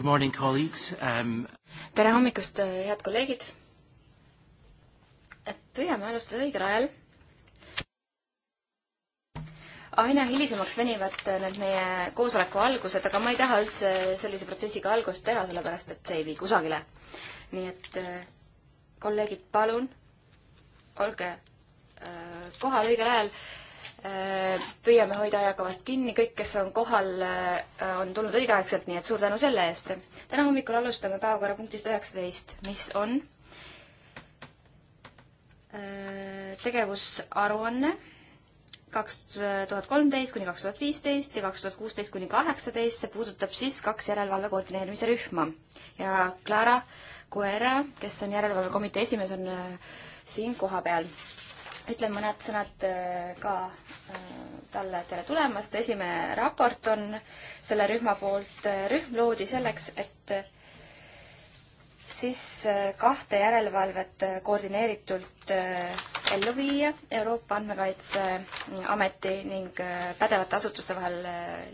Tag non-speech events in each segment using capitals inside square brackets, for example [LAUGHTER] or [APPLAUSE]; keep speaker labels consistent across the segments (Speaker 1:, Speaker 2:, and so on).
Speaker 1: Good morning, colleagues um....
Speaker 2: tere hommikust, head kolleegid. püüame alustada õigel ajal. aina hilisemaks venivad need meie koosoleku algused, aga ma ei taha üldse sellise protsessiga algust teha, sellepärast et see ei vii kusagile. nii et kolleegid, palun olge äh, kohal õigel ajal Äh, püüame hoida ajakavast kinni, kõik, kes on kohal, äh, on tulnud õigeaegselt, nii et suur tänu selle eest. täna hommikul alustame päevakorrapunktist üheksateist, mis on äh, tegevusaruanne kaks tuhat kolmteist kuni kaks tuhat viisteist ja kaks tuhat kuusteist kuni kaheksateist, see puudutab siis kaks järelevalve koordineerimise rühma. ja Clara Guerra, kes on järelevalvekomitee esimees, on siin kohapeal ütlen mõned sõnad äh, ka äh, talle tere tulemast. esimene raport on selle rühma poolt. Äh, rühm loodi selleks, et siis kahte järelevalvet koordineeritult ellu viia Euroopa Andmekaitse Ameti ning pädevate asutuste vahel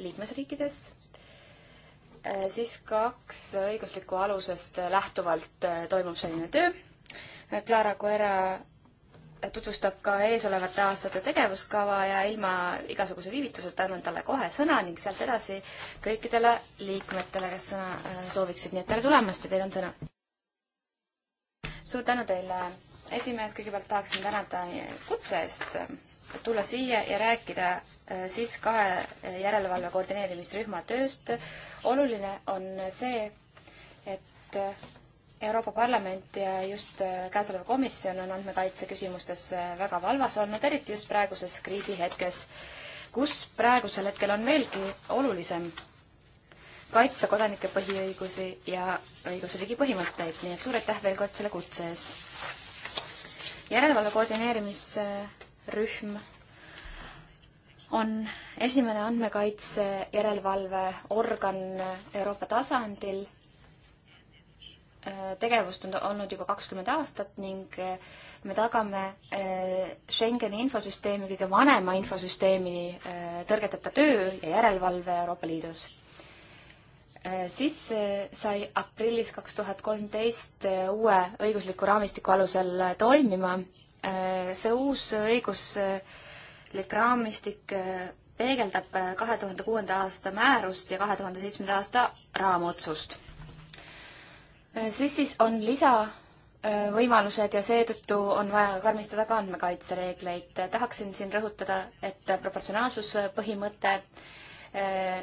Speaker 2: liikmesriikides. siis kaks õiguslikku alusest lähtuvalt toimub selline töö. Clara Guerra tutvustab ka eesolevate aastate tegevuskava ja ilma igasuguse viivituseta annan talle kohe sõna ning sealt edasi kõikidele liikmetele, kes sõna äh, sooviksid, nii et tere tulemast ja teil on sõna. suur tänu teile, esimees, kõigepealt tahaksin tänada kutse eest äh, tulla siia ja rääkida äh, siis kahe järelevalve koordineerimisrühma tööst. oluline on see, et Euroopa Parlament ja just äh, käesolev komisjon on andmekaitse küsimustes äh, väga valvas olnud, eriti just praeguses kriisihetkes, kus praegusel hetkel on veelgi olulisem kaitsta kodanike põhiõigusi ja õigusriigi põhimõtteid, nii et suur aitäh veel kord selle kutse eest. järelevalve koordineerimisrühm on esimene andmekaitse järelevalveorgan Euroopa tasandil tegevust on olnud juba kakskümmend aastat ning eh, me tagame eh, Schengeni infosüsteemi kõige vanema infosüsteemi eh, tõrgeteta töö ja järelevalve Euroopa Liidus. siis sai aprillis kaks tuhat kolmteist uue õigusliku raamistiku alusel toimima. see uus õiguslik raamistik peegeldab kahe tuhande kuuenda aasta määrust ja kahe tuhande seitsmenda aasta raamotsust SIS-is on lisavõimalused äh, ja seetõttu on vaja karmistada ka andmekaitsereegleid. tahaksin siin rõhutada, et proportsionaalsuspõhimõte äh,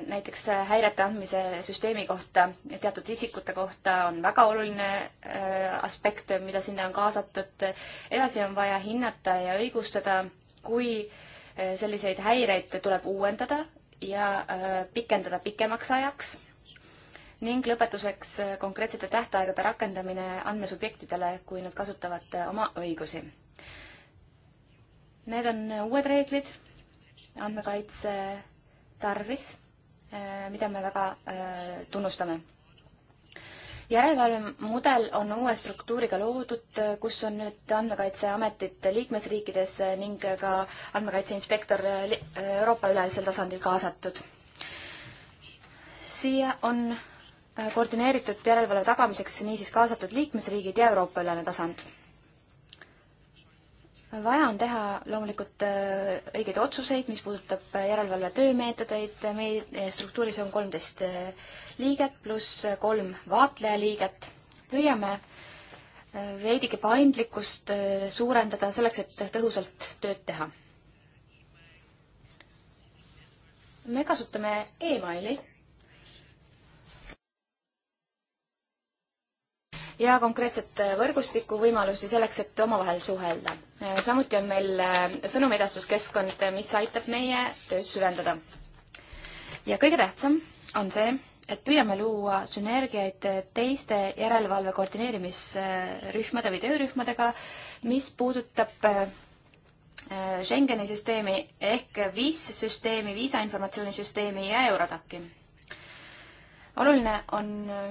Speaker 2: näiteks häirete andmise süsteemi kohta ja teatud isikute kohta on väga oluline äh, aspekt, mida sinna on kaasatud. edasi on vaja hinnata ja õigustada, kui selliseid häireid tuleb uuendada ja pikendada pikemaks ajaks ning lõpetuseks äh, konkreetsete tähtaegade rakendamine andmesubjektidele, kui nad kasutavad äh, oma õigusi. Need on uued reeglid andmekaitse tarvis, äh, mida me väga tunnustame järelevalvemudel on uue struktuuriga loodud, kus on nüüd Andmekaitseametid liikmesriikides ning ka andmekaitse inspektor Euroopa-ülesel tasandil kaasatud. siia on Äh, koordineeritud järelevalve tagamiseks niisiis kaasatud liikmesriigid ja Euroopa-ülene tasand. vaja on teha loomulikult äh, õigeid otsuseid, mis puudutab äh, järelevalve töömeetodeid, meie struktuuris on kolmteist liiget pluss kolm vaatlejaliiget. püüame veidike paindlikkust suurendada selleks, et tõhusalt tööd teha. me kasutame emaili ja konkreetset võrgustikku võimalusi selleks, et omavahel suhelda. samuti on meil äh, sõnumidastuskeskkond, mis aitab meie tööd süvendada. ja kõige tähtsam on see, et püüame luua sünergiaid teiste järelevalve koordineerimisrühmade või töörühmadega, mis puudutab äh, Schengeni süsteemi ehk viis süsteemi, viisainformatsioonisüsteemi ja Eurodaki. oluline on äh,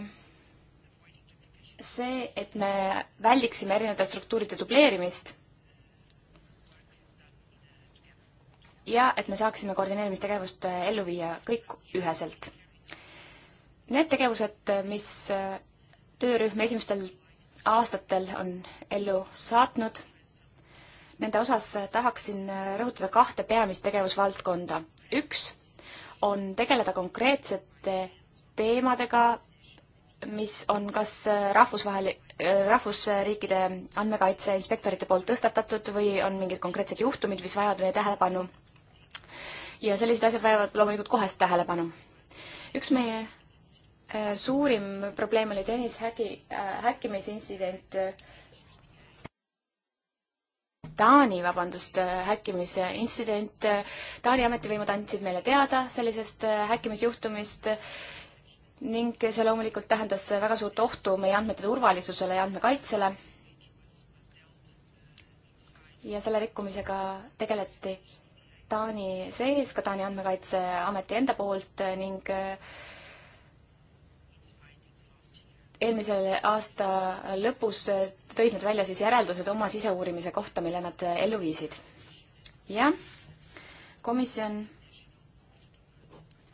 Speaker 2: see, et me väldiksime erinevate struktuuride dubleerimist ja et me saaksime koordineerimistegevust äh, ellu viia kõik üheselt. Need tegevused, äh, mis äh, töörühm esimestel aastatel on ellu saatnud, nende osas tahaksin rõhutada kahte peamist tegevusvaldkonda. üks on tegeleda konkreetsete teemadega, mis on kas äh, rahvusvahel, äh, rahvusriikide andmekaitseinspektorite poolt tõstatatud või on mingid konkreetsed juhtumid, mis vajavad meie tähelepanu. ja sellised asjad vajavad loomulikult kohest tähelepanu. üks meie äh, suurim probleem oli Tõnis häki, häkkimisintsident Taani, vabandust, häkkimise intsident. Taani ametivõimud andsid meile teada sellisest häkkimisjuhtumist ning see loomulikult tähendas väga suurt ohtu meie andmete turvalisusele ja andmekaitsele. ja selle rikkumisega tegeleti Taani sees, ka Taani andmekaitseameti enda poolt ning äh, eelmisel aasta lõpus tõid nad välja siis järeldused oma siseuurimise kohta, mille nad äh, ellu viisid. jah, komisjon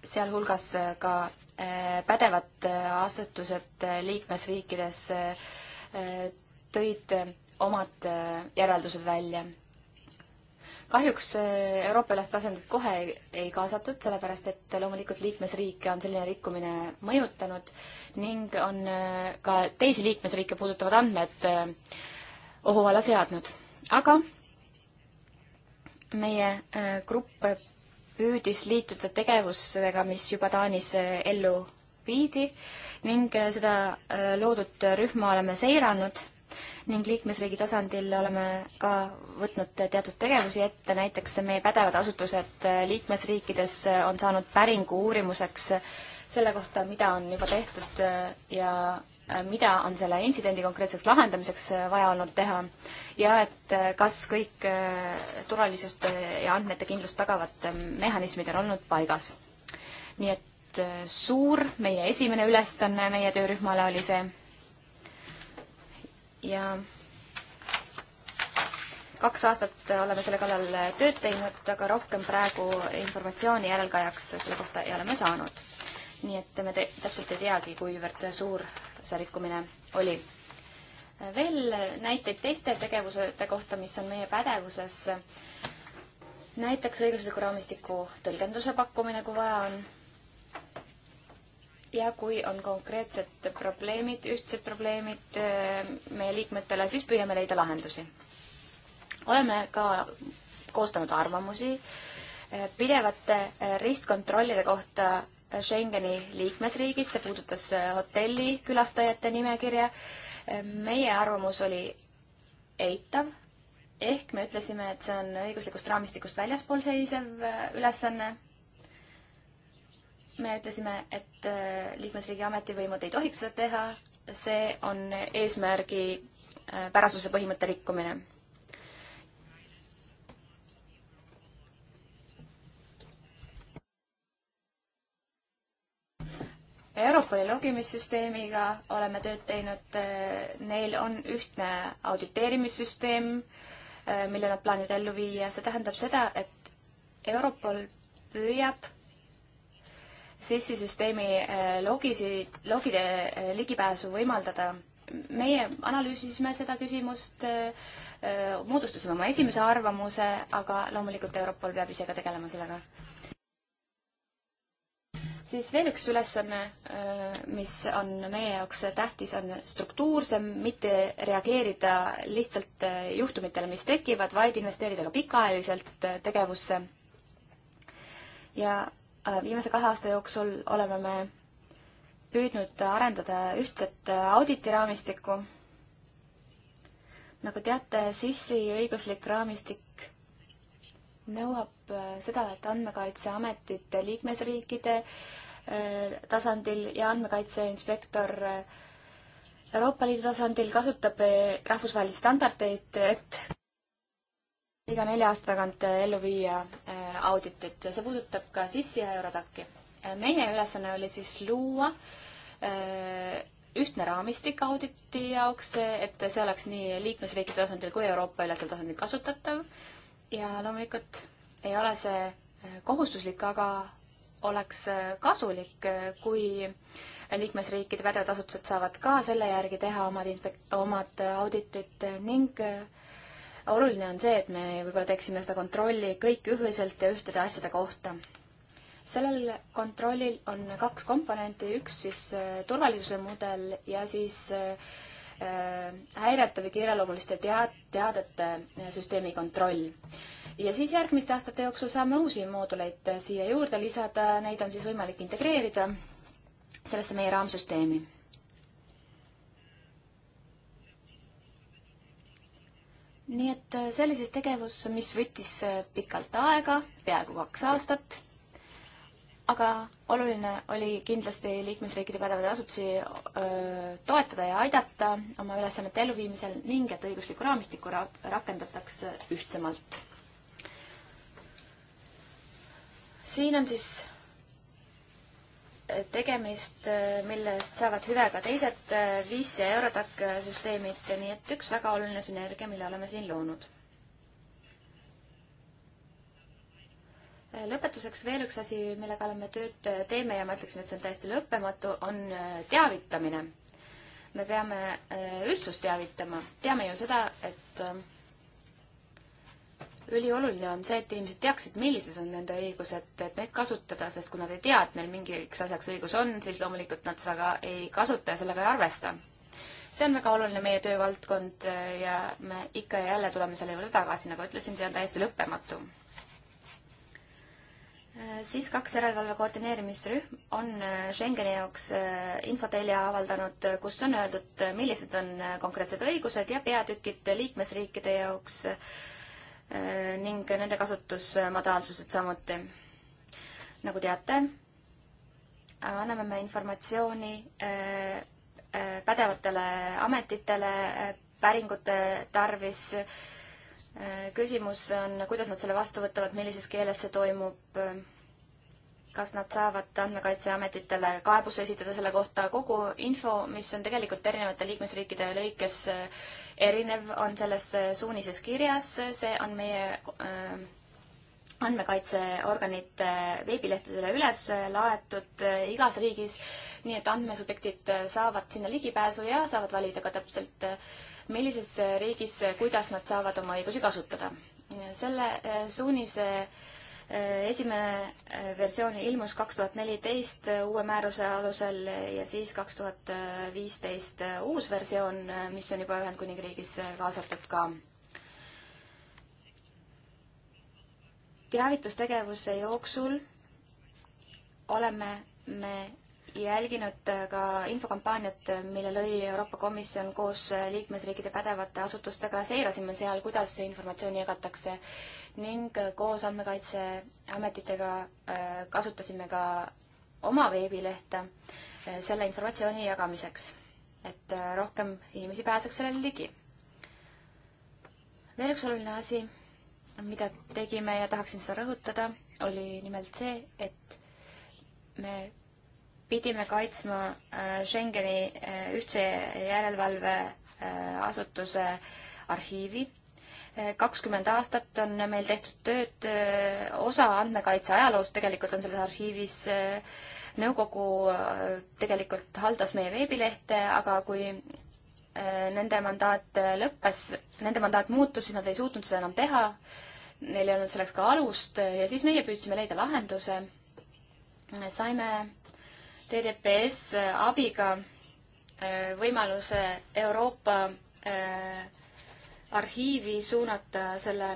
Speaker 2: sealhulgas äh, ka äh, pädevad äh, asutused liikmesriikides tõid omad järeldused välja. kahjuks Euroopa Liidust asendit kohe ei kaasatud, sellepärast et loomulikult liikmesriike on selline rikkumine mõjutanud ning on ka teisi liikmesriike puudutavad andmed ohu alla seadnud. aga meie grupp püüdis liituda tegevustega, mis juba Taanis äh, ellu viidi ning äh, seda äh, loodud rühma oleme seiranud ning liikmesriigi tasandil oleme ka võtnud teatud tegevusi ette, näiteks meie pädevad asutused liikmesriikides on saanud päringu uurimuseks selle kohta, mida on juba tehtud ja Äh, mida on selle intsidendi konkreetseks lahendamiseks äh, vaja olnud teha ja et äh, kas kõik turvalisust ja andmete kindlust tagavad mehhanismid on olnud paigas. nii et suur meie esimene ülesanne meie töörühmale oli see. ja kaks aastat oleme selle kallal tööd teinud, aga rohkem praegu informatsiooni järelkajaks selle kohta ei ole me saanud nii et me te-, täpselt ei teagi, kuivõrd suur see rikkumine oli. veel näiteid teiste tegevusete kohta, mis on meie pädevuses, näiteks õigusliku raamistiku tõlgenduse pakkumine, kui vaja on, ja kui on konkreetsed probleemid, ühtsed probleemid eh, meie liikmetele, siis püüame leida lahendusi. oleme ka koostanud arvamusi eh, pidevate eh, ristkontrollide kohta Schengeni liikmesriigis, see puudutas äh, hotelli külastajate nimekirja. meie arvamus oli eitav, ehk me ütlesime, et see on õiguslikust raamistikust väljaspool seisev äh, ülesanne. me ütlesime, et äh, liikmesriigi ametivõimud ei tohiks seda teha, see on eesmärgi pärasuse põhimõtte rikkumine Europoli logimissüsteemiga oleme tööd teinud, neil on ühtne auditeerimissüsteem, mille nad plaanivad ellu viia, see tähendab seda, et Europol püüab sissisüsteemi eh, logisid, logide eh, ligipääsu võimaldada. meie analüüsisime seda küsimust, eh, moodustasime oma esimese arvamuse, aga loomulikult Europol peab ise ka tegelema sellega siis veel üks ülesanne, äh, mis on meie jaoks tähtis, on struktuursem, mitte reageerida lihtsalt äh, juhtumitele, mis tekivad, vaid investeerida ka pikaajaliselt äh, tegevusse. ja viimase kahe aasta jooksul oleme me püüdnud arendada ühtset auditiraamistikku. nagu teate, SIS-i õiguslik raamistik nõuab äh, seda, et Andmekaitseametit liikmesriikide äh, tasandil ja andmekaitse inspektor äh, Euroopa Liidu tasandil kasutab rahvusvahelisi standardeid, et iga nelja aasta tagant ellu viia auditit ja see puudutab ka sissi ja Eurodaki. meie ülesanne oli siis luua ühtne raamistik auditi jaoks, et see oleks nii liikmesriikide tasandil kui Euroopa ülesel tasandil kasutatav ja loomulikult ei ole see äh, kohustuslik, aga oleks äh, kasulik, äh, kui liikmesriikide pädevad asutused saavad ka selle järgi teha omad inspek-, omad auditid ning oluline on see, et me võib-olla teeksime seda kontrolli kõik ühiselt ja ühtede asjade kohta. sellel kontrollil on kaks komponenti, üks siis turvalisuse mudel ja siis äh, Äh, häirete või kiireloomuliste tead-, teadete äh, süsteemi kontroll. ja siis järgmiste aastate jooksul saame uusi mooduleid äh, siia juurde lisada, neid on siis võimalik integreerida sellesse meie raamsüsteemi nii et see oli siis tegevus, mis võttis pikalt aega, peaaegu kaks aastat aga oluline oli kindlasti liikmesriikide pädevaid asutusi toetada ja aidata oma ülesannete elluviimisel ning et õiguslikku raamistikku ra rakendatakse ühtsemalt. siin on siis tegemist, millest saavad hüve ka teised Viis ja Eurotac süsteemid, nii et üks väga oluline sünergia, mille oleme siin loonud lõpetuseks veel üks asi, mille kallal me tööd teeme ja ma ütleksin, et see on täiesti lõppematu, on äh, teavitamine. me peame äh, üldsust teavitama, teame ju seda, et äh, ülioluline on see, et inimesed teaksid, millised on nende õigused, et neid kasutada, sest kui nad ei tea, et neil mingiks asjaks õigus on, siis loomulikult nad seda ka ei kasuta ja sellega ei arvesta see on väga oluline meie töövaldkond ja me ikka ja jälle tuleme selle juurde tagasi, nagu ütlesin, see on täiesti lõppematu Äh, siis kaks järelevalve koordineerimisrühm on äh, Schengeni jaoks äh, infotelje avaldanud, kus on öeldud, millised on konkreetsed õigused ja peatükid liikmesriikide jaoks ning nende kasutusmadaalsused samuti. nagu teate, anname me informatsiooni pädevatele ametitele päringute tarvis küsimus on, kuidas nad selle vastu võtavad, millises keeles see toimub, kas nad saavad andmekaitseametitele kaebuse esitada selle kohta, kogu info, mis on tegelikult erinevate liikmesriikide lõikes erinev, on selles suunises kirjas, see on meie äh, andmekaitseorganite veebilehtedele üles laetud igas riigis, nii et andmesubjektid saavad sinna ligipääsu ja saavad valida ka täpselt äh, millises riigis, kuidas nad saavad oma õigusi kasutada. selle eh, suunise eh, esimene eh, versioon ilmus kaks tuhat neliteist uue määruse alusel ja siis kaks tuhat viisteist uus versioon, mis on juba Ühendkuningriigis kaasatud ka. teavitustegevuse jooksul oleme me jälginud äh, ka infokampaaniat, äh, mille lõi Euroopa Komisjon koos äh, liikmesriikide pädevate asutustega, seirasime seal, kuidas see informatsioon jagatakse ning koos andmekaitseametitega kasutasime ka oma veebilehte selle informatsiooni jagamiseks, et rohkem inimesi pääseks sellele ligi. veel üks oluline asi, mida tegime ja tahaksin seda rõhutada, oli nimelt see, et me pidime kaitsma äh, Schengeni äh, ühtse järelevalveasutuse äh, arhiivi. kakskümmend aastat on meil tehtud tööd, osa andmekaitse ajaloost tegelikult on selles arhiivis nõukogu tegelikult haldas meie veebilehte, aga kui nende mandaat lõppes, nende mandaat muutus, siis nad ei suutnud seda enam teha. Neil ei olnud selleks ka alust ja siis meie püüdsime leida lahenduse. saime TDPS äh, abiga äh, võimaluse Euroopa äh, arhiivi suunata selle,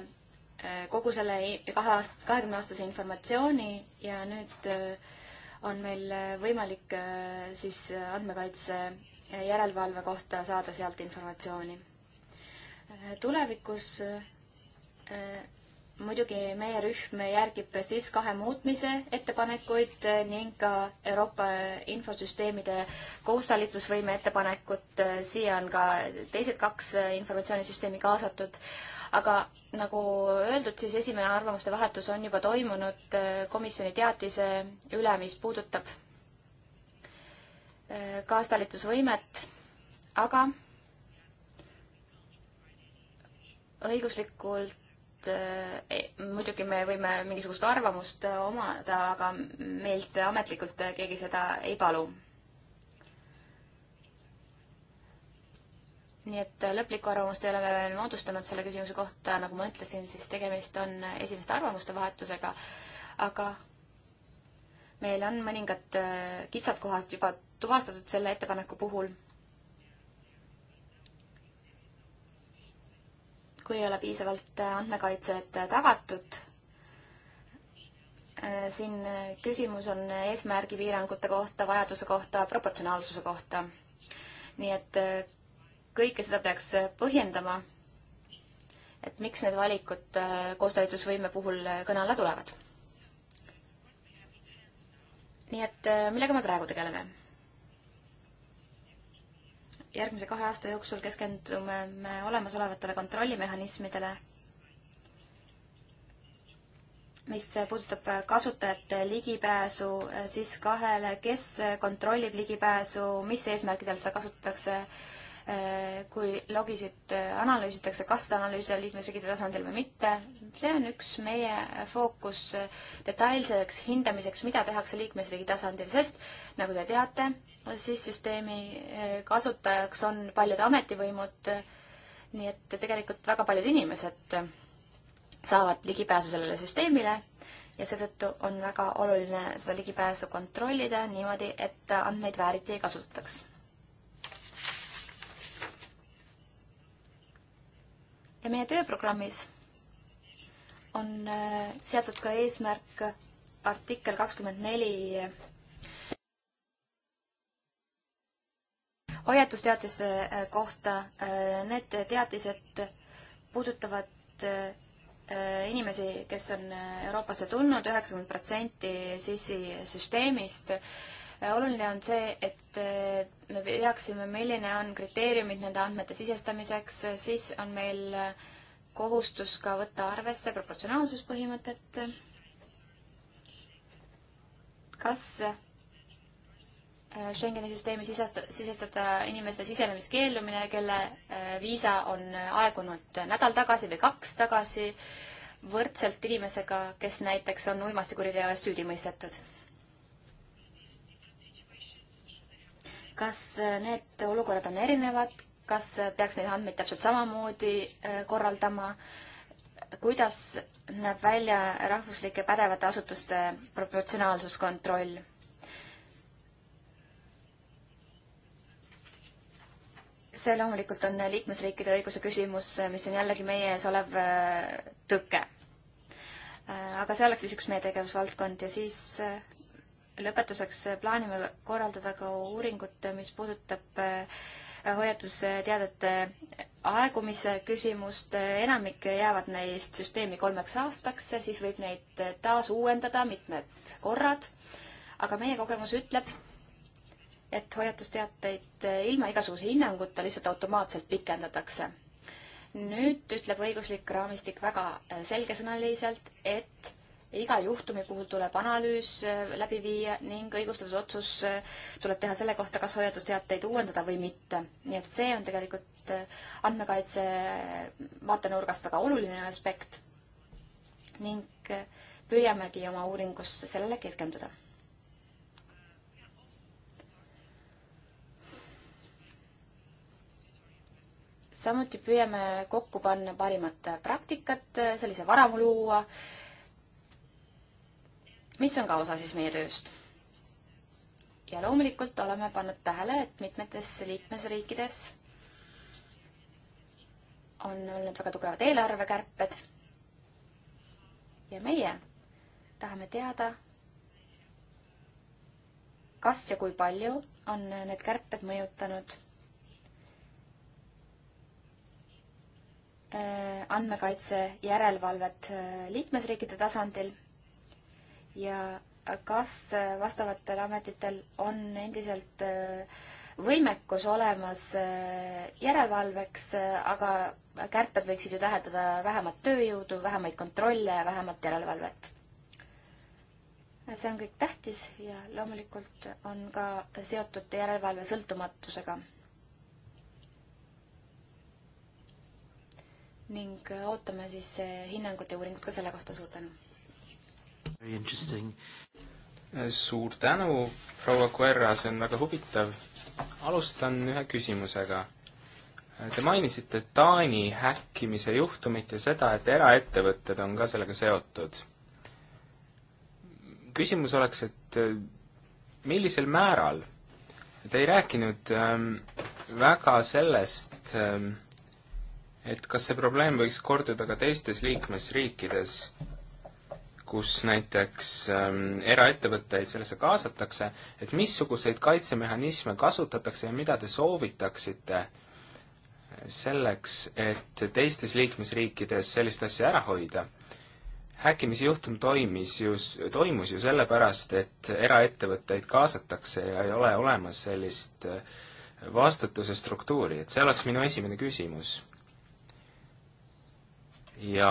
Speaker 2: kogu selle kahe aast-, kahekümne aastase informatsiooni ja nüüd on meil võimalik siis andmekaitse järelevalve kohta saada sealt informatsiooni. tulevikus muidugi meie rühm järgib siis kahe muutmise ettepanekuid ning ka Euroopa infosüsteemide koostalitusvõime ettepanekut. siia on ka teised kaks informatsioonisüsteemi kaasatud. aga nagu öeldud, siis esimene arvamuste vahetus on juba toimunud komisjoni teatise üle, mis puudutab äh, kaastalitusvõimet, aga õiguslikult Eh, muidugi me võime mingisugust arvamust eh, omada, aga meilt ametlikult eh, keegi seda ei palu. nii et lõplikku arvamust ei ole me veel moodustanud selle küsimuse kohta, nagu ma ütlesin, siis tegemist on esimeste arvamuste vahetusega, aga meil on mõningad kitsad kohad juba tuvastatud selle ettepaneku puhul kui ei ole piisavalt äh, andmekaitset äh, tagatud. Äh, siin küsimus on eesmärgipiirangute kohta, vajaduse kohta, proportsionaalsuse kohta. nii et kõike seda peaks põhjendama, et miks need valikud koostööõitusvõime puhul kõne alla tulevad. nii et millega me praegu tegeleme? järgmise kahe aasta jooksul keskendume me olemasolevatele kontrollimehhanismidele, mis puudutab kasutajate ligipääsu siis kahele, kes kontrollib ligipääsu, mis eesmärkidel seda kasutatakse Äh, kui logisid äh, analüüsitakse, kas seda analüüsida liikmesriikide tasandil või mitte. see on üks meie fookus äh, detailseks hindamiseks, mida tehakse liikmesriigi tasandil, sest nagu te teate, siis süsteemi kasutajaks on paljud ametivõimud, nii et tegelikult väga paljud inimesed saavad ligipääsu sellele süsteemile ja seetõttu on väga oluline seda ligipääsu kontrollida niimoodi, et andmeid vääriti ei kasutataks ja meie tööprogrammis on äh, seatud ka eesmärk artikkel kakskümmend neli hoiatusteatiste äh, kohta. Äh, need teatised puudutavad inimesi, kes on Euroopasse tulnud, üheksakümmend protsenti sissisüsteemist oluline on see, et äh, me teaksime, milline on kriteeriumid nende andmete sisestamiseks, siis on meil kohustus ka võtta arvesse proportsionaalsuspõhimõtet. kas äh, Schengeni süsteemi sisesta-, sisestada inimeste sisenemiskeeldumine, kelle äh, viisa on aegunud nädal tagasi või kaks tagasi, võrdselt inimesega, kes näiteks on uimastikuriteo eest süüdi mõistetud kas äh, need olukorrad on erinevad, kas äh, peaks neid andmeid täpselt samamoodi äh, korraldama, kuidas näeb välja rahvuslike pädevate asutuste proportsionaalsuskontroll? see loomulikult on liikmesriikide õiguse küsimus, mis on jällegi meie ees olev tõke. aga see oleks siis üks meie tegevusvaldkond ja siis lõpetuseks eh, plaanime korraldada ka uuringut, eh, mis puudutab eh, hoiatusteadete aegumise küsimust, enamik jäävad neist süsteemi kolmeks aastaks, siis võib neid taas uuendada mitmed korrad. aga meie kogemus ütleb, et hoiatusteateid ilma igasuguse hinnanguta lihtsalt automaatselt pikendatakse. nüüd ütleb õiguslik raamistik väga selgesõnaliselt, et iga juhtumi puhul tuleb analüüs äh, läbi viia ning õigustatud otsus äh, tuleb teha selle kohta, kas hoiatusteateid uuendada või mitte. nii et see on tegelikult äh, andmekaitse vaatenurgast väga oluline aspekt ning püüamegi oma uuringus sellele keskenduda samuti püüame kokku panna parimat praktikat, sellise varamu luua mis on ka osa siis meie tööst. ja loomulikult oleme pannud tähele, et mitmetes liikmesriikides on olnud väga tugevad eelarvekärped. ja meie tahame teada, kas ja kui palju on need kärped mõjutanud äh, andmekaitse järelevalvet äh, liikmesriikide tasandil ja kas vastavatel ametitel on endiselt äh, võimekus olemas äh, järelevalveks, äh, aga kärped võiksid ju tähendada vähemat tööjõudu, vähemaid kontrolle ja vähemat järelevalvet. see on kõik tähtis ja loomulikult on ka seotud järelevalve sõltumatusega. ning ootame siis hinnangut ja uuringut ka selle kohta, suur tänu!
Speaker 3: Eh, suur tänu, proua Koera, see on väga huvitav. alustan ühe küsimusega. Eh, te mainisite Taani häkkimise juhtumit ja seda, et eraettevõtted on ka sellega seotud. küsimus oleks, et eh, millisel määral? Te ei rääkinud ähm, väga sellest ähm,, et kas see probleem võiks korduda ka teistes liikmesriikides kus näiteks ähm, eraettevõtteid sellesse kaasatakse, et missuguseid kaitsemehhanisme kasutatakse ja mida te soovitaksite selleks, et teistes liikmesriikides sellist asja ära hoida? häkkimise juhtum toimis ju, toimus ju sellepärast, et eraettevõtteid kaasatakse ja ei ole olemas sellist äh, vastutuse struktuuri, et see oleks minu esimene küsimus. ja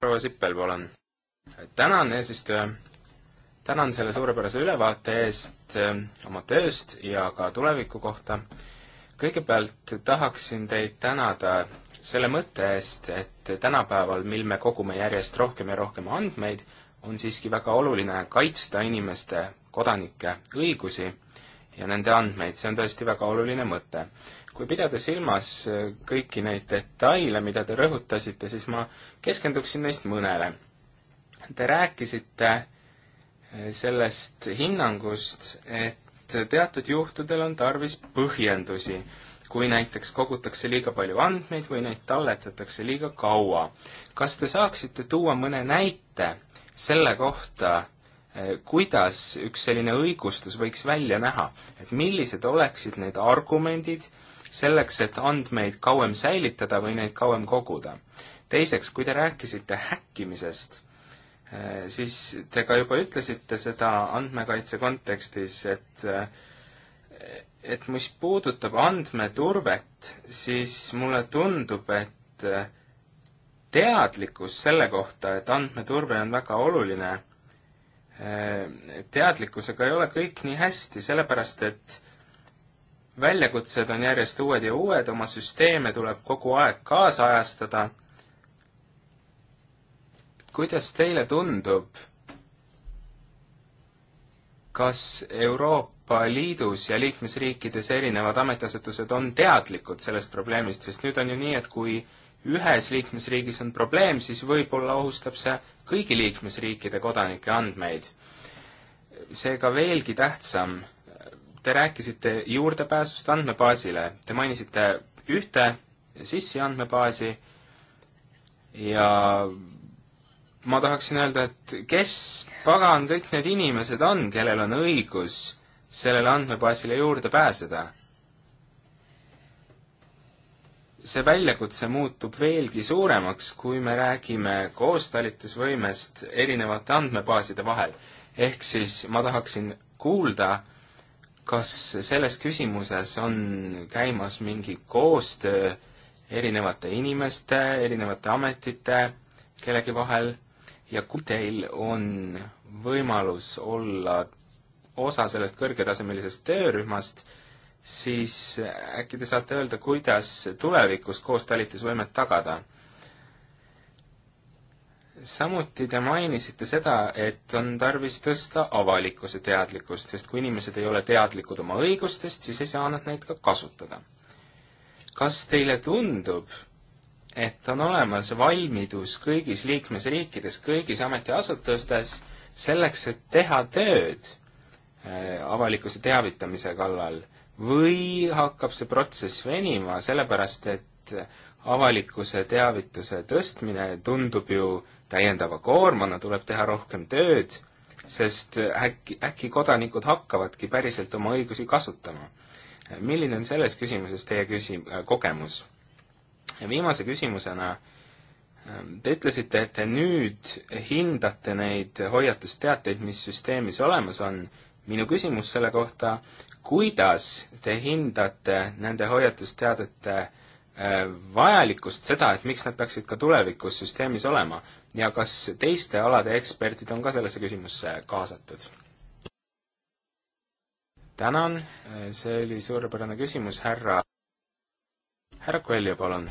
Speaker 3: proua Sippel, palun. tänan, eesistuja. tänan selle suurepärase ülevaate eest eh, oma tööst ja ka tuleviku kohta. kõigepealt tahaksin teid tänada selle mõtte eest, et tänapäeval, mil me kogume järjest rohkem ja rohkem andmeid, on siiski väga oluline kaitsta inimeste, kodanike õigusi ja nende andmeid, see on tõesti väga oluline mõte kui pidada silmas äh, kõiki neid detaile, mida te rõhutasite, siis ma keskenduksin neist mõnele. Te rääkisite äh, sellest hinnangust, et teatud juhtudel on tarvis põhjendusi, kui näiteks kogutakse liiga palju andmeid või neid talletatakse liiga kaua. kas te saaksite tuua mõne näite selle kohta, äh, kuidas üks selline õigustus võiks välja näha, et millised oleksid need argumendid, selleks, et andmeid kauem säilitada või neid kauem koguda. teiseks, kui te rääkisite häkkimisest, eh, siis te ka juba ütlesite seda andmekaitse kontekstis, et eh, et mis puudutab andmeturvet, siis mulle tundub, et eh, teadlikkus selle kohta, et andmeturve on väga oluline, teadlikkusega ei ole kõik nii hästi, sellepärast et väljakutsed on järjest uued ja uued, oma süsteeme tuleb kogu aeg kaasajastada. kuidas teile tundub, kas Euroopa Liidus ja liikmesriikides erinevad ametiasutused on teadlikud sellest probleemist, sest nüüd on ju nii, et kui ühes liikmesriigis on probleem, siis võib-olla ohustab see kõigi liikmesriikide kodanike andmeid. seega veelgi tähtsam Te rääkisite juurdepääsust andmebaasile, te mainisite ühte sissi andmebaasi ja ma tahaksin öelda, et kes pagan kõik need inimesed on, kellel on õigus sellele andmebaasile juurde pääseda? see väljakutse muutub veelgi suuremaks, kui me räägime koostalitusvõimest erinevate andmebaaside vahel. ehk siis ma tahaksin kuulda, kas selles küsimuses on käimas mingi koostöö erinevate inimeste, erinevate ametite, kellegi vahel ja kui teil on võimalus olla osa sellest kõrgetasemelisest töörühmast, siis äkki te saate öelda, kuidas tulevikus koostalitusvõimet tagada? samuti te mainisite seda, et on tarvis tõsta avalikkuse teadlikkust, sest kui inimesed ei ole teadlikud oma õigustest, siis ei saa nad neid ka kasutada. kas teile tundub, et on olemas valmidus kõigis liikmesriikides, kõigis ametiasutustes selleks, et teha tööd äh, avalikkuse teavitamise kallal või hakkab see protsess venima, sellepärast et avalikkuse teavituse tõstmine tundub ju täiendava koormana, tuleb teha rohkem tööd, sest äkki, äkki kodanikud hakkavadki päriselt oma õigusi kasutama. milline on selles küsimuses teie küsi-, kogemus? ja viimase küsimusena, ähm, te ütlesite, et te nüüd hindate neid hoiatusteateid, mis süsteemis olemas on. minu küsimus selle kohta, kuidas te hindate nende hoiatusteadete äh, vajalikkust, seda, et miks nad peaksid ka tulevikus süsteemis olema ja kas teiste alade eksperdid on ka sellesse küsimusse kaasatud? tänan, see oli suurepärane küsimus, härra, härra Koeljo, palun.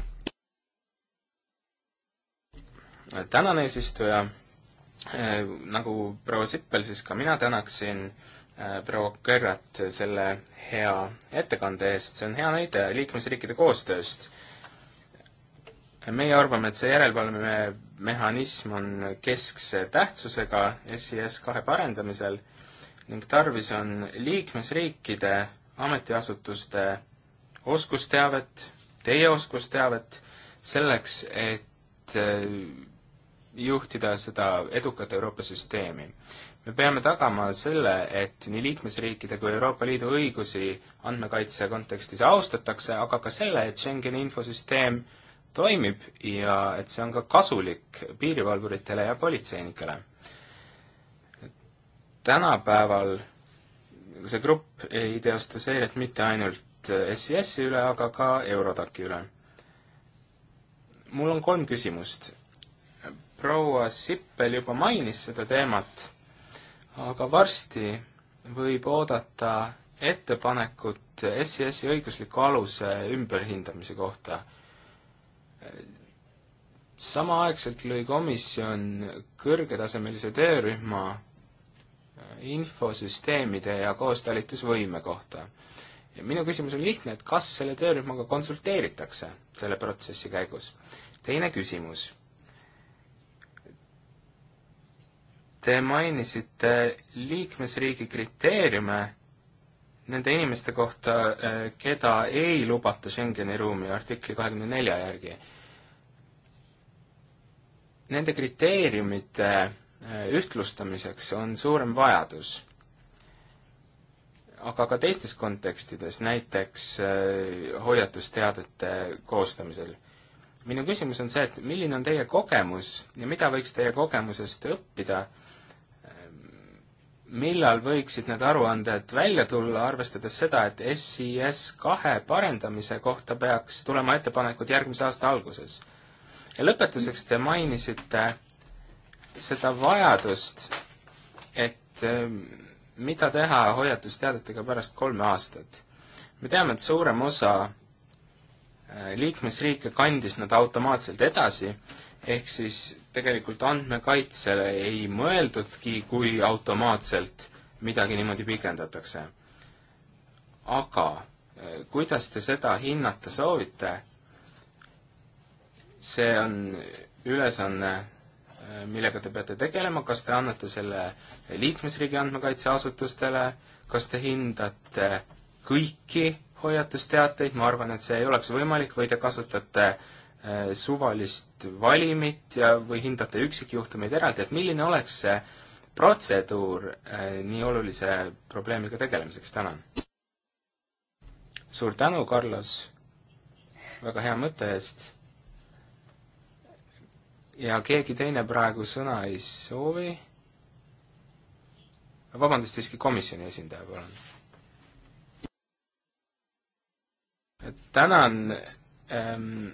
Speaker 3: tänan, eesistuja. nagu proua Sippel, siis ka mina tänaksin äh, proua Kõrrat selle hea ettekande eest, see on hea näide liikmesriikide koostööst meie arvame, et see järelevalvemehhanism on keskse tähtsusega SIS kahe parendamisel ning tarvis on liikmesriikide ametiasutuste oskusteavet, teie oskusteavet, selleks, et äh, juhtida seda edukat Euroopa süsteemi. me peame tagama selle, et nii liikmesriikide kui Euroopa Liidu õigusi andmekaitse kontekstis austatakse, aga ka selle, et Schengeni infosüsteem äh, toimib ja et see on ka kasulik piirivalvuritele ja politseinikele. tänapäeval see grupp ei teosta seiret mitte ainult SIS-i üle, aga ka Eurodaki üle. mul on kolm küsimust. proua Sippel juba mainis seda teemat, aga varsti võib oodata ettepanekut SIS-i õigusliku aluse ümberhindamise kohta samaaegselt lõi komisjon kõrgetasemelise töörühma äh, infosüsteemide ja koostalitusvõime kohta. ja minu küsimus on lihtne, et kas selle töörühmaga konsulteeritakse selle protsessi käigus? teine küsimus. Te mainisite liikmesriigi kriteeriume nende inimeste kohta, äh, keda ei lubata Schengeni ruumi artikli kahekümne nelja järgi nende kriteeriumite äh, ühtlustamiseks on suurem vajadus. aga ka teistes kontekstides, näiteks äh, hoiatusteadete koostamisel. minu küsimus on see, et milline on teie kogemus ja mida võiks teie kogemusest õppida, äh, millal võiksid need aruanded välja tulla, arvestades seda, et SIS kahe parendamise kohta peaks tulema ettepanekud järgmise aasta alguses ja lõpetuseks te mainisite seda vajadust, et ähm, mida teha hoiatusteadetega pärast kolme aastat. me teame, et suurem osa äh, liikmesriike kandis nad automaatselt edasi, ehk siis tegelikult andmekaitsele ei mõeldudki, kui automaatselt midagi niimoodi pikendatakse. aga äh, kuidas te seda hinnata soovite see on ülesanne, äh, millega te peate tegelema, kas te annate selle liikmesriigi andmekaitseasutustele, kas te hindate kõiki hoiatusteateid, ma arvan, et see ei oleks võimalik, või te kasutate äh, suvalist valimit ja, või hindate üksikjuhtumeid eraldi, et milline oleks see protseduur äh, nii olulise probleemiga tegelemiseks, tänan. suur tänu, Carlos, väga hea mõtte eest ja keegi teine praegu sõna ei soovi. vabandust, siiski komisjoni esindaja, palun. tänan ähm,,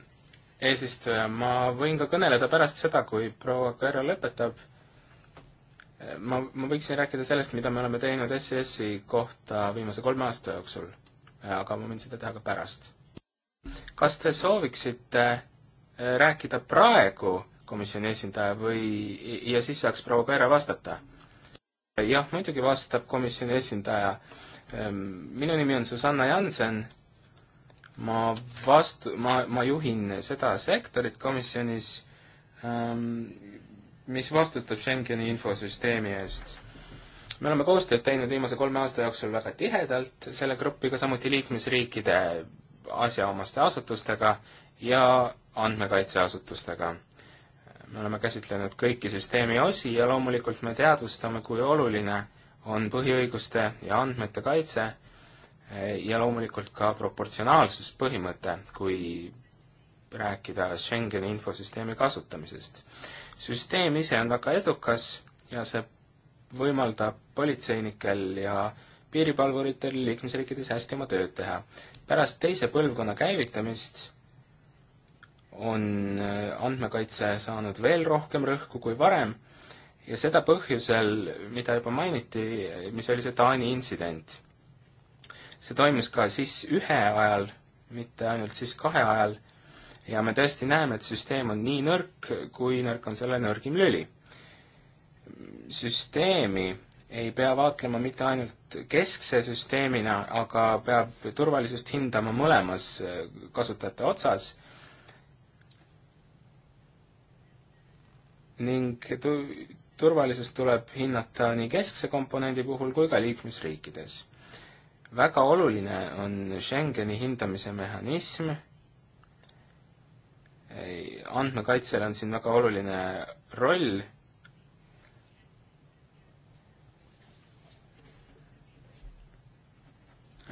Speaker 3: eesistuja, ma võin ka kõneleda pärast seda, kui proua Kaira lõpetab. Äh, ma, ma võiksin rääkida sellest, mida me oleme teinud SES-i kohta viimase kolme aasta jooksul, äh, aga ma võin seda teha ka pärast. kas te sooviksite äh, rääkida praegu komisjoni esindaja või, ja siis saaks proua Kaira vastata. jah, muidugi vastab komisjoni esindaja. Ehm, minu nimi on Susanna Jansen, ma vastu, ma, ma juhin seda sektorit komisjonis, ehm, mis vastutab Schengeni infosüsteemi eest me oleme koostööd teinud viimase kolme aasta jooksul väga tihedalt selle grupiga, samuti liikmesriikide asjaomaste asutustega ja andmekaitseasutustega me oleme käsitlenud kõiki süsteemi osi ja loomulikult me teadvustame, kui oluline on põhiõiguste ja andmete kaitse eh, ja loomulikult ka proportsionaalsuspõhimõte, kui rääkida Schengeni infosüsteemi kasutamisest. süsteem ise on väga edukas ja see võimaldab politseinikel ja piirivalvuritel liikmesriikides hästi oma tööd teha. pärast teise põlvkonna käivitamist on äh, andmekaitse saanud veel rohkem rõhku kui varem ja seda põhjusel, mida juba mainiti, mis oli see Taani intsident. see toimus ka siis ühe ajal, mitte ainult siis kahe ajal, ja me tõesti näeme, et süsteem on nii nõrk, kui nõrk on selle nõrgim lüli. süsteemi ei pea vaatlema mitte ainult keskse süsteemina, aga peab turvalisust hindama mõlemas kasutajate otsas ning tu-, turvalisust tuleb hinnata nii keskse komponendi puhul kui ka liikmesriikides. väga oluline on Schengeni hindamise mehhanism, andmekaitsel on siin väga oluline roll,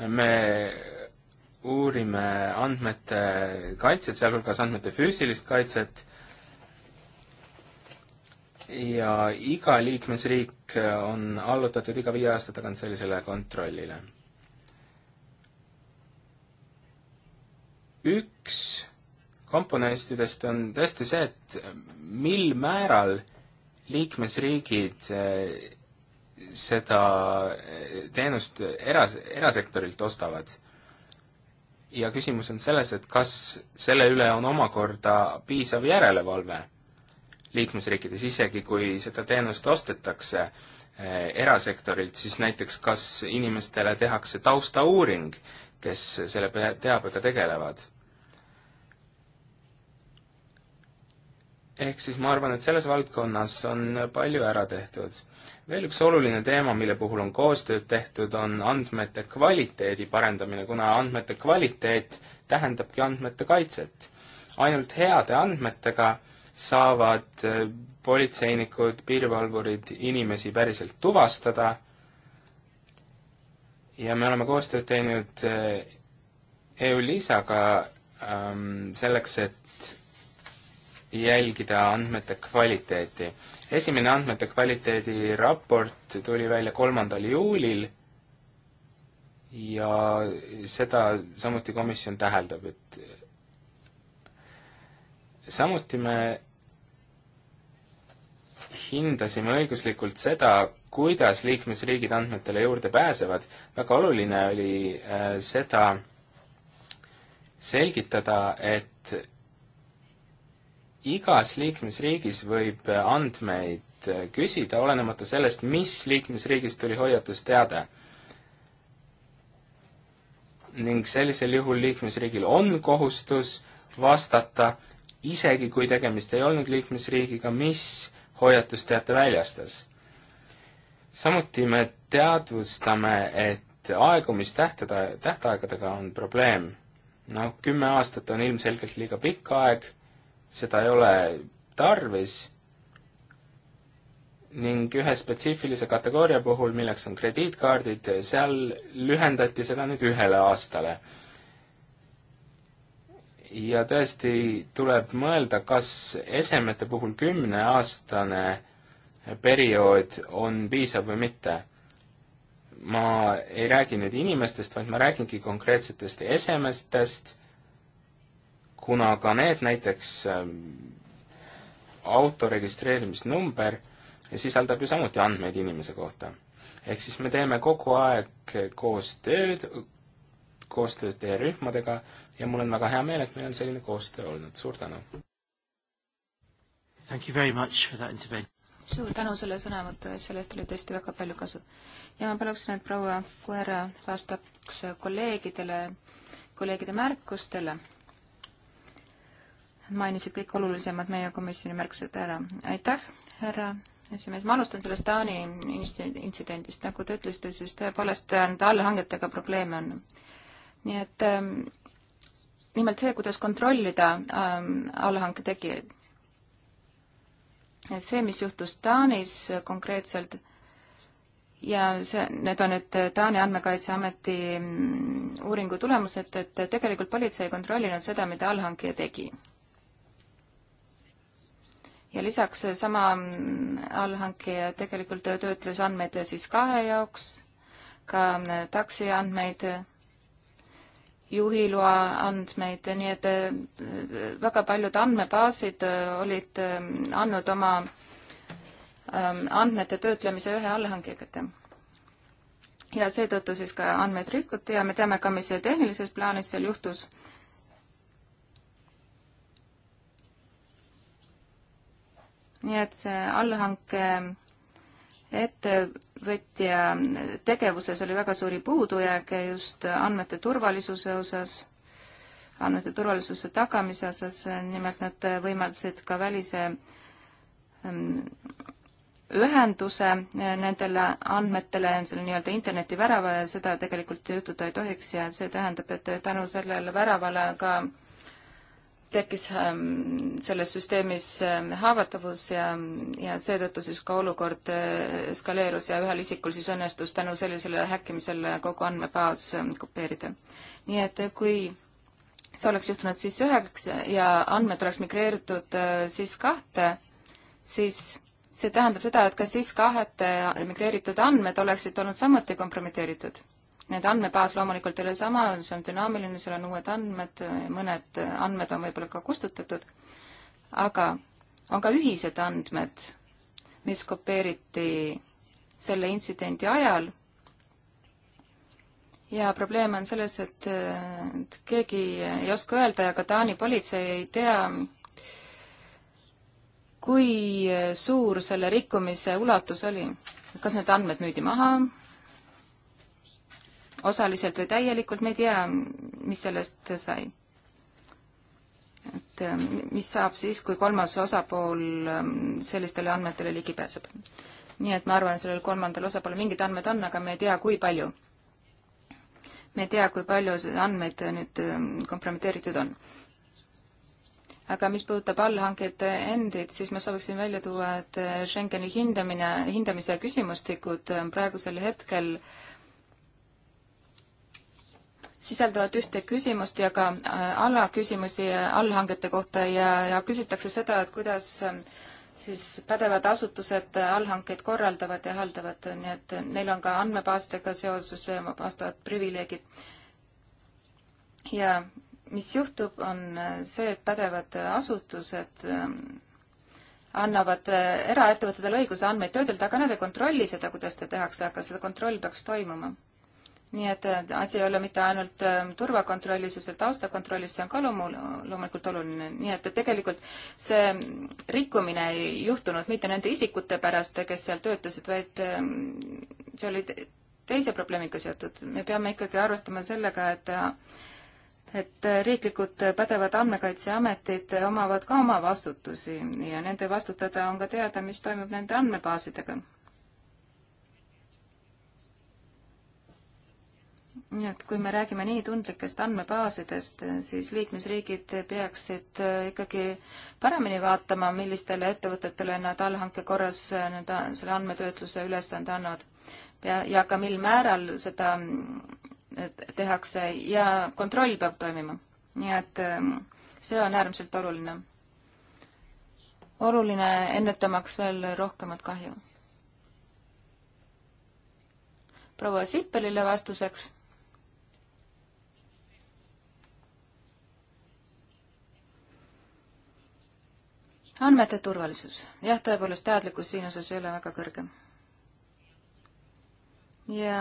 Speaker 3: me uurime andmete kaitset, sealhulgas andmete füüsilist kaitset ja iga liikmesriik on allutatud iga viie aasta tagant sellisele kontrollile. üks komponentidest on tõesti see, et mil määral liikmesriigid eh, seda eh, teenust era, erasektorilt ostavad. ja küsimus on selles, et kas selle üle on omakorda piisav järelevalve liikmesriikides, isegi kui seda teenust ostetakse eh, erasektorilt, siis näiteks kas inimestele tehakse taustauuring, kes selle teabega tegelevad ehk siis ma arvan, et selles valdkonnas on palju ära tehtud. veel üks oluline teema, mille puhul on koostööd tehtud, on andmete kvaliteedi parendamine, kuna andmete kvaliteet tähendabki andmete kaitset. ainult heade andmetega saavad eh, politseinikud, piirivalvurid inimesi päriselt tuvastada ja me oleme koostööd teinud EULISAga eh, e ähm, selleks, et jälgida andmete kvaliteeti. esimene andmete kvaliteedi raport tuli välja kolmandal juulil ja seda samuti komisjon täheldab, et samuti me hindasime õiguslikult seda, kuidas liikmesriigid andmetele juurde pääsevad. väga oluline oli äh, seda selgitada, et igas liikmesriigis võib andmeid äh, küsida, olenemata sellest, mis liikmesriigist tuli hoiatusteade. ning sellisel juhul liikmesriigil on kohustus vastata isegi kui tegemist ei olnud liikmesriigiga, mis hoiatusteate väljastas. samuti me teadvustame, et aegumistähtede, tähtaegadega on probleem. noh, kümme aastat on ilmselgelt liiga pikk aeg, seda ei ole tarvis ning ühe spetsiifilise kategooria puhul, milleks on krediitkaardid, seal lühendati seda nüüd ühele aastale ja tõesti tuleb mõelda, kas esemete puhul kümneaastane periood on piisav või mitte. ma ei räägi nüüd inimestest, vaid ma räägingi konkreetsetest esemestest, kuna ka need näiteks ähm, auto registreerimisnumber sisaldab ju samuti andmeid inimese kohta. ehk siis me teeme kogu aeg koostööd, koostööd teie rühmadega ja mul on väga hea meel, et meil on selline koostöö olnud, suur tänu!
Speaker 1: suur tänu selle sõnavõtu eest, sellest oli tõesti väga palju kasu. ja ma paluksin, et proua Koera vastaks kolleegidele, kolleegide märkustele. mainisid kõik olulisemad meie komisjoni märkused ära. aitäh, härra esimees, ma alustan sellest Taani intsidendist, nagu te ütlesite, siis tõepoolest nende allhangetega probleeme on. nii et ähm, nimelt see, kuidas kontrollida ähm, allhanke tegijaid. et see, mis juhtus Taanis konkreetselt ja see, need on nüüd Taani andmekaitseameti mm, uuringu tulemused, et tegelikult politsei ei kontrollinud seda, mida allhankija tegi. ja lisaks sama mm, allhankija tegelikult töötles andmeid siis kahe jaoks, ka mm, taksi andmeid juhiloa andmeid, nii et väga paljud andmebaasid äh, olid ähm, andnud oma ähm, andmete töötlemise ühe allhankijate. ja seetõttu siis ka andmeid rikuti ja me teame ka, mis tehnilises plaanis seal juhtus. nii et see allhanke ettevõtja tegevuses oli väga suuri puudujääke just andmete turvalisuse osas, andmete turvalisuse tagamise osas, nimelt nad võimaldasid ka välise mm, ühenduse eh, nendele andmetele, selle nii-öelda internetivärava ja seda tegelikult juhtuda ei tohiks ja see tähendab, et tänu sellele väravale ka tekkis ähm, selles süsteemis ähm, haavatavus ja, ja seetõttu siis ka olukord äh, eskaleerus ja ühel isikul siis õnnestus tänu sellisele häkkimisele kogu andmebaas ähm, kopeerida. nii et äh, kui see oleks juhtunud siis üheks ja andmed oleks migreeritud äh, siis kahte, siis see tähendab seda, et ka siis kahete migreeritud andmed oleksid olnud samuti kompromiteeritud Need andmebaas loomulikult ei ole sama, see on dünaamiline, seal on uued andmed, mõned andmed on võib-olla ka kustutatud, aga on ka ühised andmed, mis kopeeriti selle intsidendi ajal ja probleem on selles, et, et keegi ei oska öelda ja ka Taani politsei ei tea, kui suur selle rikkumise ulatus oli. kas need andmed müüdi maha, osaliselt või täielikult, me ei tea, mis sellest sai. et ähm, mis saab siis, kui kolmas osapool ähm, sellistele andmetele ligi pääseb. nii et ma arvan, sellel kolmandal osapoolel mingid andmed on, aga me ei tea, kui palju. me ei tea, kui palju andmeid nüüd ähm, kompromiteeritud on aga mis puudutab allhanked endid, siis ma sooviksin välja tuua, et äh, Schengeni hindamine, hindamise küsimustikud praegusel hetkel äh, sisaldavad ühte küsimust ja ka äh, allaküsimusi äh, allhangete kohta ja, ja küsitakse seda, et kuidas äh, siis pädevad asutused allhankeid korraldavad ja haldavad, nii et neil on ka andmebaasidega seoses vastavad privileegid. ja mis juhtub, on see, et pädevad asutused ähm, annavad eraettevõtetele õiguse andmeid töödelda, aga nad ei kontrolli seda, kuidas seda tehakse, aga see kontroll peaks toimuma nii et äh, asi ei ole mitte ainult ähm, turvakontrollis ja seal taustakontrollis, see on ka loomul-, loomulikult oluline, nii et tegelikult see ähm, rikkumine ei juhtunud mitte nende isikute pärast, kes seal töötasid, vaid ähm, see oli teise probleemiga seotud. me peame ikkagi arvestama sellega, et äh, et äh, riiklikud pädevad andmekaitseametid omavad ka oma vastutusi ja nende vastutada on ka teada, mis toimub nende andmebaasidega nii et kui me räägime nii tundlikest andmebaasidest, siis liikmesriigid peaksid äh, ikkagi paremini vaatama, millistele ettevõtetele nad allhanke korras äh, nende, äh, selle andmetöötluse ülesande annavad ja, ja ka mil määral seda tehakse ja kontroll peab toimima. nii et ähm, see on äärmiselt oluline. oluline ennetamaks veel rohkemat kahju. proua Sippelile vastuseks andmete turvalisus. jah, tõepoolest teadlikkus siin osas ei ole väga kõrge. ja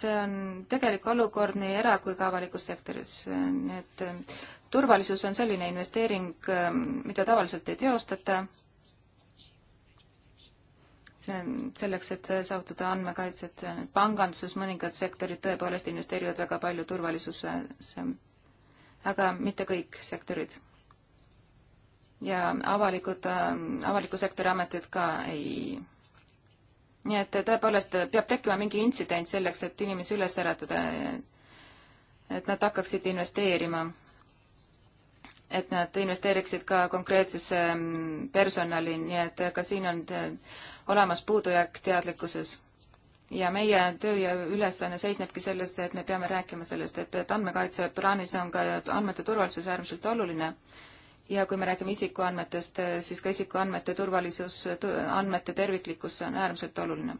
Speaker 1: see on tegelik olukord nii era- kui ka avalikus sektoris, nii et ähm, turvalisus on selline investeering, ähm, mida tavaliselt ei teostata, see on selleks, et saavutada andmekaitset, panganduses mõningad sektorid tõepoolest investeerivad väga palju turvalisusesse, aga mitte kõik sektorid ja avalikud, ähm, avaliku sektori ametid ka ei. nii et tõepoolest peab tekkima mingi intsident selleks, et inimesi üles äratada, et nad hakkaksid investeerima. et nad investeeriksid ka konkreetsesse ähm, personali, nii et ka siin on olemas puudujääk teadlikkuses. ja meie töö ja ülesanne seisnebki selles, et me peame rääkima sellest, et, et andmekaitse plaanis on ka andmete turvalisus äärmiselt oluline ja kui me räägime isikuandmetest, siis ka isikuandmete turvalisus, andmete terviklikkus on äärmiselt oluline.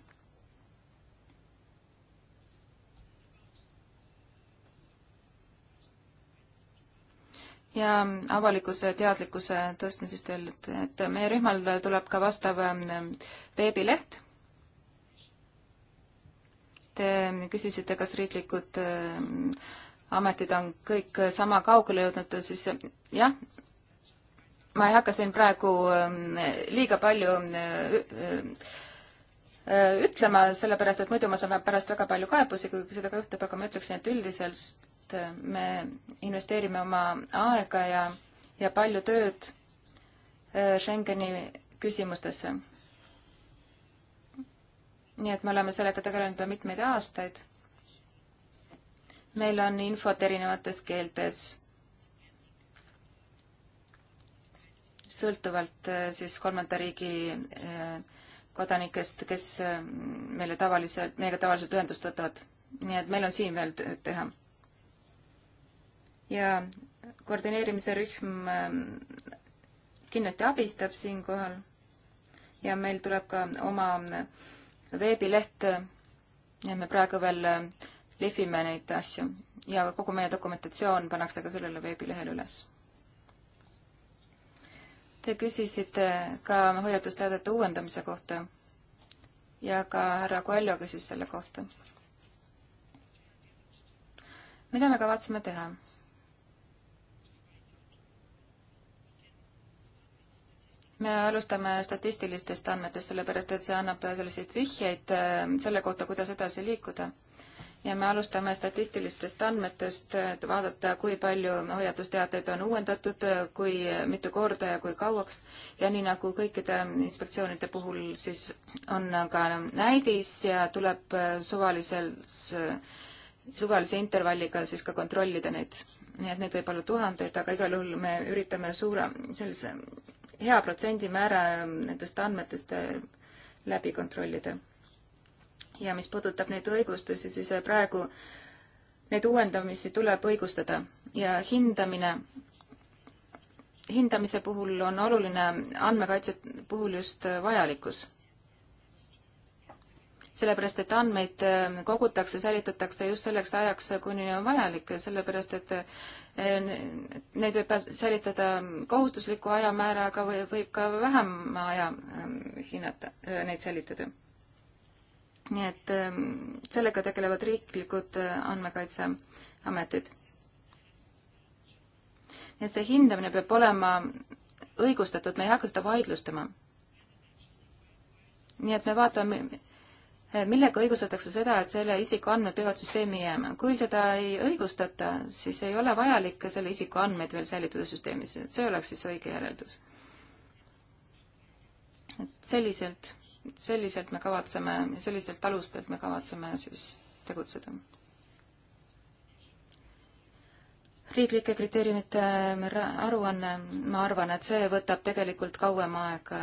Speaker 1: ja avalikkuse teadlikkuse tõstmine siis veel, et, et meie rühmal tuleb ka vastav ähm, veebileht. Te küsisite, kas riiklikud ähm, ametid on kõik sama kaugele jõudnud, siis jah, ma ei hakka siin praegu ähm, liiga palju ähm, äh, äh, ütlema, sellepärast et muidu ma saan pärast väga palju kaebusi, kui seda ka juhtub, aga ma ütleksin, et üldiselt äh, me investeerime oma aega ja, ja palju tööd Schengeni küsimustesse. nii et me oleme sellega tegelenud juba mitmeid aastaid. meil on infot erinevates keeltes sõltuvalt äh, siis kolmanda riigi äh, kodanikest, kes äh, meile tavaliselt, meiega tavaliselt ühendust võtavad. nii et meil on siin veel tööd teha. ja koordineerimise rühm kindlasti abistab siinkohal ja meil tuleb ka oma veebileht, nii et me praegu veel lihvime neid asju ja kogu meie dokumentatsioon pannakse ka sellele veebilehele üles Te küsisite ka hoiatusteadete uuendamise kohta ja ka härra Coelho küsis selle kohta. mida me kavatseme teha? me alustame statistilistest andmetest, sellepärast et see annab selliseid vihjeid äh, selle kohta, kuidas edasi liikuda ja me alustame statistilistest andmetest, et vaadata, kui palju hoiatusteateid on uuendatud, kui mitu korda ja kui kauaks. ja nii nagu kõikide inspektsioonide puhul, siis on ka näidis ja tuleb suvalisel, suvalise intervalliga siis ka kontrollida neid. nii et neid võib olla tuhandeid, aga igal juhul me üritame suure, sellise hea protsendimäära nendest andmetest läbi kontrollida ja mis puudutab neid õigustusi, siis äh, praegu neid uuendamisi tuleb õigustada ja hindamine, hindamise puhul on oluline andmekaitse puhul just äh, vajalikkus. sellepärast, et andmeid äh, kogutakse, säilitatakse just selleks ajaks, kuni on vajalik, sellepärast et neid võib säilitada kohustusliku ajamääraga või võib ka vähema aja ähm, hinnata, neid säilitada nii et ähm, sellega tegelevad riiklikud äh, andmekaitseametid. nii et see hindamine peab olema õigustatud, me ei hakka seda vaidlustama. nii et me vaatame, äh, millega õigustatakse seda, et selle isiku andmed peavad süsteemi jääma. kui seda ei õigustata, siis ei ole vajalik ka selle isiku andmeid veel säilitada süsteemis, et see oleks siis õige järeldus. et selliselt selliselt me kavatseme, sellistelt alustelt me kavatseme siis tegutseda. riiklike kriteeriumite aruanne, ma arvan, et see võtab tegelikult kauem aega.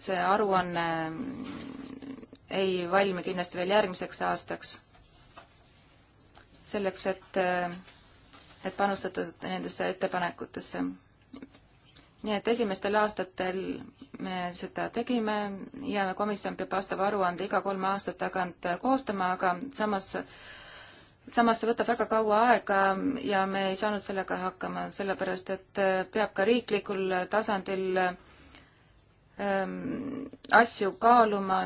Speaker 1: see aruanne ei valmi kindlasti veel järgmiseks aastaks. selleks, et, et panustada nendesse ettepanekutesse nii et esimestel aastatel me seda tegime ja komisjon peab vastava aruande iga kolme aasta tagant koostama, aga samas, samas see võtab väga kaua aega ja me ei saanud sellega hakkama, sellepärast et peab ka riiklikul tasandil ähm, asju kaaluma.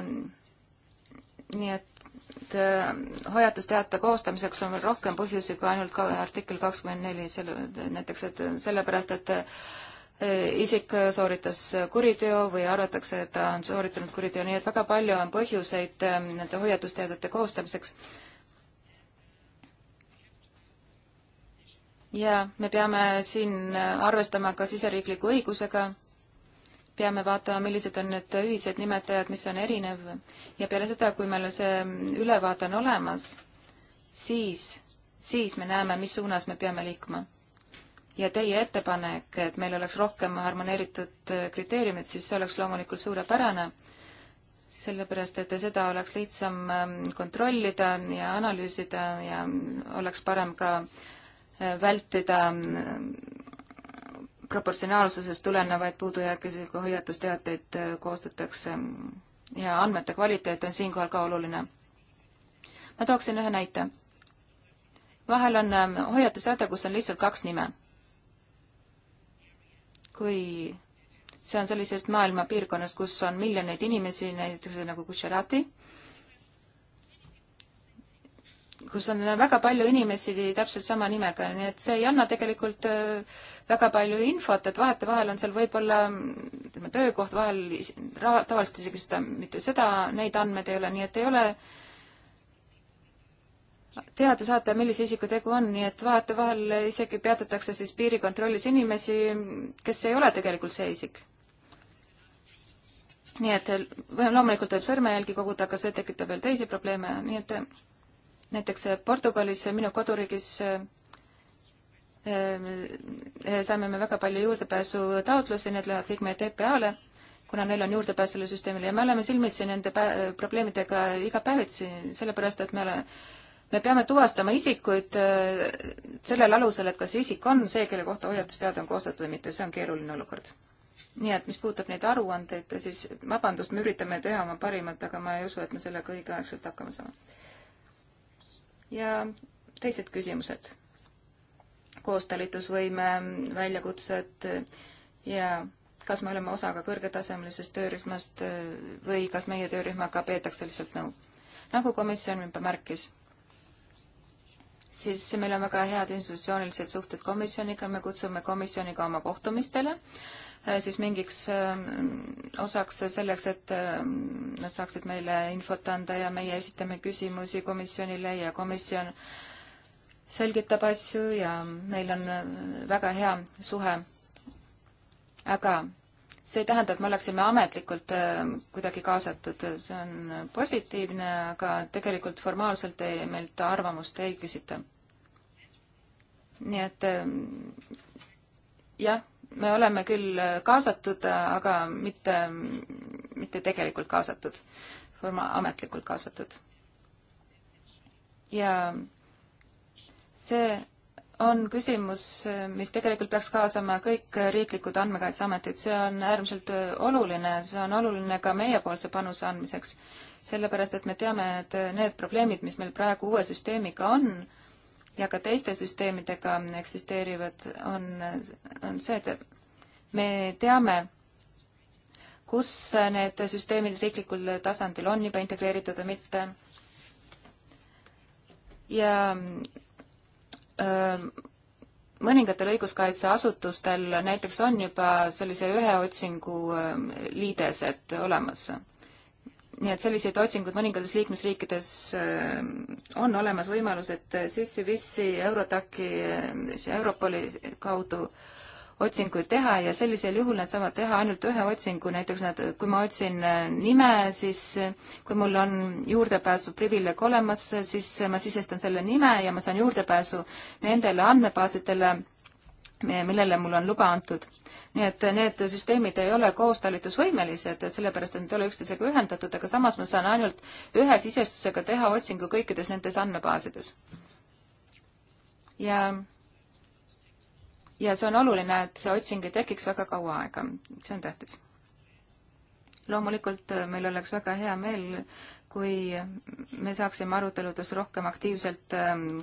Speaker 1: nii et äh, hoiatusteate koostamiseks on veel rohkem põhjusi kui ainult ka artikkel kakskümmend neli, selle, näiteks et sellepärast, et Äh, isik sooritas kuriteo või arvatakse, et ta on sooritanud kuriteo, nii et väga palju on põhjuseid ähm, nende hoiatusteadete koostamiseks. ja me peame siin äh, arvestama ka siseriikliku õigusega, peame vaatama, millised on need ühised nimetajad, mis on erinev ja peale seda, kui meil see ähm, ülevaade on olemas, siis, siis me näeme, mis suunas me peame liikuma ja teie ettepanek, et meil oleks rohkem harmoneeritud äh, kriteeriumid, siis see oleks loomulikult suurepärane, sellepärast et seda oleks lihtsam ähm, kontrollida ja analüüsida ja oleks parem ka äh, vältida äh, proportsionaalsusest tulenevaid puudujääkisi, kui hoiatusteateid koostatakse ja andmete kvaliteet on siinkohal ka oluline. ma tooksin ühe näite. vahel on ähm, hoiatusteade, kus on lihtsalt kaks nime kui see on sellisest maailma piirkonnast, kus on miljoneid inimesi, näiteks nagu Gujarati, kus on väga palju inimesi täpselt sama nimega, nii et see ei anna tegelikult äh, väga palju infot, et vahetevahel on seal võib-olla ütleme, töökoht vahel, tavaliselt isegi seda, mitte seda, neid andmeid ei ole, nii et ei ole äh, teada saata, millise isiku tegu on, nii et vahetevahel isegi peatatakse siis piirikontrollis inimesi, kes ei ole tegelikult see isik. nii et loomulikult võib sõrmejälgi koguda, aga see tekitab veel teisi probleeme, nii et näiteks Portugalis, minu koduriigis eh, saime me väga palju juurdepääsutaotlusi, need lähevad kõik meie TPA-le, kuna neil on juurdepääs sellele süsteemile ja me oleme silmitsi nende probleemidega igapäevitsi, sellepärast et me oleme me peame tuvastama isikuid äh, sellel alusel, et kas see isik on see, kelle kohta hoiatusteade on koostatud või mitte, see on keeruline olukord. nii et mis puudutab neid aruandeid, siis vabandust, me üritame teha oma parimat, aga ma ei usu, et me sellega õigeaegselt hakkama saame. ja teised küsimused. koostalitusvõime, väljakutsed ja kas me oleme osa ka kõrgetasemelisest töörühmast või kas meie töörühmaga peetakse lihtsalt nõu. nagu komisjon juba märkis siis meil on väga head institutsioonilised suhted komisjoniga, me kutsume komisjoniga oma kohtumistele, eh, siis mingiks eh, osaks selleks, et eh, nad saaksid meile infot anda ja meie esitame küsimusi komisjonile ja komisjon selgitab asju ja meil on väga hea suhe. aga see ei tähenda, et me oleksime ametlikult äh, kuidagi kaasatud, see on positiivne, aga tegelikult formaalselt ei, meilt arvamust ei küsita. nii et äh, jah, me oleme küll kaasatud, aga mitte, mitte tegelikult kaasatud, forma-, ametlikult kaasatud. ja see on küsimus, mis tegelikult peaks kaasama kõik riiklikud andmekaitseametid, see on äärmiselt oluline, see on oluline ka meiepoolse panuse andmiseks, sellepärast et me teame, et need probleemid, mis meil praegu uue süsteemiga on ja ka teiste süsteemidega eksisteerivad, on, on see, et me teame, kus need süsteemid riiklikul tasandil on juba integreeritud või mitte ja mõningatel õiguskaitseasutustel näiteks on juba sellise ühe otsingu liidesed olemas. nii et selliseid otsinguid mõningates liikmesriikides on olemas võimalus, et sissi-vissi Eurotaki, Europoli kaudu äh, otsinguid teha ja sellisel juhul nad saavad teha ainult ühe otsingu, näiteks nad, kui ma otsin äh, nime, siis äh, kui mul on juurdepääsu privileeg olemas, äh, siis ma sisestan selle nime ja ma saan juurdepääsu nendele andmebaasidele, millele mul on luba antud. nii et need süsteemid ei ole koostalitusvõimelised, sellepärast et nad ei ole üksteisega ühendatud, aga samas ma saan ainult ühe sisestusega teha otsingu kõikides nendes andmebaasides. ja ja see on oluline, et see otsing ei tekiks väga kaua aega, see on tähtis. loomulikult äh, meil oleks väga hea meel, kui me saaksime aruteludes rohkem aktiivselt ähm,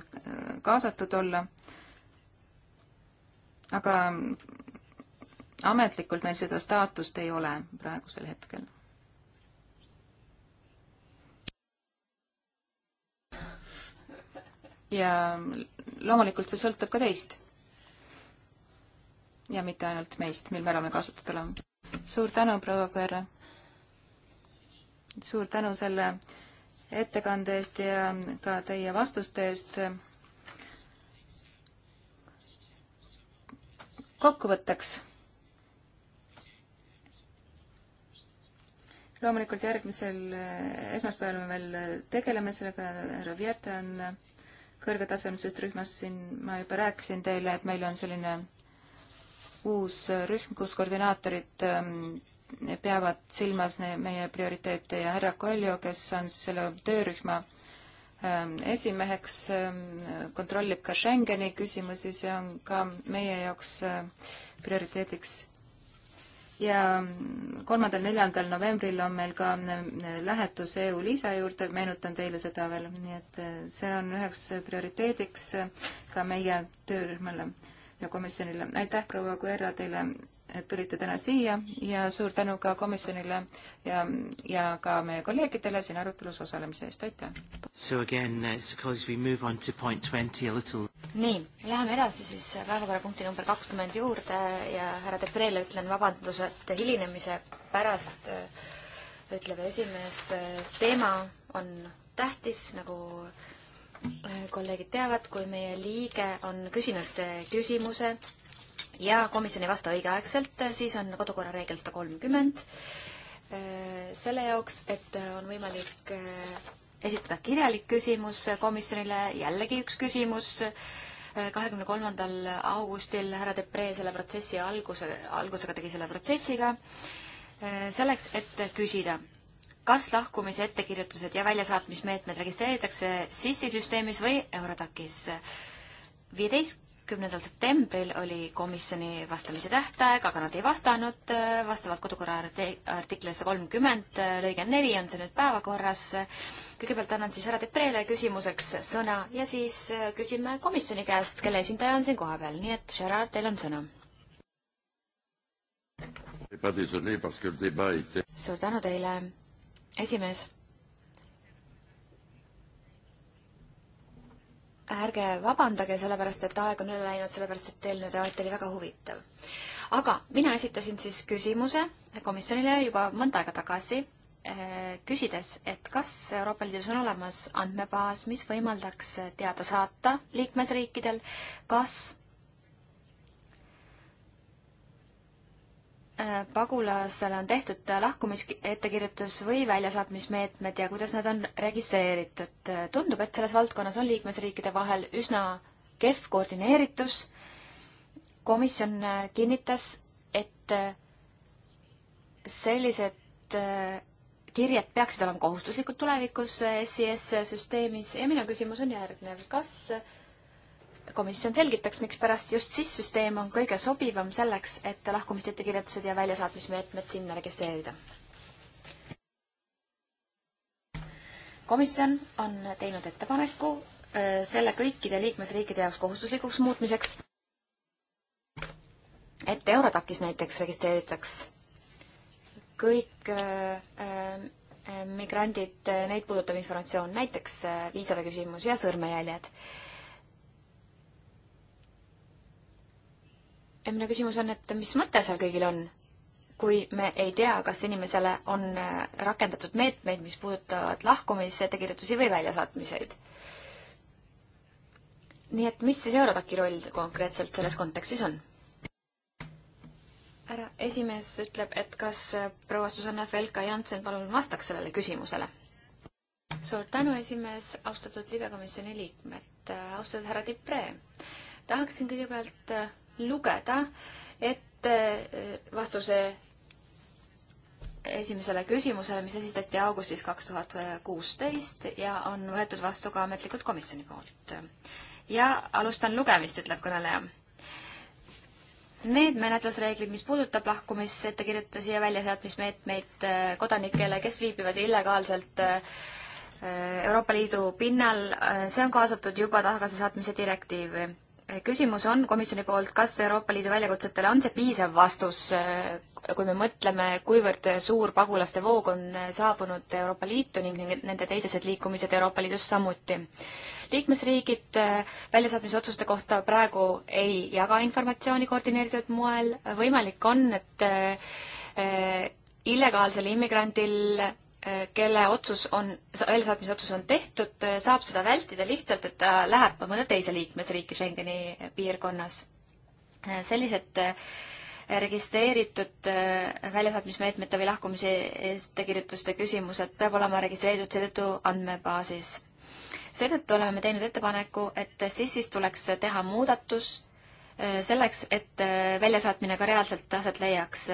Speaker 1: kaasatud olla, aga ametlikult meil seda staatust ei ole praegusel hetkel. ja loomulikult see sõltub ka teist ja mitte ainult meist, mil määral me kasutada oleme. suur tänu, proua Koera! suur tänu selle ettekande eest ja ka teie vastuste eest. kokkuvõtteks. loomulikult järgmisel esmaspäeval me veel tegeleme sellega, härra Vierta on kõrgetasemelisest rühmast siin, ma juba rääkisin teile, et meil on selline uus rühm, kus koordinaatorid ähm, peavad silmas meie prioriteete ja härra Koljo, kes on siis selle töörühma ähm, esimeheks, ähm, kontrollib ka Schengeni küsimusi, see on ka meie jaoks äh, prioriteediks. ja kolmandal-neljandal novembril on meil ka äh, lähetus EU lisa juurde, meenutan teile seda veel, nii et äh, see on üheks prioriteediks ka meie töörühmale ja komisjonile. aitäh, proua Guerra, teile, et tulite täna siia ja suur tänu ka komisjonile ja, ja ka meie kolleegidele siin arutelus osalemise eest, aitäh! Uh, nii, läheme edasi siis päevakorrapunkti number kakskümmend juurde
Speaker 2: ja härra Depreele ütlen vabandused hilinemise pärast, äh, ütleb esimees, äh, teema on tähtis, nagu äh, kolleegid teavad, kui meie liige on küsinud küsimuse ja komisjon ei vasta õigeaegselt, siis on kodukorra reegel sada kolmkümmend. Äh, selle jaoks, et on võimalik äh, esitada kirjalik küsimus komisjonile, jällegi üks küsimus, äh, kahekümne kolmandal augustil härra Depree selle protsessi alguse, algusega tegi selle protsessiga, selleks, et küsida kas lahkumise ettekirjutused ja väljasaatmismeetmed registreeritakse SIS-i süsteemis või Eurodakis. viieteistkümnendal septembril oli komisjoni vastamise tähtaeg, aga nad ei vastanud, äh, vastavalt kodukorra artiklisse kolmkümmend äh, lõige neli on see nüüd päevakorras. kõigepealt annan siis härra Depreele küsimuseks sõna ja siis äh, küsime komisjoni käest, kelle esindaja on siin kohapeal, nii et Gerard, teil on sõna suur tänu teile esimees. ärge vabandage sellepärast, et aeg on üle läinud, sellepärast et eelnev debatt oli väga huvitav. aga mina esitasin siis küsimuse komisjonile juba mõnda aega tagasi, eh, küsides, et kas Euroopa Liidus on olemas andmebaas, mis võimaldaks teada saata liikmesriikidel, kas Äh, pagulasele on tehtud lahkumisettekirjutus või väljasaatmismeetmed ja kuidas nad on registreeritud. tundub, et selles valdkonnas on liikmesriikide vahel üsna kehv koordineeritus. komisjon äh, kinnitas, et äh, sellised kirjed peaksid olema kohustuslikud tulevikus SIS süsteemis ja minu küsimus on järgnev. kas äh, komisjon selgitaks, mikspärast just SIS süsteem on kõige sobivam selleks, et lahkumisettekirjutused ja väljasaatmismeetmed sinna registreerida. komisjon on teinud ettepaneku äh, selle kõikide liikmesriikide jaoks kohustuslikuks muutmiseks, et Eurotakis näiteks registreeritaks kõik äh, äh migrandid, äh, neid puudutav informatsioon, näiteks viisade küsimus ja sõrmejäljed äh, ja minu küsimus on, et mis mõte seal kõigil on? kui me ei tea, kas inimesele on äh, rakendatud meetmeid, mis puudutavad lahkumisettekirjutusi või väljasaatmiseid. nii et mis siis Eurotaki roll konkreetselt selles kontekstis on? härra esimees ütleb, et kas äh, proua Susanna Felka-Jansen palun vastaks sellele küsimusele. suur tänu, esimees, austatud libekomisjoni liikmed, äh, austatud härra Tipre. tahaksin kõigepealt lugeda ette eh, vastuse esimesele küsimusele, mis esitati augustis kaks tuhat kuusteist ja on võetud vastu ka ametlikult komisjoni poolt. ja alustan lugemist, ütleb kõneleja. Need menetlusreeglid, mis puudutab lahkumisettekirjutusi ja väljaseadmismeetmeid eh, kodanikele, kes viibivad illegaalselt eh, Euroopa Liidu pinnal, see on kaasatud juba tagasisaatmise direktiivi küsimus on komisjoni poolt, kas Euroopa Liidu väljakutsetele on see piisav vastus, kui me mõtleme, kuivõrd suur pagulaste voog on saabunud Euroopa Liitu ning nende teised liikumised Euroopa Liidus samuti. liikmesriigid äh, väljasaatmisotsuste kohta praegu ei jaga informatsiooni koordineeritud moel, võimalik on, et äh, äh, illegaalsel immigrandil kelle otsus on, väljasaatmise otsus on tehtud, saab seda vältida lihtsalt, et ta läheb mõnda teise liikmesriiki Schengeni piirkonnas. sellised äh, registreeritud äh, väljasaatmismeetmete või lahkumise ettekirjutuste küsimused peab olema registreeritud seetõttu andmebaasis. seetõttu oleme me teinud ettepaneku, et SIS-is tuleks teha muudatus äh, selleks, et väljasaatmine ka reaalselt aset leiaks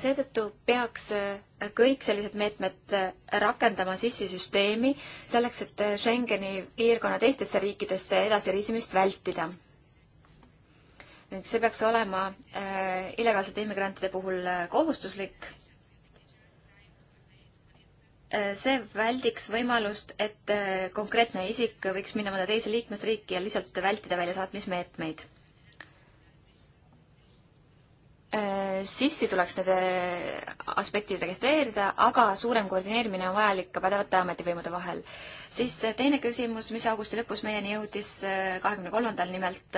Speaker 2: seetõttu peaks äh, kõik sellised meetmed äh, rakendama sisse süsteemi selleks, et äh, Schengeni piirkonna teistesse riikidesse edasireisimist vältida. et see peaks olema äh, illegaalsete immigrantide puhul kohustuslik. see väldiks võimalust, et konkreetne isik võiks minna mõnda teise liikmesriiki ja lihtsalt vältida väljasaatmismeetmeid Äh, sissi tuleks need aspektid registreerida, aga suurem koordineerimine on vajalik ka pädevate ametivõimude vahel. siis äh, teine küsimus, mis augusti lõpus meieni jõudis, äh, kahekümne kolmandal nimelt,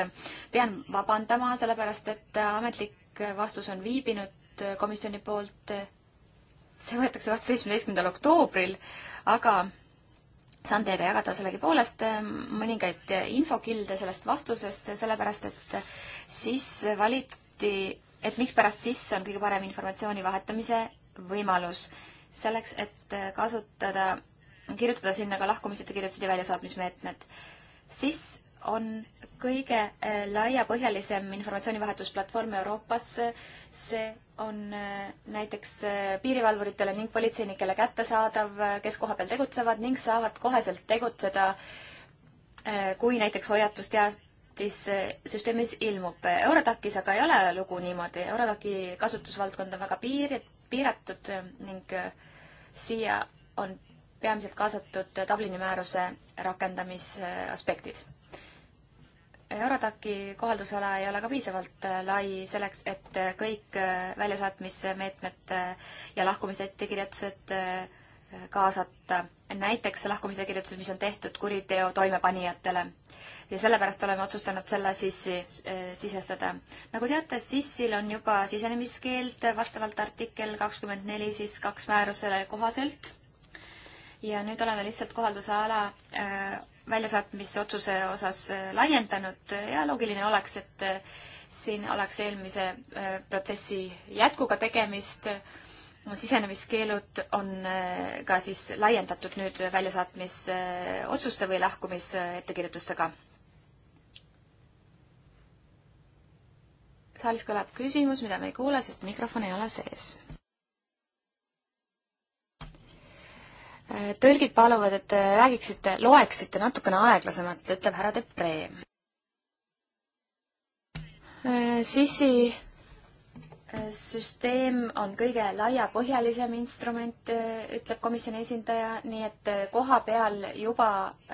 Speaker 2: pean vabandama, sellepärast et ametlik vastus on viibinud komisjoni poolt. see võetakse vastu seitsmeteistkümnendal oktoobril, aga saan teiega jagada sellegipoolest mõningaid infokilde sellest vastusest, sellepärast et siis valiti et mikspärast siis on kõige parem informatsiooni vahetamise võimalus. selleks, et kasutada, kirjutada sinna ka lahkumise ettekirjutused ja väljasaatmismeetmed. siis on kõige eh, laiapõhjalisem informatsioonivahetusplatvorm Euroopas. see on eh, näiteks eh, piirivalvuritele ning politseinikele kättesaadav, kes kohapeal tegutsevad ning saavad koheselt tegutseda, kui näiteks hoiatusteav-, hüvitissüsteemis eh, ilmub. Eurotakis aga ei ole lugu niimoodi, Eurotaki kasutusvaldkond on väga piir-, piiratud eh, ning eh, siia on peamiselt kaasatud Dublini määruse rakendamisaspektid. Eurotaki kohaldusala ei ole ka piisavalt lai selleks, et kõik väljasaatmismeetmed ja lahkumisettekirjutused kaasata, näiteks lahkumisettekirjutused, mis on tehtud kuriteo toimepanijatele. ja sellepärast oleme otsustanud selle sissi äh, sisestada. nagu teate, sissil on juba sisenemiskeeld vastavalt artikkel kakskümmend neli siis kaks määrusele kohaselt. ja nüüd oleme lihtsalt kohaldusala äh, väljasaatmisotsuse osas äh, laiendanud ja loogiline oleks, et siin oleks eelmise protsessi jätkuga tegemist sisenemiskeelud on äh, ka siis laiendatud nüüd väljasaatmisotsuste või lahkumisettekirjutustega. saalis kõlab küsimus, mida me ei kuule, sest mikrofon ei ole sees. Äh, tõlgid paluvad, et äh, räägiksite, loeksite natukene aeglasemalt, ütleb härra Depree. Sissi süsteem on kõige laiapõhjalisem instrument, äh, ütleb komisjoni esindaja, nii et äh, koha peal juba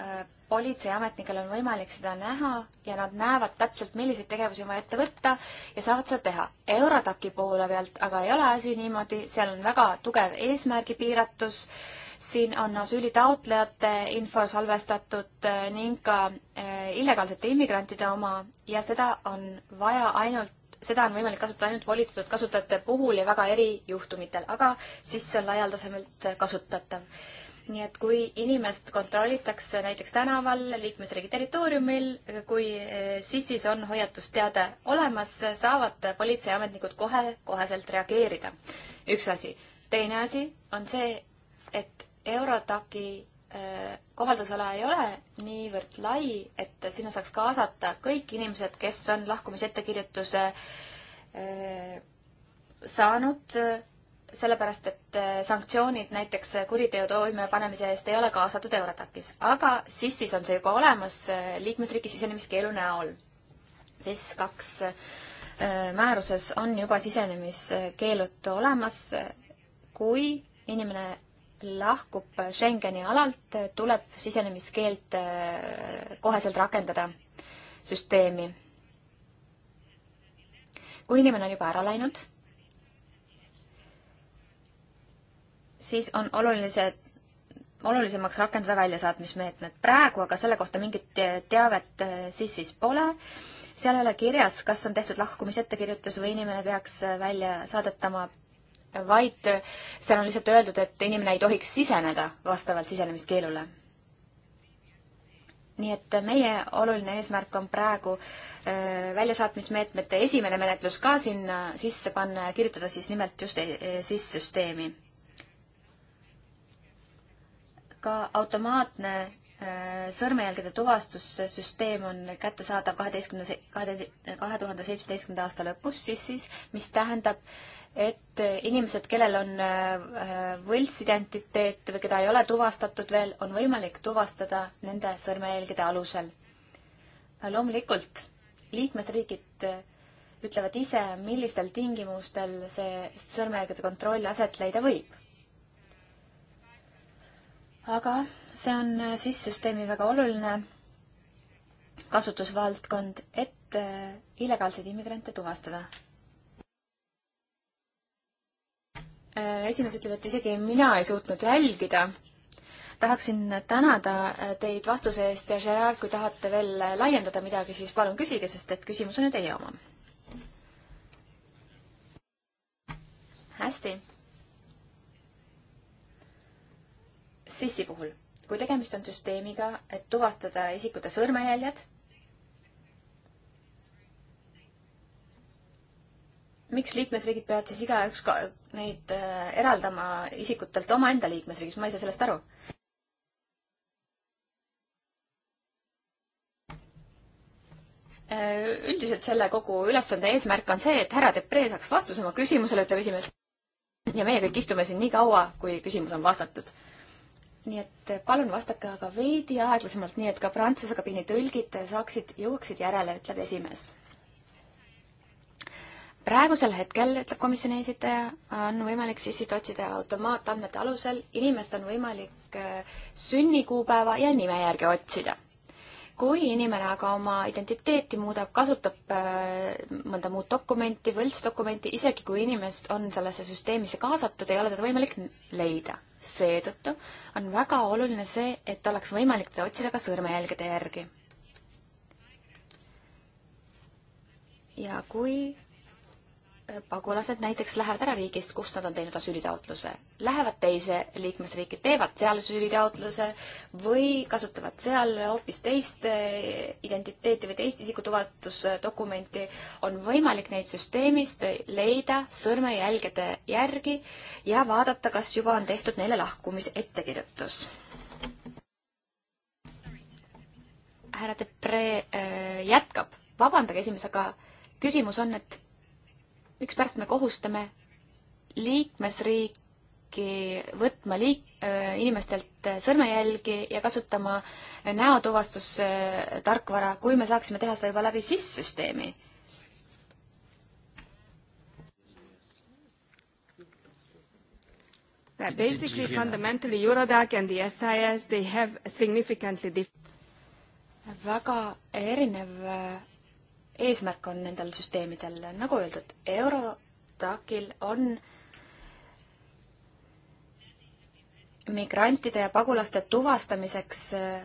Speaker 2: äh, politseiametnikel on võimalik seda näha ja nad näevad täpselt, milliseid tegevusi on vaja ette võtta ja saavad seda teha. Eurotaki poole pealt aga ei ole asi niimoodi, seal on väga tugev eesmärgipiiratus, siin on asüülitaotlejate info salvestatud ning ka illegaalsete immigrantide oma ja seda on vaja ainult seda on võimalik kasutada ainult volitatud kasutajate puhul ja väga erijuhtumitel, aga siis see on laialdasemalt kasutatav. nii et kui inimest kontrollitakse näiteks tänaval, liikmesriigi territooriumil, kui eh, sissis on hoiatusteade olemas, saavad politseiametnikud kohe, koheselt reageerida. üks asi. teine asi on see, et Eurotaki kohaldusala ei ole niivõrd lai, et sinna saaks kaasata kõik inimesed, kes on lahkumisettekirjutuse äh, saanud, äh, sellepärast et äh, sanktsioonid näiteks kuriteo toimepanemise eest ei ole kaasatud Eurotakis, aga SIS-is on see juba olemas liikmesriigi sisenemiskeelu näol. siis kaks määruses on juba sisenemiskeelud olemas, kui inimene lahkub Schengeni alalt, tuleb sisenemiskeelt äh, koheselt rakendada süsteemi. kui inimene on juba ära läinud, siis on olulised, olulisemaks rakendada väljasaatmismeetmed. praegu aga selle kohta mingit teavet äh, sissis pole seal ei ole kirjas, kas on tehtud lahkumisettekirjutus või inimene peaks äh, välja saadetama vaid seal on lihtsalt öeldud, et inimene ei tohiks siseneda vastavalt sisenemiskeelule. nii et meie oluline eesmärk on praegu äh, väljasaatmismeetmete esimene menetlus ka sinna sisse panna ja kirjutada siis nimelt just e-, e-, siis süsteemi. ka automaatne äh, sõrmejälgede tuvastussüsteem on kättesaadav kaheteistkümne, kahe tuhande seitsmeteistkümnenda aasta lõpus siis siis, mis tähendab äh, et äh, inimesed, kellel on äh, äh, võltsidentiteet või keda ei ole tuvastatud veel, on võimalik tuvastada nende sõrmejälgede alusel. loomulikult liikmesriigid ütlevad ise, millistel tingimustel see sõrmejälgede kontroll aset leida võib. aga see on siis süsteemi väga oluline kasutusvaldkond, et illegaalseid immigrante tuvastada Äh, esimees ütleb, et isegi mina ei suutnud jälgida. tahaksin tänada äh, teid vastuse eest ja Gerard, kui tahate veel laiendada midagi, siis palun küsige, sest et küsimus on ju teie oma. hästi. sissi puhul, kui tegemist on süsteemiga, et tuvastada isikute sõrmejäljed miks liikmesriigid peavad siis igaüks ka neid äh, eraldama isikutelt omaenda liikmesriigis, ma ei saa sellest aru. Äh, üldiselt selle kogu ülesande eesmärk on see, et härra Depree saaks vastuse oma küsimusele, ütleb esimees. ja meie kõik istume siin nii kaua, kui küsimus on vastatud. nii et äh, palun vastake aga veidi aeglasemalt, nii et ka Prantsuse kabiini tõlgid saaksid, jõuaksid järele, ütleb esimees praegusel hetkel, ütleb komisjoni esitaja, on võimalik sissist otsida automaatandmete alusel, inimest on võimalik äh, sünnikuupäeva ja nime järgi otsida. kui inimene aga oma identiteeti muudab, kasutab äh, mõnda muud dokumenti, võltsdokumenti, isegi kui inimest on sellesse süsteemisse kaasatud, ei ole teda võimalik leida. seetõttu on väga oluline see, et oleks võimalik teda otsida ka sõrmejälgede järgi. ja kui pagulased näiteks lähevad ära riigist, kust nad on teinud asüülitaotluse, lähevad teise liikmesriiki, teevad seal asüülitaotluse või kasutavad seal hoopis teist eh, identiteeti või teist isikutuvatusdokumenti, on võimalik neid süsteemist leida sõrmejälgede järgi ja vaadata, kas juba on tehtud neile lahkumisettekirjutus. härra Depre eh, jätkab, vabandage esimesega, küsimus on, et mikspärast me kohustame liikmesriiki võtma liik-, äh, inimestelt sõrmejälgi ja kasutama näotuvastustarkvara, kui me saaksime teha seda juba läbi SIS-süsteemi
Speaker 1: that uh, basically fundamentally Eurodac and the SIS, they have significantly different
Speaker 2: väga erinev äh, eesmärk on nendel süsteemidel. nagu öeldud, Eurotakil on migrantide ja pagulaste tuvastamiseks öö,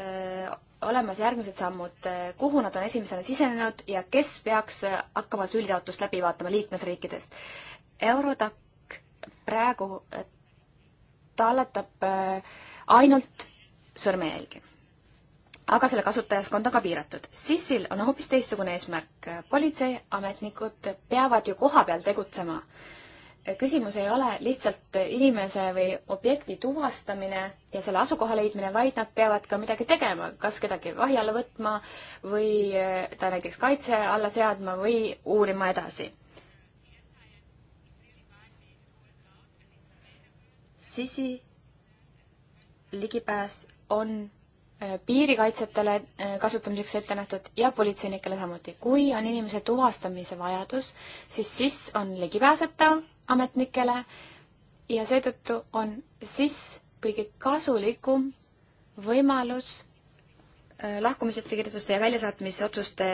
Speaker 2: äh, olemas järgmised sammud, äh, kuhu nad on esimesena sisenenud ja kes peaks äh, hakkama süülitaotlust läbi vaatama liikmesriikidest. Eurodac praegu talletab ainult sõrmejälgi aga selle kasutajaskond on ka piiratud. SIS-il on hoopis teistsugune eesmärk. politseiametnikud peavad ju kohapeal tegutsema. küsimus ei ole lihtsalt inimese või objekti tuvastamine ja selle asukoha leidmine, vaid nad peavad ka midagi tegema, kas kedagi vahi alla võtma või eh, ta näiteks kaitse alla seadma või uurima edasi. SIS-i ligipääs on Äh, piirikaitsjatele äh, kasutamiseks ette nähtud ja politseinikele samuti. kui on inimese tuvastamise vajadus, siis SIS on ligipääsetav ametnikele ja seetõttu on SIS kõige kasulikum võimalus äh, lahkumisettekirjutuste ja väljasaatmisotsuste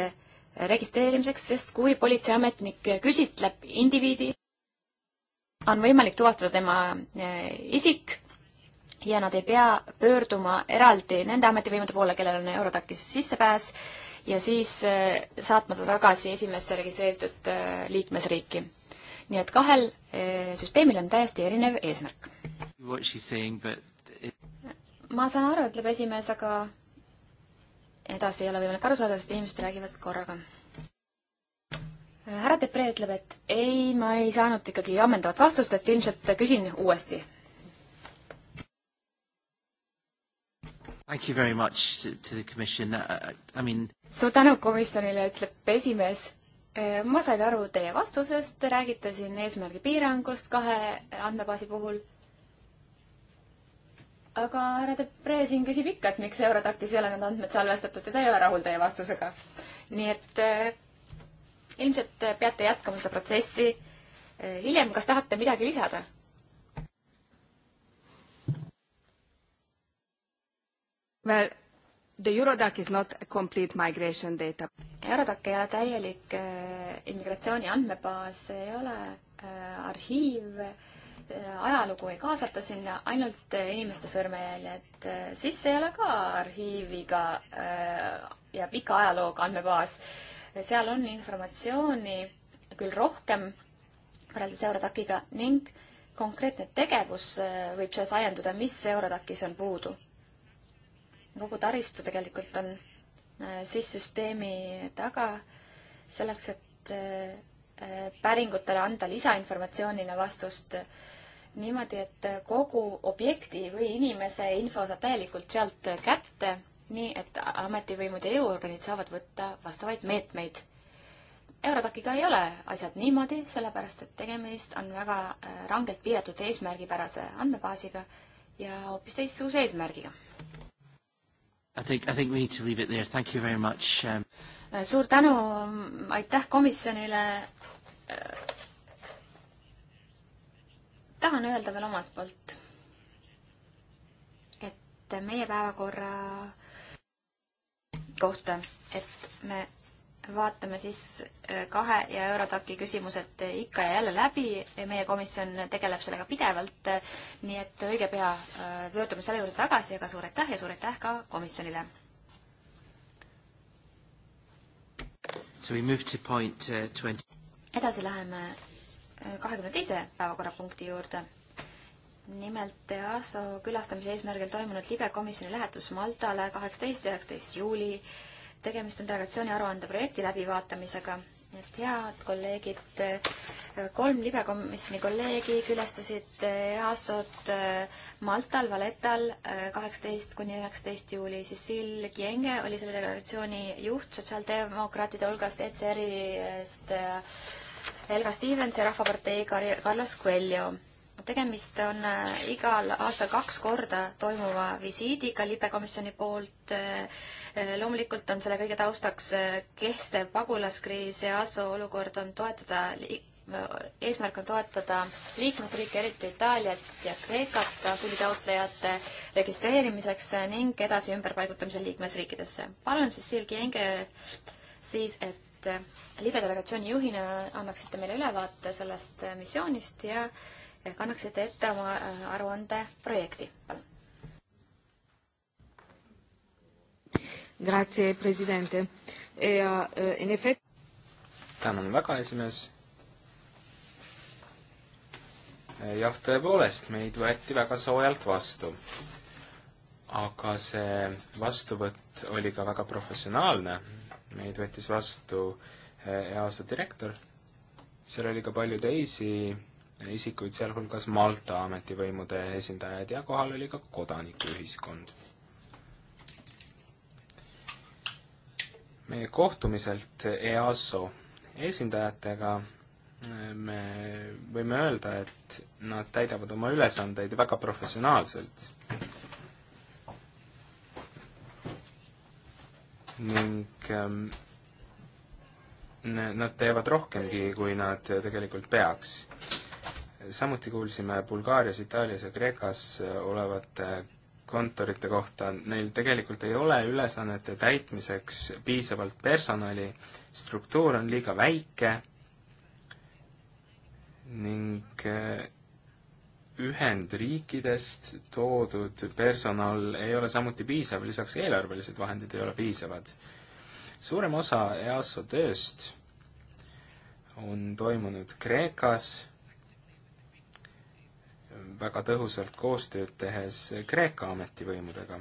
Speaker 2: registreerimiseks, sest kui politseiametnik küsitleb indiviidi, on võimalik tuvastada tema isik ja nad ei pea pöörduma eraldi nende ametivõimude poole, kellel on Eurodacis sissepääs ja siis eh, saatma ta tagasi esimesse registreeritud eh, liikmesriiki. nii et kahel eh, süsteemil on täiesti erinev eesmärk. It... ma saan aru, ütleb esimees, aga edasi ei ole võimalik aru saada, sest inimesed räägivad korraga. härra Depree ütleb, et ei, ma ei saanud ikkagi ammendavat vastust, et ilmselt küsin uuesti
Speaker 3: Uh, uh, I mean...
Speaker 2: suur tänu komisjonile, ütleb esimees. Äh, ma sain aru teie vastusest, te räägite siin eesmärgi piirangust kahe andmebaasi puhul. aga härra Depree siin küsib ikka, et miks Eurodacis ei ole need andmed salvestatud ja ta ei ole rahul teie vastusega. nii et äh, ilmselt peate jätkama seda protsessi äh, hiljem, kas tahate midagi lisada?
Speaker 1: Well, the Eurodac is not a complete migration data.
Speaker 2: Eurodac ei ole täielik eh, immigratsiooni andmebaas, ei ole eh, arhiiv, eh, ajalugu ei kaasata sinna, ainult inimeste sõrmejäljed. siis ei ole ka arhiiviga ja pika ajalooga andmebaas. seal on informatsiooni küll rohkem võrreldes Eurodaciga ning konkreetne tegevus võib selles ajenduda, mis Eurodakis on puudu kogu taristu tegelikult on äh, siis süsteemi taga, selleks et äh, äh, päringutele anda lisainformatsioonile vastust niimoodi, et kogu objekti või inimese info saab täielikult sealt kätte, nii et ametivõimud ja jõuorganid saavad võtta vastavaid meetmeid. Eurodaciga ei ole asjad niimoodi, sellepärast et tegemist on väga rangelt piiratud eesmärgipärase andmebaasiga ja hoopis teistsuguse eesmärgiga.
Speaker 3: I think, I think we need to leave it there. Thank you very much um....
Speaker 2: Äh, suur tänu, mm, aitäh komisjonile. Äh, tahan öelda veel omalt poolt, et meie päevakorra kohta, et me vaatame siis äh, kahe ja Eurotaki küsimused äh, ikka ja jälle läbi. meie komisjon tegeleb sellega pidevalt. Äh, nii et õige pea pöördume selle juurde tagasi, aga suur aitäh ja suur aitäh ka komisjonile.
Speaker 3: Uh,
Speaker 2: edasi läheme kahekümne teise päevakorrapunkti juurde nimelt EASO külastamise eesmärgil toimunud libe komisjoni lähetus Maltale kaheksateist ja üheksateist juuli tegemist on delegatsiooni aruande projekti läbivaatamisega et head kolleegid, kolm libekomisjoni kolleegi külastasid EASO-t eh, eh, Maltal, Valetal eh, kaheksateist kuni üheksateist juuli. Cecil Kienge oli selle delegatsiooni juht sotsiaaldemokraatide hulgast, ECR-ist Helga Stevens ja Rahvapartei Carlos Coelho tegemist on igal aastal kaks korda toimuva visiidiga libekomisjoni poolt äh, Äh, loomulikult on selle kõige taustaks äh, kestev pagulaskriis ja ASO olukord on toetada äh, eesmärk on toetada liikmesriike, eriti Itaaliat ja Kreekat asüülitaotlejate registreerimiseks ning edasi ümberpaigutamisel liikmesriikidesse. palun siis, Silgi Enge, siis, et libe delegatsiooni juhina annaksite meile ülevaate sellest missioonist ja kannaksite ette oma aruande projekti, palun. Grazie,
Speaker 1: president. ja e, eh, eh, in efekt-.
Speaker 3: tänan väga, esimees. Eh, jah, tõepoolest, meid võeti väga soojalt vastu. aga see vastuvõtt oli ka väga professionaalne. meid võttis vastu EASA direktor. seal oli ka palju teisi isikuid, sealhulgas Malta ametivõimude esindajaid ja kohal oli ka kodanikuühiskond meie kohtumiselt EASO esindajatega me võime öelda, et nad täidavad oma ülesandeid väga professionaalselt. ning ähm, nad teevad rohkemgi, kui nad tegelikult peaks. samuti kuulsime Bulgaarias, Itaalias ja Kreekas olevate kontorite kohta, neil tegelikult ei ole ülesannete täitmiseks piisavalt personali, struktuur on liiga väike ning eh, Ühendriikidest toodud personal ei ole samuti piisav, lisaks eelarvelised vahendid ei ole piisavad. suurem osa EASO tööst on toimunud Kreekas väga tõhusalt koostööd tehes Kreeka ametivõimudega.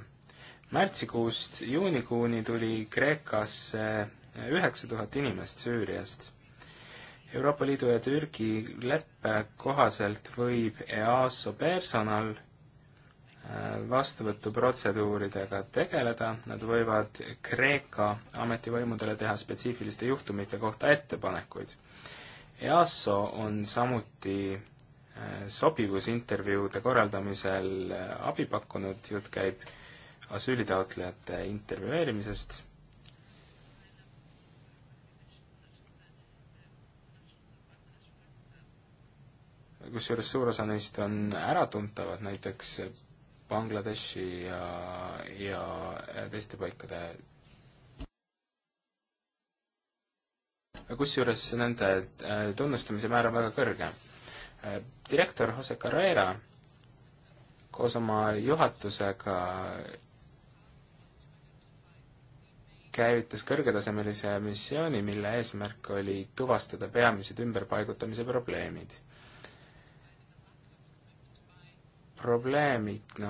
Speaker 3: märtsikuust juunikuuni tuli Kreekasse üheksa tuhat inimest Süüriast. Euroopa Liidu ja Türgi leppe kohaselt võib EASO personal äh, vastuvõtuprotseduuridega tegeleda, nad võivad Kreeka ametivõimudele teha spetsiifiliste juhtumite kohta ettepanekuid. EASO on samuti sobivusintervjuude korraldamisel abi pakkunud, jutt käib asüülitaotlejate intervjueerimisest. kusjuures suur osa neist on äratuntavad, näiteks Bangladeshi ja, ja teiste paikade kusjuures nende äh, tunnustamise määr on väga kõrge Äh, direktor Jose Carrera koos oma juhatusega käivitas kõrgetasemelise missiooni, mille eesmärk oli tuvastada peamised ümberpaigutamise probleemid. probleemid, no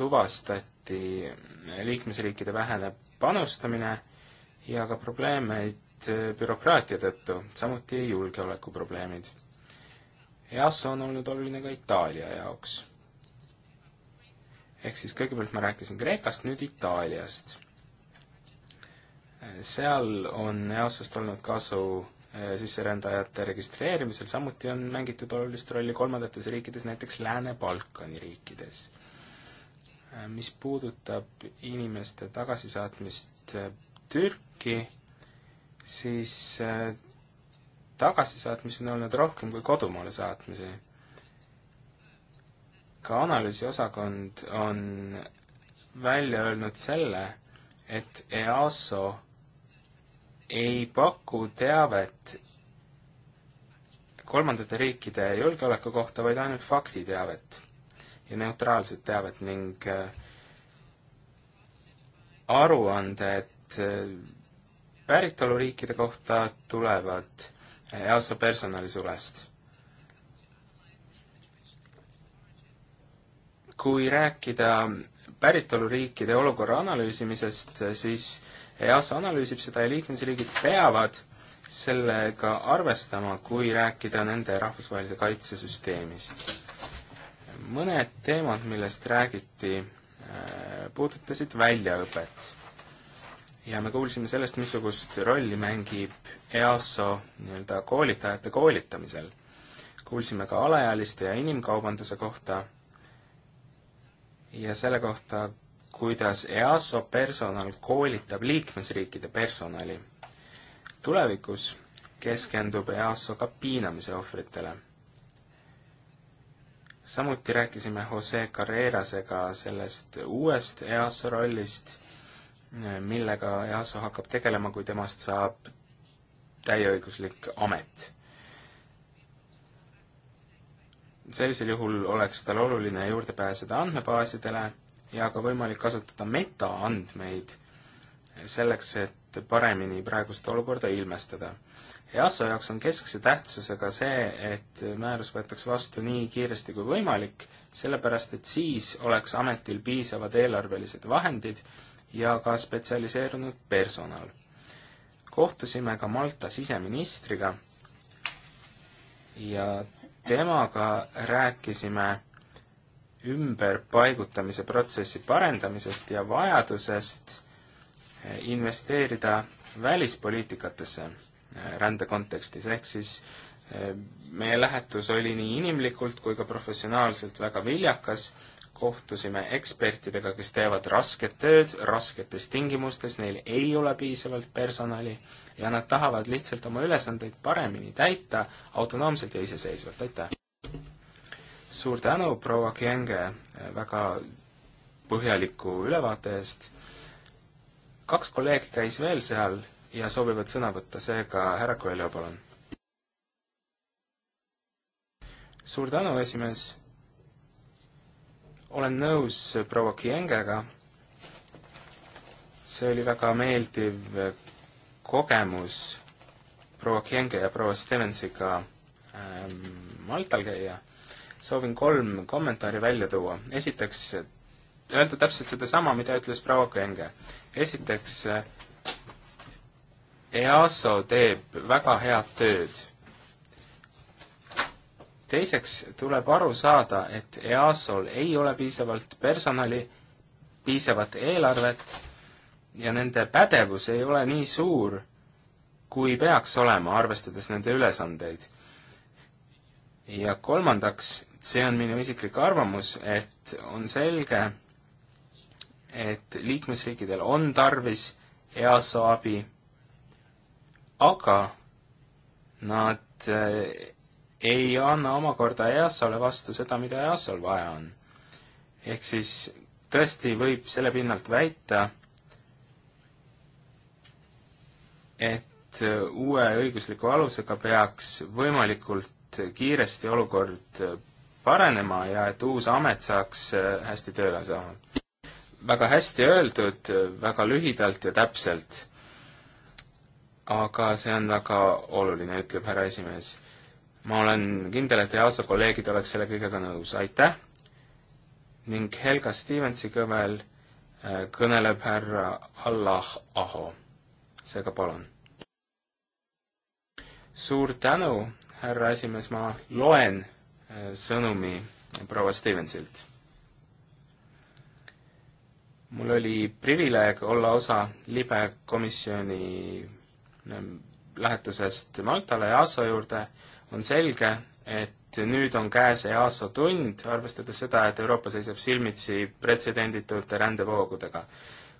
Speaker 3: tuvastati liikmesriikide vähene panustamine ja ka probleemeid äh, bürokraatia tõttu, samuti julgeolekuprobleemid EASA on olnud oluline ka Itaalia jaoks. ehk siis kõigepealt ma rääkisin Kreekast, nüüd Itaaliast. seal on EASA-st olnud kasu eh, sisserändajate registreerimisel, samuti on mängitud olulist rolli kolmandates riikides, näiteks Lääne-Balkani riikides. Eh, mis puudutab inimeste tagasisaatmist eh, Türki, siis tagasisaatmisi on olnud rohkem kui kodumaale saatmisi. ka analüüsiosakond on välja öelnud selle, et EASO ei paku teavet kolmandate riikide julgeoleku kohta, vaid ainult faktiteavet ja neutraalset teavet ning äh, aruanded äh, päritoluriikide kohta tulevad EASO personalisulest. kui rääkida päritoluriikide olukorra analüüsimisest, siis EASO analüüsib seda ja liikmesriigid peavad sellega arvestama, kui rääkida nende rahvusvahelise kaitse süsteemist. mõned teemad, millest räägiti, äh, puudutasid väljaõpet. ja me kuulsime sellest, missugust rolli mängib EASO nii-öelda koolitajate koolitamisel. kuulsime ka alaealiste ja inimkaubanduse kohta ja selle kohta, kuidas EASO personal koolitab liikmesriikide personali. tulevikus keskendub EASO ka piinamise ohvritele. samuti rääkisime Jose Carrerasega sellest uuest EASO rollist, millega EASO hakkab tegelema, kui temast saab täieõiguslik amet. sellisel juhul oleks tal oluline juurde pääseda andmebaasidele ja ka võimalik kasutada metaandmeid selleks, et paremini praegust olukorda ilmestada EASA jaoks on keskse tähtsusega see, et määrus võetakse vastu nii kiiresti kui võimalik, sellepärast et siis oleks ametil piisavad eelarvelised vahendid ja ka spetsialiseerunud personal kohtusime ka Malta siseministriga ja temaga rääkisime ümberpaigutamise protsessi parendamisest ja vajadusest eh, investeerida välispoliitikatesse eh, rände kontekstis, ehk siis eh, meie lähetus oli nii inimlikult kui ka professionaalselt väga viljakas kohtusime ekspertidega, kes teevad rasket tööd rasketes tingimustes, neil ei ole piisavalt personali ja nad tahavad lihtsalt oma ülesandeid paremini täita autonoomselt ja iseseisvalt, aitäh! suur tänu, proua Kienge, väga põhjaliku ülevaate eest. kaks kolleegi käis veel seal ja soovivad sõna võtta, seega härra Koeljo, palun. suur tänu, esimees olen nõus proua Kiengega, see oli väga meeldiv kogemus proua Kienge ja proua Stevensiga ähm, Maltal käia. soovin kolm kommentaari välja tuua. esiteks, öelda täpselt sedasama, mida ütles proua Kienge. esiteks, EASO teeb väga head tööd teiseks tuleb aru saada, et EASO-l ei ole piisavalt personali, piisavat eelarvet ja nende pädevus ei ole nii suur, kui peaks olema, arvestades nende ülesandeid. ja kolmandaks, see on minu isiklik arvamus, et on selge, et liikmesriikidel on tarvis EASO abi, aga nad ei anna omakorda EASA-le vastu seda, mida EASA-l vaja on. ehk siis tõesti võib selle pinnalt väita, et uue õigusliku alusega peaks võimalikult kiiresti olukord paranema ja et uus amet saaks äh, hästi tööle saama. väga hästi öeldud, väga lühidalt ja täpselt. aga see on väga oluline, ütleb härra esimees ma olen kindel, et EASO kolleegid oleks selle kõigega nõus, aitäh! ning Helga Stevensi kõvel äh, kõneleb härra Allah Aho, seega palun. suur tänu, härra esimees, ma loen äh, sõnumi proua Stevensilt. mul oli privileeg olla osa libe komisjoni äh, lähetusest Maltale ja ASO juurde on selge, et nüüd on käes EASO tund, arvestades seda, et Euroopa seisab silmitsi pretsedenditute rändevoogudega.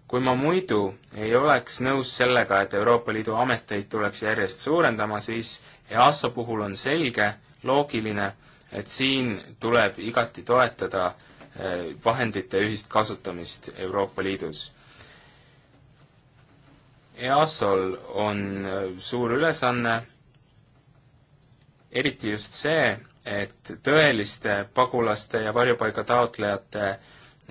Speaker 3: kui ma muidu ei oleks nõus sellega, et Euroopa Liidu ameteid tuleks järjest suurendama, siis EASO puhul on selge, loogiline, et siin tuleb igati toetada eh, vahendite ühist kasutamist Euroopa Liidus EASO-l on eh, suur ülesanne eriti just see, et tõeliste pagulaste ja varjupaiga taotlejate,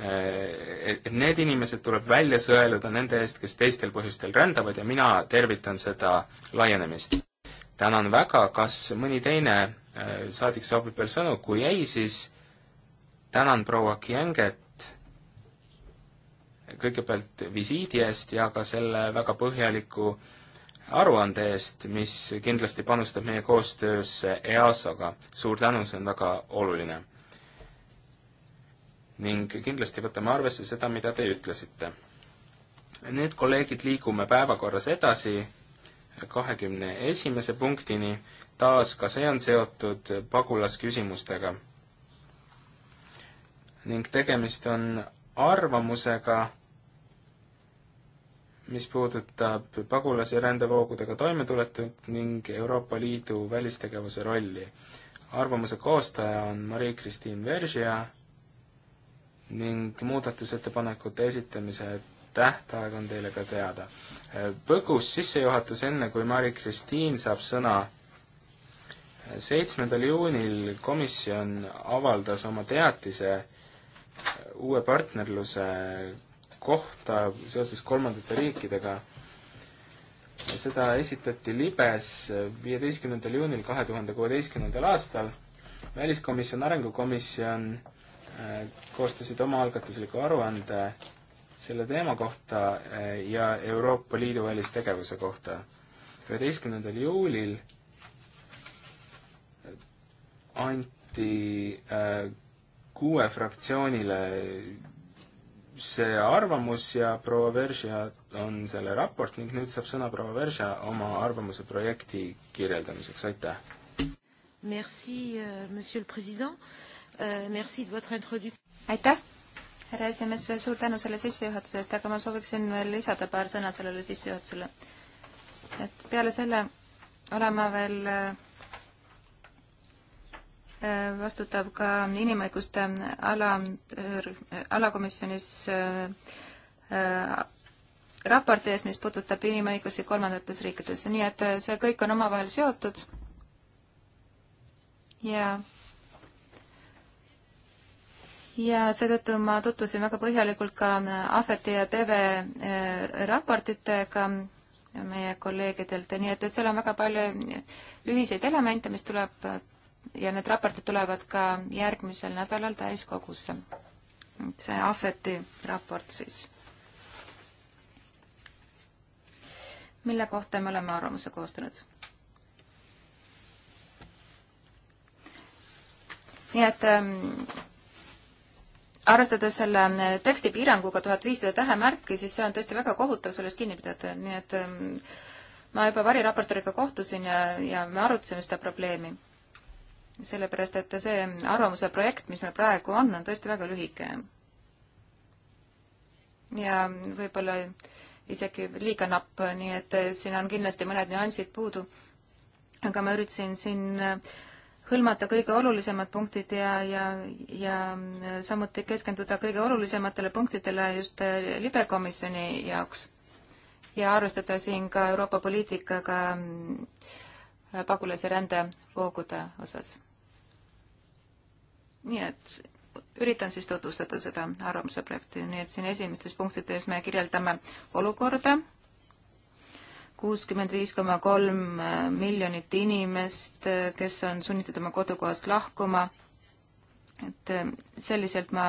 Speaker 3: eh, et need inimesed tuleb välja sõeluda nende eest, kes teistel põhjustel rändavad ja mina tervitan seda laienemist. tänan väga, kas mõni teine eh, saadik soovib veel sõnu, kui ei, siis tänan proua Kienget kõigepealt visiidi eest ja ka selle väga põhjaliku äh, aruande eest, mis kindlasti panustab meie koostöösse EASO-ga. suur tänu, see on väga oluline. ning kindlasti võtame arvesse seda, mida te ütlesite. nüüd, kolleegid, liigume päevakorras edasi kahekümne esimese punktini, taas ka see on seotud pagulasküsimustega. ning tegemist on arvamusega, mis puudutab pagulasi rändevoogudega toimetuletut ning Euroopa Liidu välistegevuse rolli. arvamuse koostaja on Marie-Christine Veržia ning muudatusettepanekute esitamise tähtaeg on teile ka teada. põgus sissejuhatus, enne kui Marie-Christine saab sõna seitsmendal juunil komisjon avaldas oma teatise uue partnerluse kohta seoses kolmandate riikidega. seda esitati libes viieteistkümnendal juunil kahe tuhande kuueteistkümnendal aastal. väliskomisjon, arengukomisjon äh, koostasid omaalgatusliku aruande selle teema kohta äh, ja Euroopa Liidu välistegevuse kohta. üheteistkümnendal juulil äh, anti kuue fraktsioonile see arvamus ja proua Veržia on selle raport ning nüüd saab sõna proua Veržia oma arvamuse projekti kirjeldamiseks, aitäh!
Speaker 1: Merci, euh, monsieur le president, euh, merci de votre introdu-. aitäh, härra esimees, suur tänu selle sissejuhatuse eest, aga ma sooviksin veel lisada paar sõna sellele sissejuhatusele. et peale selle olen ma veel äh, Äh, vastutab ka inimõiguste ala, äh, alakomisjonis äh, raporti ees, mis puudutab inimõigusi kolmandates riikides, nii et see kõik on omavahel seotud ja ja seetõttu ma tutvusin väga põhjalikult ka Ahveti ja TV raportitega meie kolleegidelt, nii et, et seal on väga palju ühiseid elemente, mis tuleb ja need raportid tulevad ka järgmisel nädalal täiskogusse. see Ahveti raport siis, mille kohta me oleme arvamuse koostanud. nii et ähm, arvestades selle äh, teksti piiranguga tuhat viissada tähemärki, siis see on tõesti väga kohutav sellest kinni pidada, nii et ähm, ma juba variraportoriga kohtusin ja, ja me arutasime seda probleemi sellepärast et see arvamuse projekt, mis meil praegu on, on tõesti väga lühike. ja võib-olla isegi liiga napp, nii et siin on kindlasti mõned nüansid puudu. aga ma üritasin siin hõlmata kõige olulisemad punktid ja, ja, ja samuti keskenduda kõige olulisematele punktidele just libekomisjoni jaoks ja arvestada siin ka Euroopa poliitikaga äh, pagulase rändevoogude osas. nii et üritan siis tutvustada seda arvamuse projekti, nii et siin esimestes punktides me kirjeldame olukorda, kuuskümmend viis koma kolm miljonit inimest, kes on sunnitud oma kodukohast lahkuma, et selliselt ma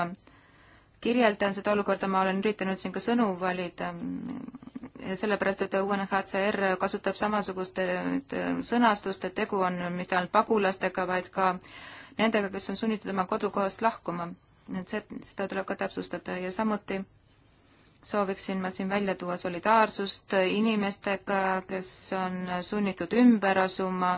Speaker 1: kirjeldan seda olukorda, ma olen üritanud siin ka sõnu valida, sellepärast et UNHCR kasutab samasugust sõnastust, et tegu on mitte ainult pagulastega, vaid ka nendega, kes on sunnitud oma kodukohast lahkuma. et see, seda tuleb ka täpsustada ja samuti sooviksin ma siin välja tuua solidaarsust inimestega, kes on sunnitud ümber asuma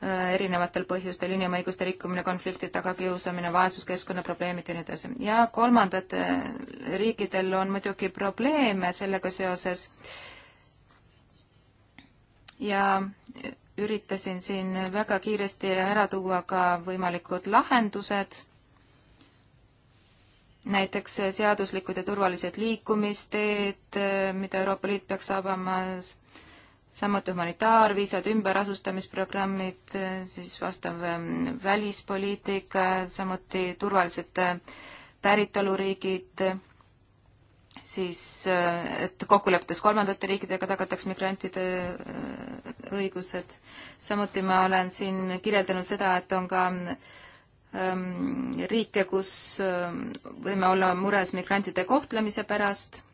Speaker 1: Äh, erinevatel põhjustel, inimõiguste rikkumine, konfliktid, tagakiusamine, vaesus, keskkonnaprobleemid ja nii edasi. ja kolmandatel äh, riikidel on muidugi probleeme sellega seoses ja üritasin siin väga kiiresti ära tuua ka võimalikud lahendused, näiteks seaduslikud ja turvalised liikumisteed, äh, mida Euroopa Liit peaks avamas samuti humanitaarviisad, ümberasustamisprogrammid, äh, siis vastav ähm, välispoliitika, samuti turvalised äh, päritoluriigid, siis äh, et kokkulepetes kolmandate riikidega tagatakse migrantide õigused. samuti ma olen siin kirjeldanud seda, et on ka ähm, riike, kus ähm, võime olla mures migrantide kohtlemise pärast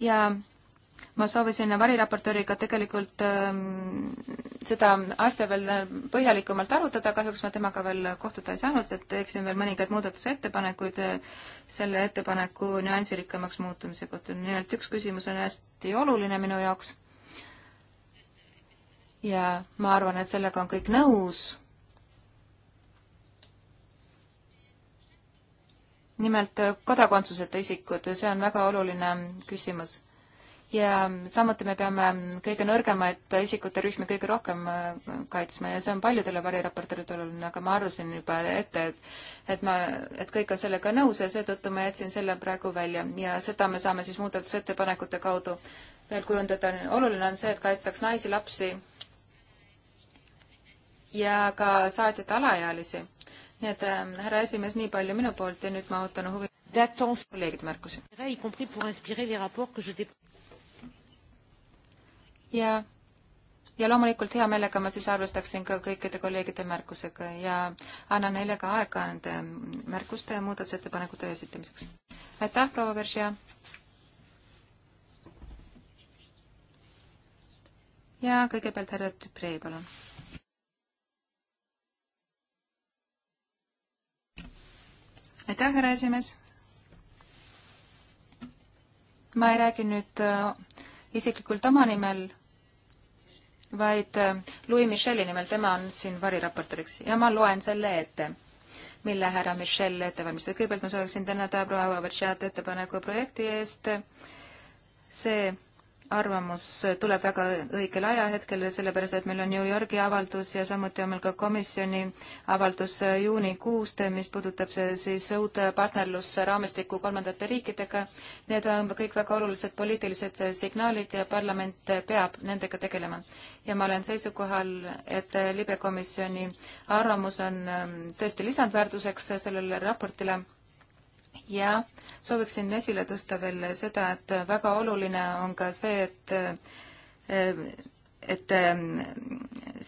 Speaker 1: ja ma soovisin variraportööriga tegelikult ähm, seda asja veel põhjalikumalt arutada, kahjuks ma temaga veel kohtuda ei saanud, et teeksin veel mõningaid muudatusettepanekuid äh, selle ettepaneku nüansirikkamaks muutumise kohta. nimelt üks küsimus on hästi oluline minu jaoks ja ma arvan, et sellega on kõik nõus nimelt äh, kodakondsuseta isikud, see on väga oluline küsimus. ja samuti me peame kõige nõrgemaid isikute rühmi kõige rohkem äh, kaitsma ja see on paljudele variraportööridele oluline, aga ma arvasin juba ette, et et ma, et kõik on sellega nõus ja seetõttu ma jätsin selle praegu välja ja seda me saame siis muudatusettepanekute kaudu veel kujundada. oluline on see, et kaitstaks naisi, lapsi ja ka saatjate alaealisi nii et ähm, härra esimees, nii palju minu poolt ja nüüd ma ootan huvi kolleegide märkusi. ja, ja loomulikult hea meelega ma siis arvestaksin ka kõikide kolleegide märkusega ja annan neile ka aega nende ähm, märkuste ja muudatusettepanekute esitamiseks. aitäh, proua Veržia! ja kõigepealt härra Dupree, palun aitäh, härra esimees. ma ei räägi nüüd äh, isiklikult oma nimel, vaid äh, Louis Michel'i nimel, tema on siin variraportoriks ja ma loen selle ette, mille härra Michel ette valmistas. kõigepealt ma sooviksin tänada proua Veršat ettepaneku projekti eest. see arvamus tuleb väga õigel ajahetkel, sellepärast et meil on New Yorgi avaldus ja samuti on meil ka komisjoni avaldus juunikuust, mis puudutab siis uut partnerlusraamistikku kolmandate riikidega. Need on kõik väga olulised poliitilised signaalid ja parlament peab nendega tegelema. ja ma olen seisukohal, et libekomisjoni arvamus on ähm, tõesti lisandväärtuseks sellele raportile ja sooviksin esile tõsta veel seda, et väga oluline on ka see, et et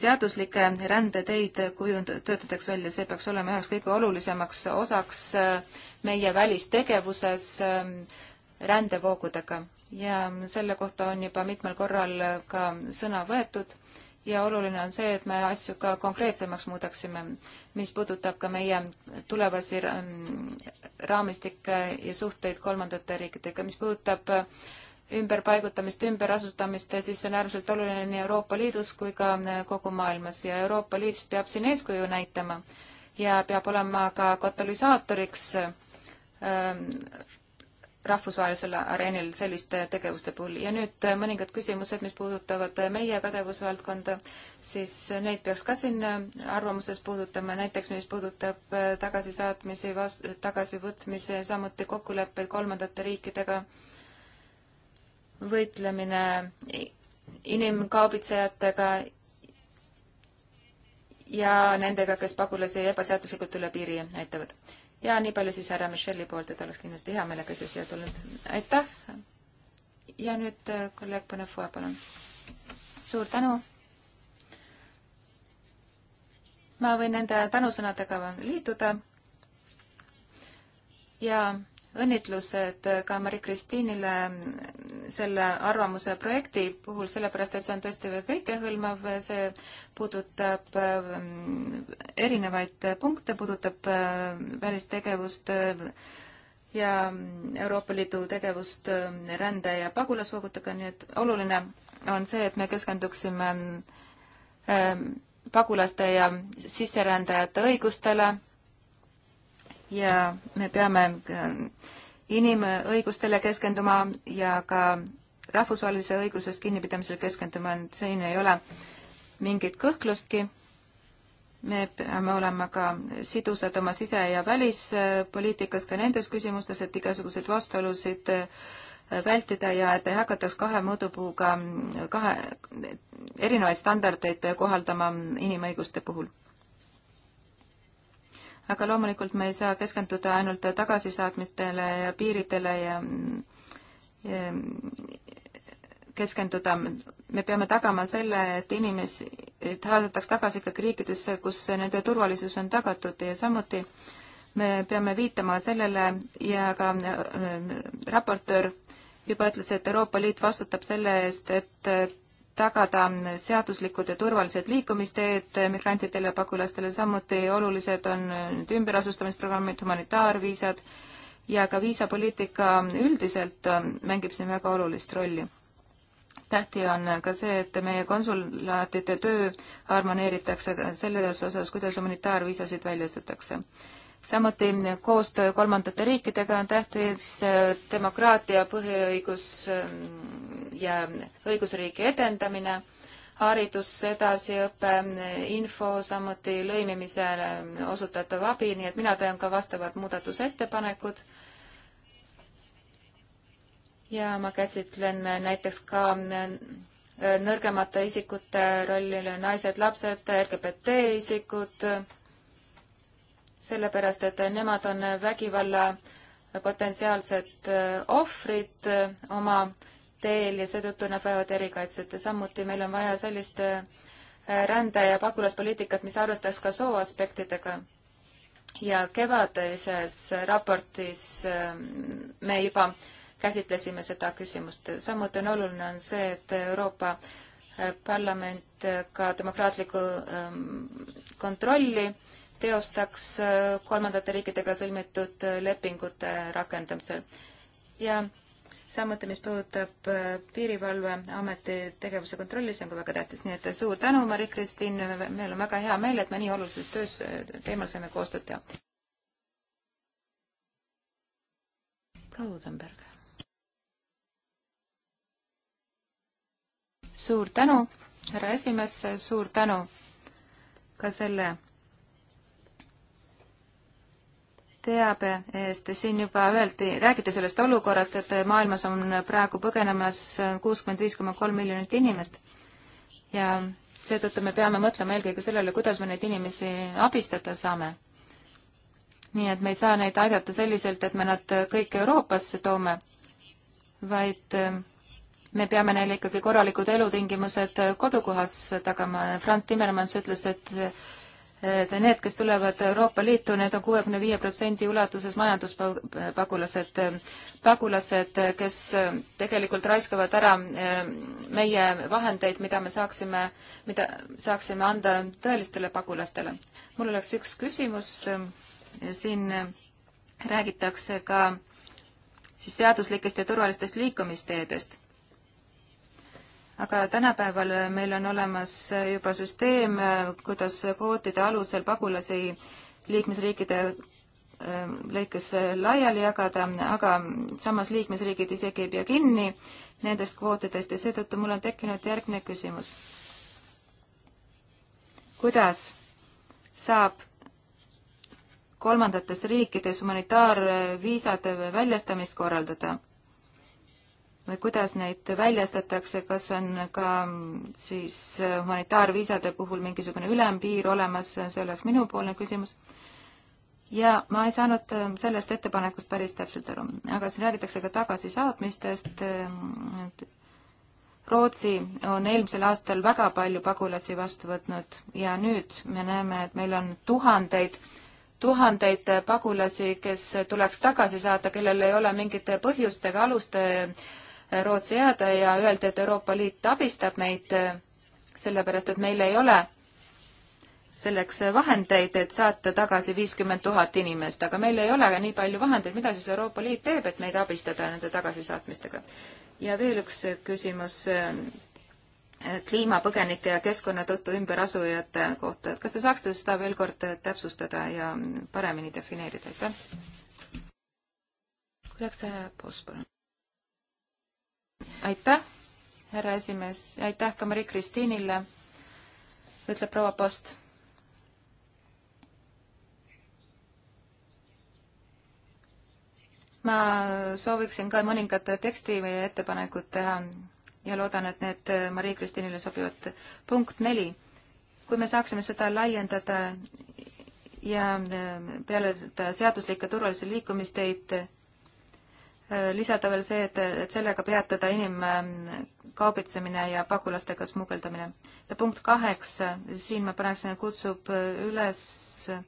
Speaker 1: seaduslikke rändeteid kujund-, töötatakse välja, see peaks olema üheks kõige olulisemaks osaks meie välistegevuses rändevoogudega. ja selle kohta on juba mitmel korral ka sõna võetud ja oluline on see, et me asju ka konkreetsemaks muudaksime mis puudutab ka meie tulevasi mm, raamistikke ja suhteid kolmandate riikidega. mis puudutab äh, ümberpaigutamist, ümberasustamist, siis see on äärmiselt oluline nii Euroopa Liidus kui ka äh, kogu maailmas ja Euroopa Liit peab siin eeskuju näitama ja peab olema ka katalüsaatoriks äh, rahvusvahelisel areenil selliste tegevuste puhul. ja nüüd mõningad küsimused, mis puudutavad meie pädevusvaldkonda, siis neid peaks ka siin arvamuses puudutama, näiteks mis puudutab tagasisaatmisi, tagasivõtmisi, samuti kokkuleppeid kolmandate riikidega, võitlemine inimkaubitsejatega ja nendega, kes pagulasi ebaseaduslikult üle piiri näitavad ja nii palju siis härra Michelli poolt, et oleks kindlasti hea meelega siia siia tulnud. aitäh! ja nüüd äh, kolleeg Põnefoe, palun. suur tänu! ma võin nende tänusõnadega liituda ja õnnitlused ka Marie-Kristiinile selle arvamuse projekti puhul, sellepärast et see on tõesti kõikehõlmav, see puudutab mm, erinevaid punkte, puudutab mm, välistegevust mm, ja Euroopa Liidu tegevust rände- ja pagulasvoogudega, nii et oluline on see, et me keskenduksime pagulaste ja sisserändajate õigustele ja me peame äh, inimõigustele keskenduma ja ka rahvusvahelise õigusest kinnipidamisele keskenduma, et siin ei ole mingit kõhklustki. me peame olema ka sidusad oma sise- ja välispoliitikas ka nendes küsimustes, et igasuguseid vastuolusid äh, vältida ja et ei hakataks kahe mõõdupuuga kahe erinevaid standardeid kohaldama inimõiguste puhul aga loomulikult me ei saa keskenduda ainult tagasisaatmitele ja piiridele ja, ja keskenduda, me peame tagama selle, et inimesi, et hääletaks tagasi ikkagi riikidesse, kus nende turvalisus on tagatud ja samuti me peame viitama sellele ja ka äh, raportöör juba ütles, et Euroopa Liit vastutab selle eest, et tagada seaduslikud ja turvalised liikumisteed migrantidele ja pagulastele, samuti olulised on nüüd ümberasustamisprogrammid, humanitaarviisad ja ka viisapoliitika üldiselt ähm, mängib siin väga olulist rolli. tähti on ka see, et meie konsulaatide töö harmoneeritakse selles osas, kuidas humanitaarviisasid väljastatakse samuti koostöö kolmandate riikidega on tähtis, demokraatia, põhiõigus ähm, ja õigusriigi edendamine, haridus, edasiõpe, info, samuti lõimimisele osutatav abi, nii et mina teen ka vastavad muudatusettepanekud. ja ma käsitlen näiteks ka äh, nõrgemate isikute rolli, naised, lapsed, LGBT isikud sellepärast et nemad on vägivalla potentsiaalsed äh, ohvrid äh, oma teel ja seetõttu nad vajavad erikaitset ja samuti meil on vaja sellist äh, rände- ja pagulaspoliitikat, mis arvestaks ka sooaspektidega. ja kevadises raportis me juba käsitlesime seda küsimust. samuti on oluline on see, et Euroopa Parlament ka demokraatlikku ähm, kontrolli teostaks äh, kolmandate riikidega sõlmitud äh, lepingute rakendamisel. ja samuti, mis puudutab äh, Piirivalveameti tegevuse kontrolli, see on ka väga tähtis, nii et suur tänu, Mari-Kristiin, meil on väga hea meel, et me nii olulises töös teemal saime koostööd teha. proua Udenberg. suur tänu, härra esimees, suur tänu ka selle teabe eest, siin juba öeldi, räägiti sellest olukorrast, et maailmas on praegu põgenemas kuuskümmend viis koma kolm miljonit inimest ja seetõttu me peame mõtlema eelkõige sellele, kuidas me neid inimesi abistada saame. nii et me ei saa neid aidata selliselt, et me nad kõik Euroopasse toome, vaid eh, me peame neile ikkagi korralikud elutingimused kodukohas tagama. Franz Timmermans ütles, et Need, kes tulevad Euroopa Liitu, need on kuuekümne viie protsendi ulatuses majanduspagulased, pagulased, kes tegelikult raiskavad ära eh, meie vahendeid, mida me saaksime, mida saaksime anda tõelistele pagulastele. mul oleks üks küsimus, eh, siin räägitakse ka siis seaduslikest ja turvalistest liikumisteedest aga tänapäeval meil on olemas juba süsteem, kuidas kvootide alusel pagulasi liikmesriikide ähm, lõikes laiali jagada, aga samas liikmesriigid isegi ei pea kinni nendest kvootidest ja seetõttu mul on tekkinud järgmine küsimus. kuidas saab kolmandates riikides humanitaarviisade väljastamist korraldada? või kuidas neid väljastatakse, kas on ka mm, siis äh, humanitaarviisade puhul mingisugune ülempiir olemas, see oleks minupoolne küsimus. ja ma ei saanud äh, sellest ettepanekust päris täpselt aru, aga siin räägitakse ka tagasisaatmistest. Äh, Rootsi on eelmisel aastal väga palju pagulasi vastu võtnud ja nüüd me näeme, et meil on tuhandeid tuhandeid pagulasi, kes tuleks tagasi saata, kellel ei ole mingite põhjustega aluste äh, Rootsi jääda ja öeldi, et Euroopa Liit abistab meid, äh, sellepärast et meil ei ole selleks vahendeid, et saata tagasi viiskümmend tuhat inimest, aga meil ei ole ka nii palju vahendeid, mida siis Euroopa Liit teeb, et meid abistada nende tagasisaatmistega. ja veel üks küsimus äh, kliimapõgenike ja keskkonna tõttu ümberasujate kohta, et kas te saaksite seda veel kord äh, täpsustada ja paremini defineerida, aitäh? Aleksei Pospol aitäh, härra esimees ja aitäh ka Marie-Kristiinile, ütleb proua Post. ma sooviksin ka mõningad teksti või ettepanekud teha ja loodan, et need Marie-Kristiinile sobivad. punkt neli, kui me saaksime seda laiendada ja peale seaduslikke turvalisi liikumisteid Äh, lisada veel see, et, et sellega peatada inimkaubitsemine ja pagulastega smugeldamine. ja punkt kaheksa, siin ma paneksin, kutsub üles äh,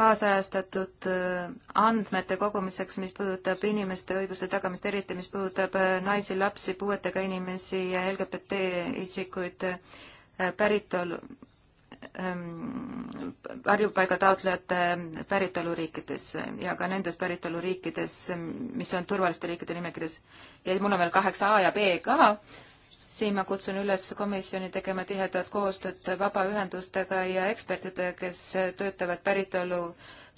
Speaker 1: kaasajastatud äh, andmete kogumiseks, mis puudutab inimeste õiguste tagamist, eriti mis puudutab naisi, lapsi, puuetega inimesi ja LGBT isikuid, päritolu, Ähm, varjupaiga taotlejate päritoluriikides ja ka nendes päritoluriikides, mis on turvaliste riikide nimekirjas. ja mul on veel kaheksa A ja B ka. siin ma kutsun üles komisjoni tegema tihedat koostööd vabaühendustega ja ekspertidega, kes töötavad päritolu,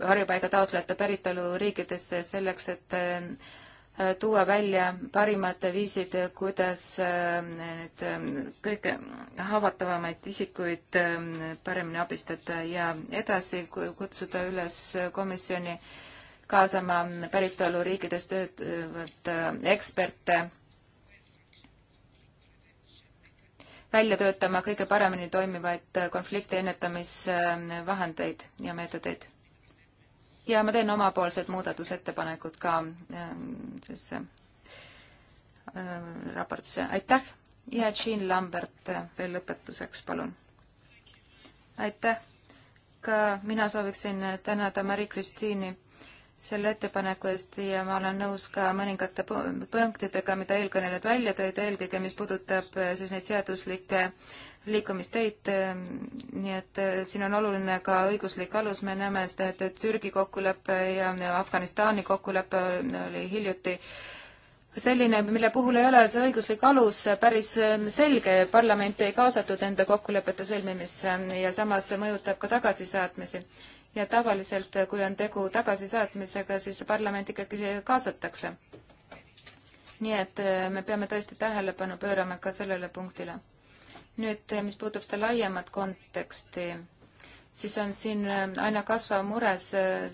Speaker 1: varjupaiga taotlejate päritoluriikides selleks, et Äh, tuua välja parimad viisid, kuidas äh, neid äh, kõige haavatavamaid isikuid paremini abistada ja edasi kutsuda üles komisjoni kaasama päritoluriikides töötavad eksperte välja töötama kõige paremini toimivaid konflikti ennetamisvahendeid ja meetodeid ja ma teen omapoolsed muudatusettepanekud ka ähm, siis äh, äh, raportisse. aitäh ja Jean Lambert äh, veel lõpetuseks, palun. aitäh. ka mina sooviksin tänada Mari-Kristiini selle ettepaneku eest ja ma olen nõus ka mõningate punktidega, mida eelkõnelejad välja tõid, eelkõige mis puudutab siis neid seaduslikke äh, liikumisteid, ehm, nii et eh, siin on oluline ka õiguslik alus, me näeme seda, et Türgi kokkulepe ja Afganistani kokkulepe oli hiljuti selline, mille puhul ei ole see õiguslik alus päris ehm, selge, parlament ei kaasatud enda kokkulepete sõlmimisse ja samas mõjutab ka tagasisaatmisi. ja tavaliselt, eh, kui on tegu tagasisaatmisega, siis parlament ikkagi kaasatakse nii et eh, me peame tõesti tähelepanu pöörama ka sellele punktile nüüd, eh, mis puudutab seda laiemat konteksti, siis on siin eh, aina kasvav mures eh,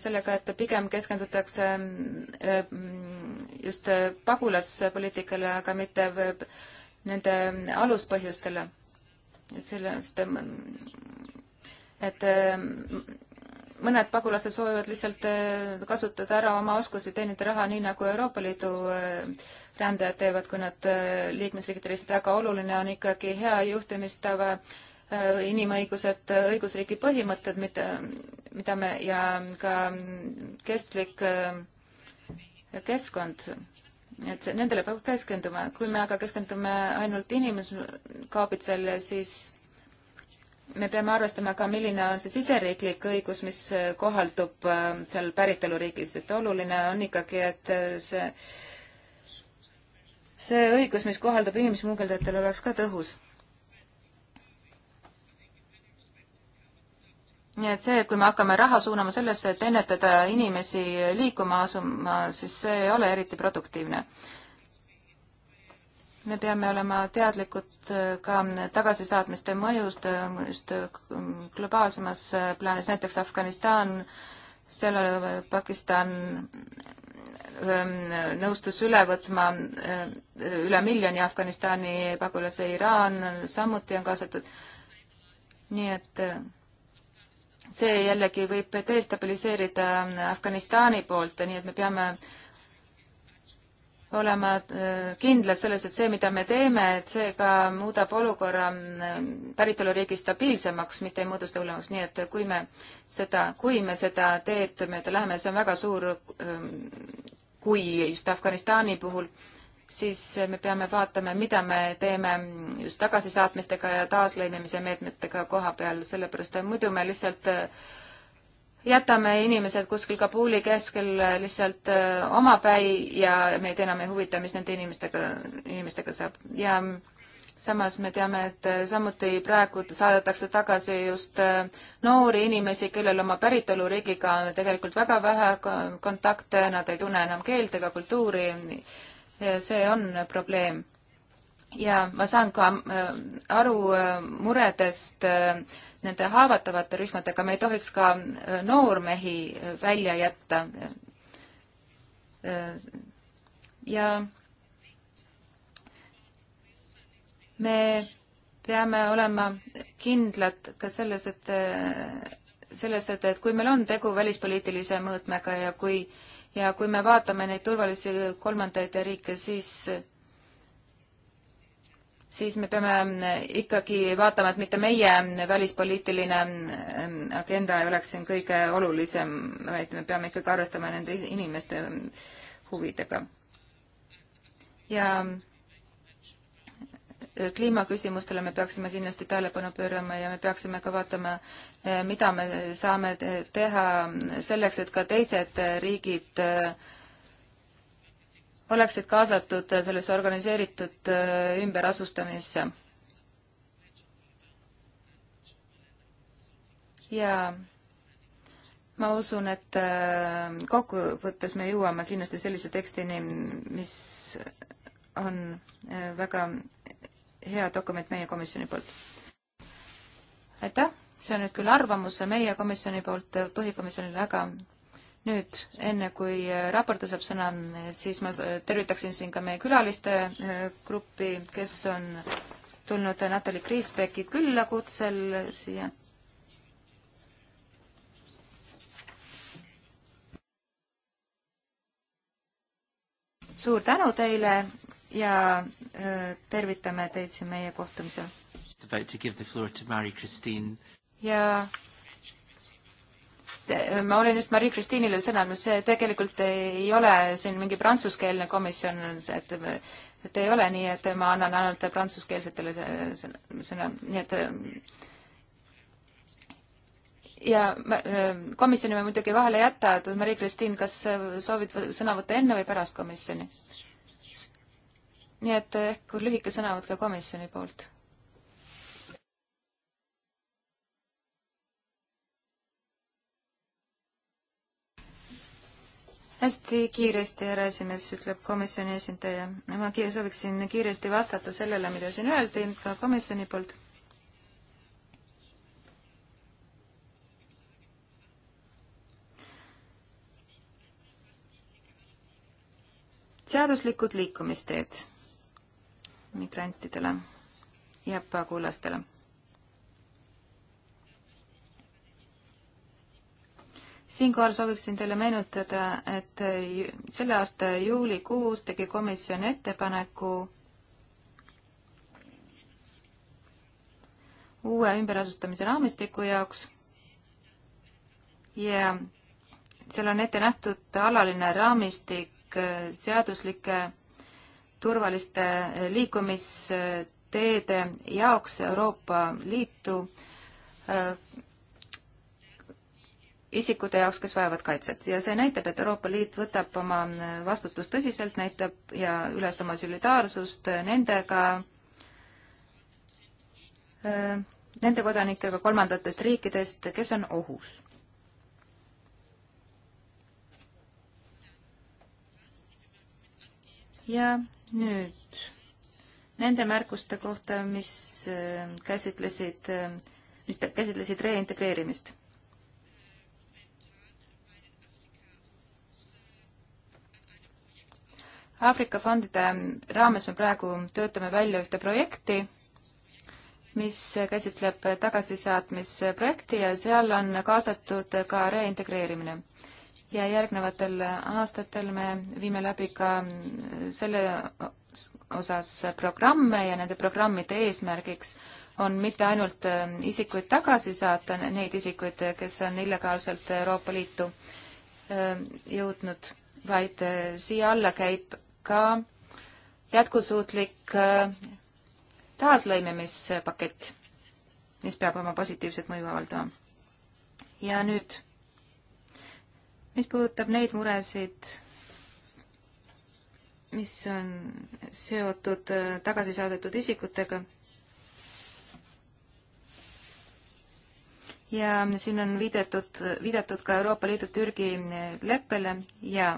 Speaker 1: sellega, et pigem keskendutakse just pagulaspoliitikale, aga mitte nende aluspõhjustele. sellest, et mõned pagulased soovivad lihtsalt kasutada ära oma oskusi, teenida raha, nii nagu Euroopa Liidu rändajad teevad, kui nad äh, liikmesriigid reisivad, väga oluline on ikkagi hea juhtimistava äh, inimõigused, äh, õigusriigi põhimõtted, mida, mida me ja ka kestlik keskkond, et see, nendele peab keskenduma, kui me aga keskendume ainult inimkaubitsele, siis me peame arvestama ka, milline on see siseriiklik õigus, mis kohaldub seal päritoluriigis, et oluline on ikkagi, et see see õigus, mis kohaldub inimsmugeldajatele, oleks ka tõhus. nii et see, kui me hakkame raha suunama sellesse, et ennetada inimesi liikuma asuma, siis see ei ole eriti produktiivne. me peame olema teadlikud äh, ka tagasisaatmiste mõjust äh, just äh, globaalsemas plaanis, näiteks Afganistan, seal Pakistan Ähm, nõustus üle võtma äh, üle miljoni Afganistani pagulase Iraan, samuti on kaasatud. nii et äh, see jällegi võib destabiliseerida ähm, Afganistani poolt, nii et me peame olema äh, kindlad selles, et see, mida me teeme, et see ka muudab olukorra ähm, päritoluriigi stabiilsemaks, mitte ei muuda seda hullemaks, nii et kui me seda, kui me seda teed mööda läheme, see on väga suur kui just Afganistani puhul, siis me peame vaatama, mida me teeme just tagasisaatmistega ja taaslõimimise meetmetega koha peal, sellepärast et muidu me lihtsalt äh, jätame inimesed kuskil Kabuli keskel lihtsalt äh, omapäi ja meid enam ei huvita, mis nende inimestega, inimestega saab ja samas me teame, et äh, samuti praegu saadetakse tagasi just äh, noori inimesi, kellel oma päritoluriigiga on tegelikult väga vähe kontakte, nad ei tunne enam keelt ega kultuuri. see on probleem. ja ma saan ka äh, aru muredest nende haavatavate rühmadega, me ei tohiks ka noormehi välja jätta. ja me peame olema kindlad ka selles, et selles, et, et kui meil on tegu välispoliitilise mõõtmega ja kui, ja kui me vaatame neid turvalisi kolmandaid riike, siis, siis me peame ikkagi vaatama, et mitte meie välispoliitiline agenda ei oleks siin kõige olulisem, vaid me peame ikkagi arvestama nende inimeste huvidega. ja Eh, kliimaküsimustele me peaksime kindlasti tähelepanu pöörama ja me peaksime ka vaatama, eh, mida me saame teha selleks, et ka teised riigid eh, oleksid kaasatud sellesse organiseeritud ümberasustamisse. ja ma usun, et kokkuvõttes me jõuame kindlasti sellise tekstini, mis on väga hea dokument meie komisjoni poolt. aitäh, see on nüüd küll arvamus meie komisjoni poolt põhikomisjonile, aga nüüd, enne kui raportöö saab sõna, siis ma tervitaksin siin ka meie külaliste äh, gruppi, kes on tulnud äh, Natali Kriisbecki külla kutsel siia. suur tänu teile ja äh, tervitame teid siin meie kohtumisel. ja see, ma olin just Marie-Christine'ile sõna andmas, see tegelikult ei ole siin mingi prantsuskeelne komisjon, et et ei ole nii, et ma annan ainult prantsuskeelsetele sõna, nii et ja komisjoni me muidugi vahele ei jäta, et Marie-Christine, kas soovid sõna võtta enne või pärast komisjoni? nii et ehk lühike sõnavõtt ka komisjoni poolt. hästi kiiresti, härra esimees, ütleb komisjoni esindaja. ma kiir-, sooviksin kiiresti vastata sellele, mida siin öeldi ka komisjoni poolt seaduslikud liikumisteed migrantidele ja pagulastele. siinkohal sooviksin teile meenutada, et selle aasta juulikuus tegi komisjon ettepaneku uue ümberasustamise raamistiku jaoks ja seal on ette nähtud alaline raamistik äh, seaduslike turvaliste eh, liikumisteede jaoks Euroopa Liitu eh, isikute jaoks, kes vajavad kaitset ja see näitab, et Euroopa Liit võtab oma eh, vastutust tõsiselt, näitab ja üles oma solidaarsust nendega, nende kodanikega kolmandatest riikidest, kes on ohus. ja nüüd nende märkuste kohta, mis äh, käsitlesid, äh, mis käsitlesid reintegreerimist. Aafrika fondide raames me praegu töötame välja ühte projekti, mis käsitleb tagasisaatmisprojekti ja seal on kaasatud ka reintegreerimine ja järgnevatel aastatel me viime läbi ka selle osas programme ja nende programmide eesmärgiks on mitte ainult äh, isikuid tagasi saata, neid isikuid, kes on illegaalselt Euroopa Liitu äh, jõudnud, vaid äh, siia alla käib ka jätkusuutlik taaslõimimispakett, mis peab oma positiivset mõju avaldama. ja nüüd mis puudutab neid muresid, mis on seotud äh, tagasi saadetud isikutega, ja siin on viidatud, viidatud ka Euroopa Liidu Türgi äh, leppele ja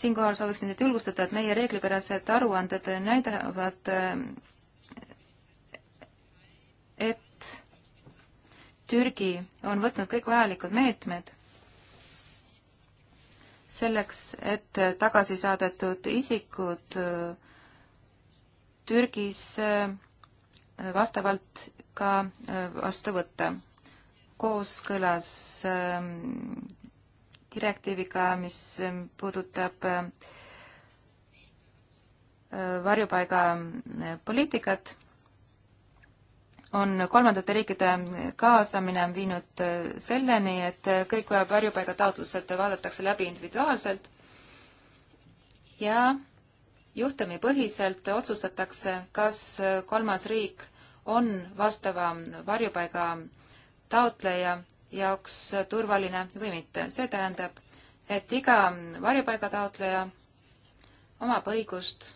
Speaker 1: siinkohal sooviksin teid julgustada, et meie reeglipärased aruanded näidavad, äh, et Türgi on võtnud kõik vajalikud meetmed selleks, et tagasi saadetud isikud äh, Türgis äh, vastavalt ka äh, vastu võtta, kooskõlas ähm, direktiiviga, mis ähm, puudutab varjupaigapoliitikat on kolmandate riikide kaasamine viinud äh, selleni, et äh, kõik varjupaigataotlused vaadatakse läbi individuaalselt ja juhtumipõhiselt otsustatakse, kas äh, kolmas riik on vastava varjupaiga taotleja jaoks turvaline või mitte. see tähendab, et iga varjupaigataotleja omab õigust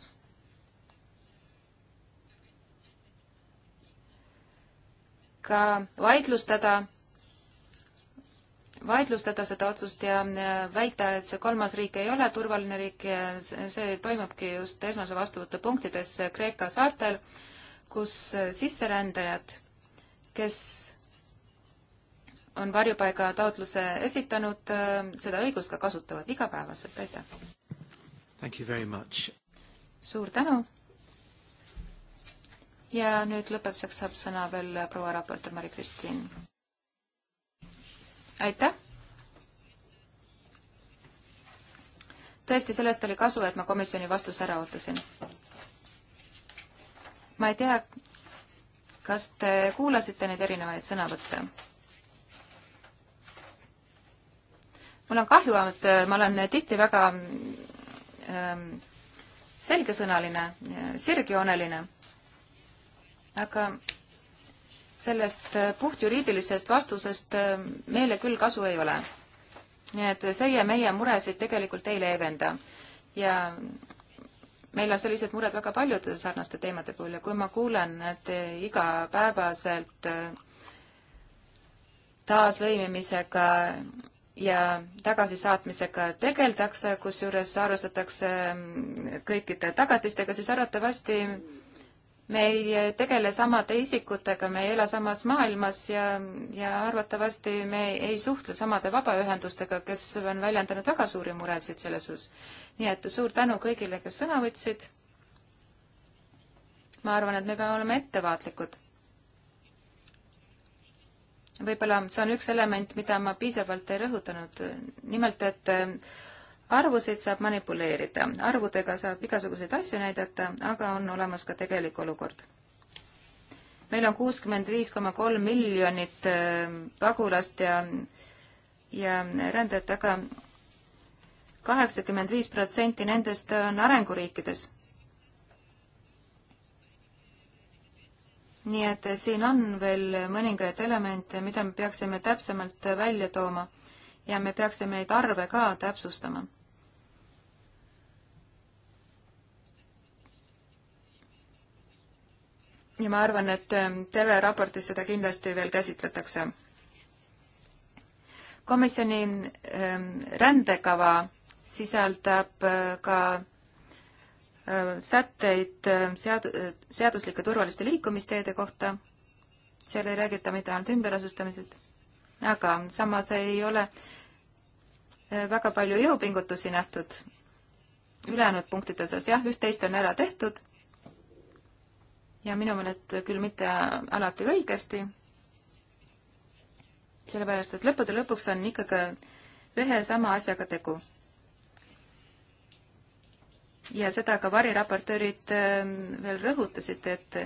Speaker 1: ka vaidlustada, vaidlustada seda otsust ja väita, et see kolmas riik ei ole turvaline riik ja see toimubki just esmase vastuvõtu punktides Kreeka saartel, kus sisserändajad, kes on varjupaiga taotluse esitanud, seda õigust ka kasutavad igapäevaselt, aitäh! suur tänu! ja nüüd lõpetuseks saab sõna veel proua raportöör Mari-Kristiin. aitäh! tõesti, sellest oli kasu, et ma komisjoni vastuse ära ootasin. ma ei tea, kas te kuulasite neid erinevaid sõnavõtte? mul on kahju, et ma olen tihti väga ähm, selgesõnaline, sirgjooneline aga sellest äh, puhtjuriidilisest vastusest äh, meile küll kasu ei ole. nii et see ja meie muresid tegelikult ei leevenda ja meil on sellised mured väga paljude sarnaste teemade puhul ja kui ma kuulen, et äh, igapäevaselt taaslõimimisega ja tagasisaatmisega tegeldakse, kusjuures arvestatakse kõikide tagatistega, siis arvatavasti me ei tegele samade isikutega, me ei ela samas maailmas ja, ja arvatavasti me ei suhtle samade vabaühendustega, kes on väljendanud väga suuri muresid selles osas. nii et suur tänu kõigile, kes sõna võtsid. ma arvan, et me peame olema ettevaatlikud. võib-olla see on üks element, mida ma piisavalt ei rõhutanud, nimelt et arvusid saab manipuleerida, arvudega saab igasuguseid asju näidata, aga on olemas ka tegelik olukord. meil on kuuskümmend viis koma kolm miljonit äh, pagulast ja, ja rändajat, aga kaheksakümmend viis protsenti nendest on arenguriikides. nii et siin on veel mõningaid elemente, mida me peaksime täpsemalt välja tooma ja me peaksime neid arve ka täpsustama. ja ma arvan, et ähm, teleraportis seda kindlasti veel käsitletakse. komisjoni ähm, rändekava sisaldab äh, ka äh, sätteid äh, sead-, seaduslike turvaliste liikumisteede kohta, seal ei räägita mitte ainult ümberasustamisest, aga samas ei ole äh, väga palju jõupingutusi nähtud ülejäänud punktide osas, jah, üht-teist on ära tehtud ja minu meelest küll mitte alati õigesti, sellepärast et lõppude lõpuks on ikkagi ühe sama asjaga tegu. ja seda ka variraportöörid ähm, veel rõhutasid, et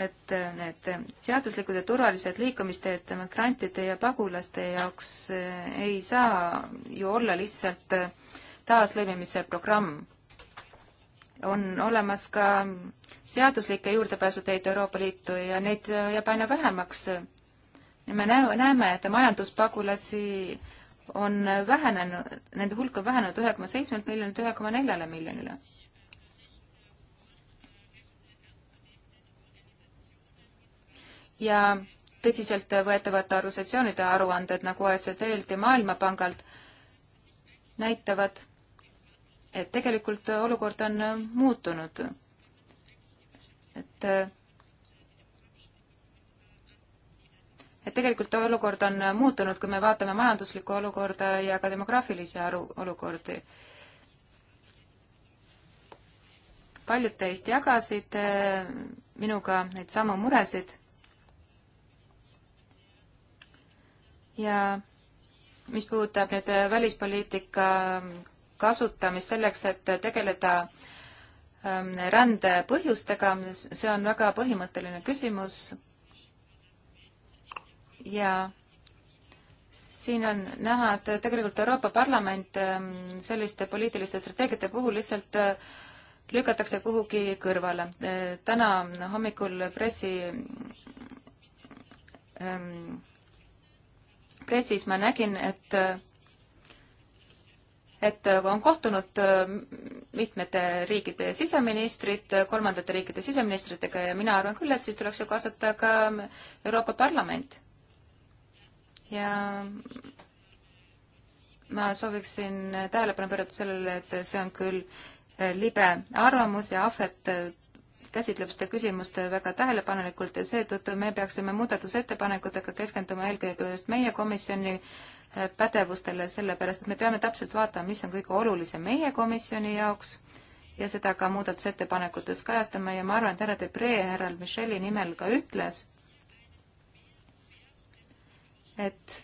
Speaker 1: et äh, need seaduslikud ja turvalised liikumisteed migrantide ja pagulaste jaoks äh, ei saa ju olla lihtsalt äh, taaslõimimise programm. on olemas ka seaduslikke juurdepääsuteid Euroopa Liitu ja neid jääb aina vähemaks. me näeme, et majanduspagulasi on vähenenud, nende hulk on vähenenud ühe koma seitsmelt miljonilt ühe koma neljale miljonile ja tõsiseltvõetavate organisatsioonide aruanded nagu OECD-lt ja Maailmapangalt näitavad, et tegelikult olukord on muutunud. et et tegelikult olukord on muutunud, kui me vaatame majanduslikku olukorda ja ka demograafilisi aru, olukordi. paljud teist jagasid eh, minuga neid samu muresid ja mis puudutab nüüd äh, välispoliitika ähm, kasutamist selleks, et tegeleda ähm, rände põhjustega, see on väga põhimõtteline küsimus ja siin on näha, et tegelikult Euroopa Parlament ähm, selliste poliitiliste strateegiate puhul lihtsalt äh, lükatakse kuhugi kõrvale. Äh, täna hommikul pressi ähm, pressis ma nägin, et et on kohtunud äh, mitmete riikide siseministrid, kolmandate riikide siseministritega ja mina arvan küll, et siis tuleks ju kaasata ka Euroopa Parlament. ja ma sooviksin tähelepanu pöörata sellele, et see on küll äh, libe arvamus ja ahvet äh, käsitleb seda küsimust väga tähelepanelikult ja seetõttu me peaksime muudatusettepanekutega keskenduma eelkõige just meie komisjoni äh, pädevustele, sellepärast et me peame täpselt vaatama, mis on kõige olulisem meie komisjoni jaoks ja seda ka muudatusettepanekutes kajastama ja ma arvan, et härra Debre härra Micheli nimel ka ütles, et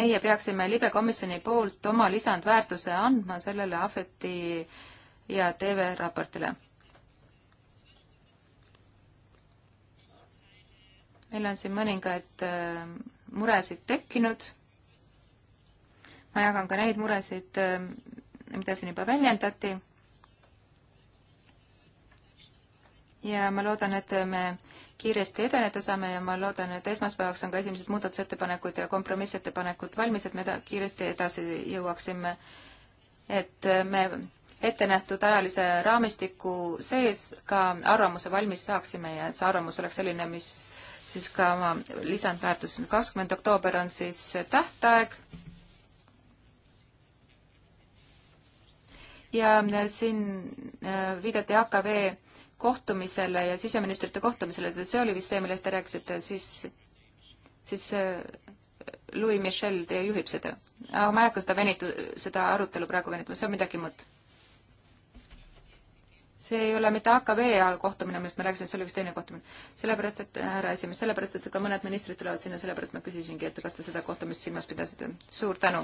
Speaker 1: meie peaksime libekomisjoni poolt oma lisandväärtuse andma sellele Ahveti ja TV raportile meil on siin mõningaid äh, muresid tekkinud. ma jagan ka neid muresid, äh, mida siin juba väljendati. ja ma loodan, et me kiiresti edeneda saame ja ma loodan, et esmaspäevaks on ka esimesed muudatusettepanekud ja kompromissettepanekud valmis, et me ta kiiresti edasi jõuaksime. et äh, me ettenähtud ajalise raamistiku sees ka arvamuse valmis saaksime ja et see arvamus oleks selline, mis äh, siis ka oma lisandväärtus. kakskümmend oktoober on siis tähtaeg. ja siin äh, viidati AKV kohtumisele ja siseministrite kohtumisele, et see oli vist see, millest te rääkisite, siis, siis äh, Louis Michel, teie juhib seda. aga ma ei hakka seda venitu-, seda arutelu praegu venitama, see on midagi muud see ei ole mitte AKV kohtumine, millest ma rääkisin, see oli üks teine kohtumine. sellepärast, et härra esimees, sellepärast, et ka mõned ministrid tulevad sinna, sellepärast ma küsisingi, et kas te seda kohtumist silmas pidasite. suur tänu!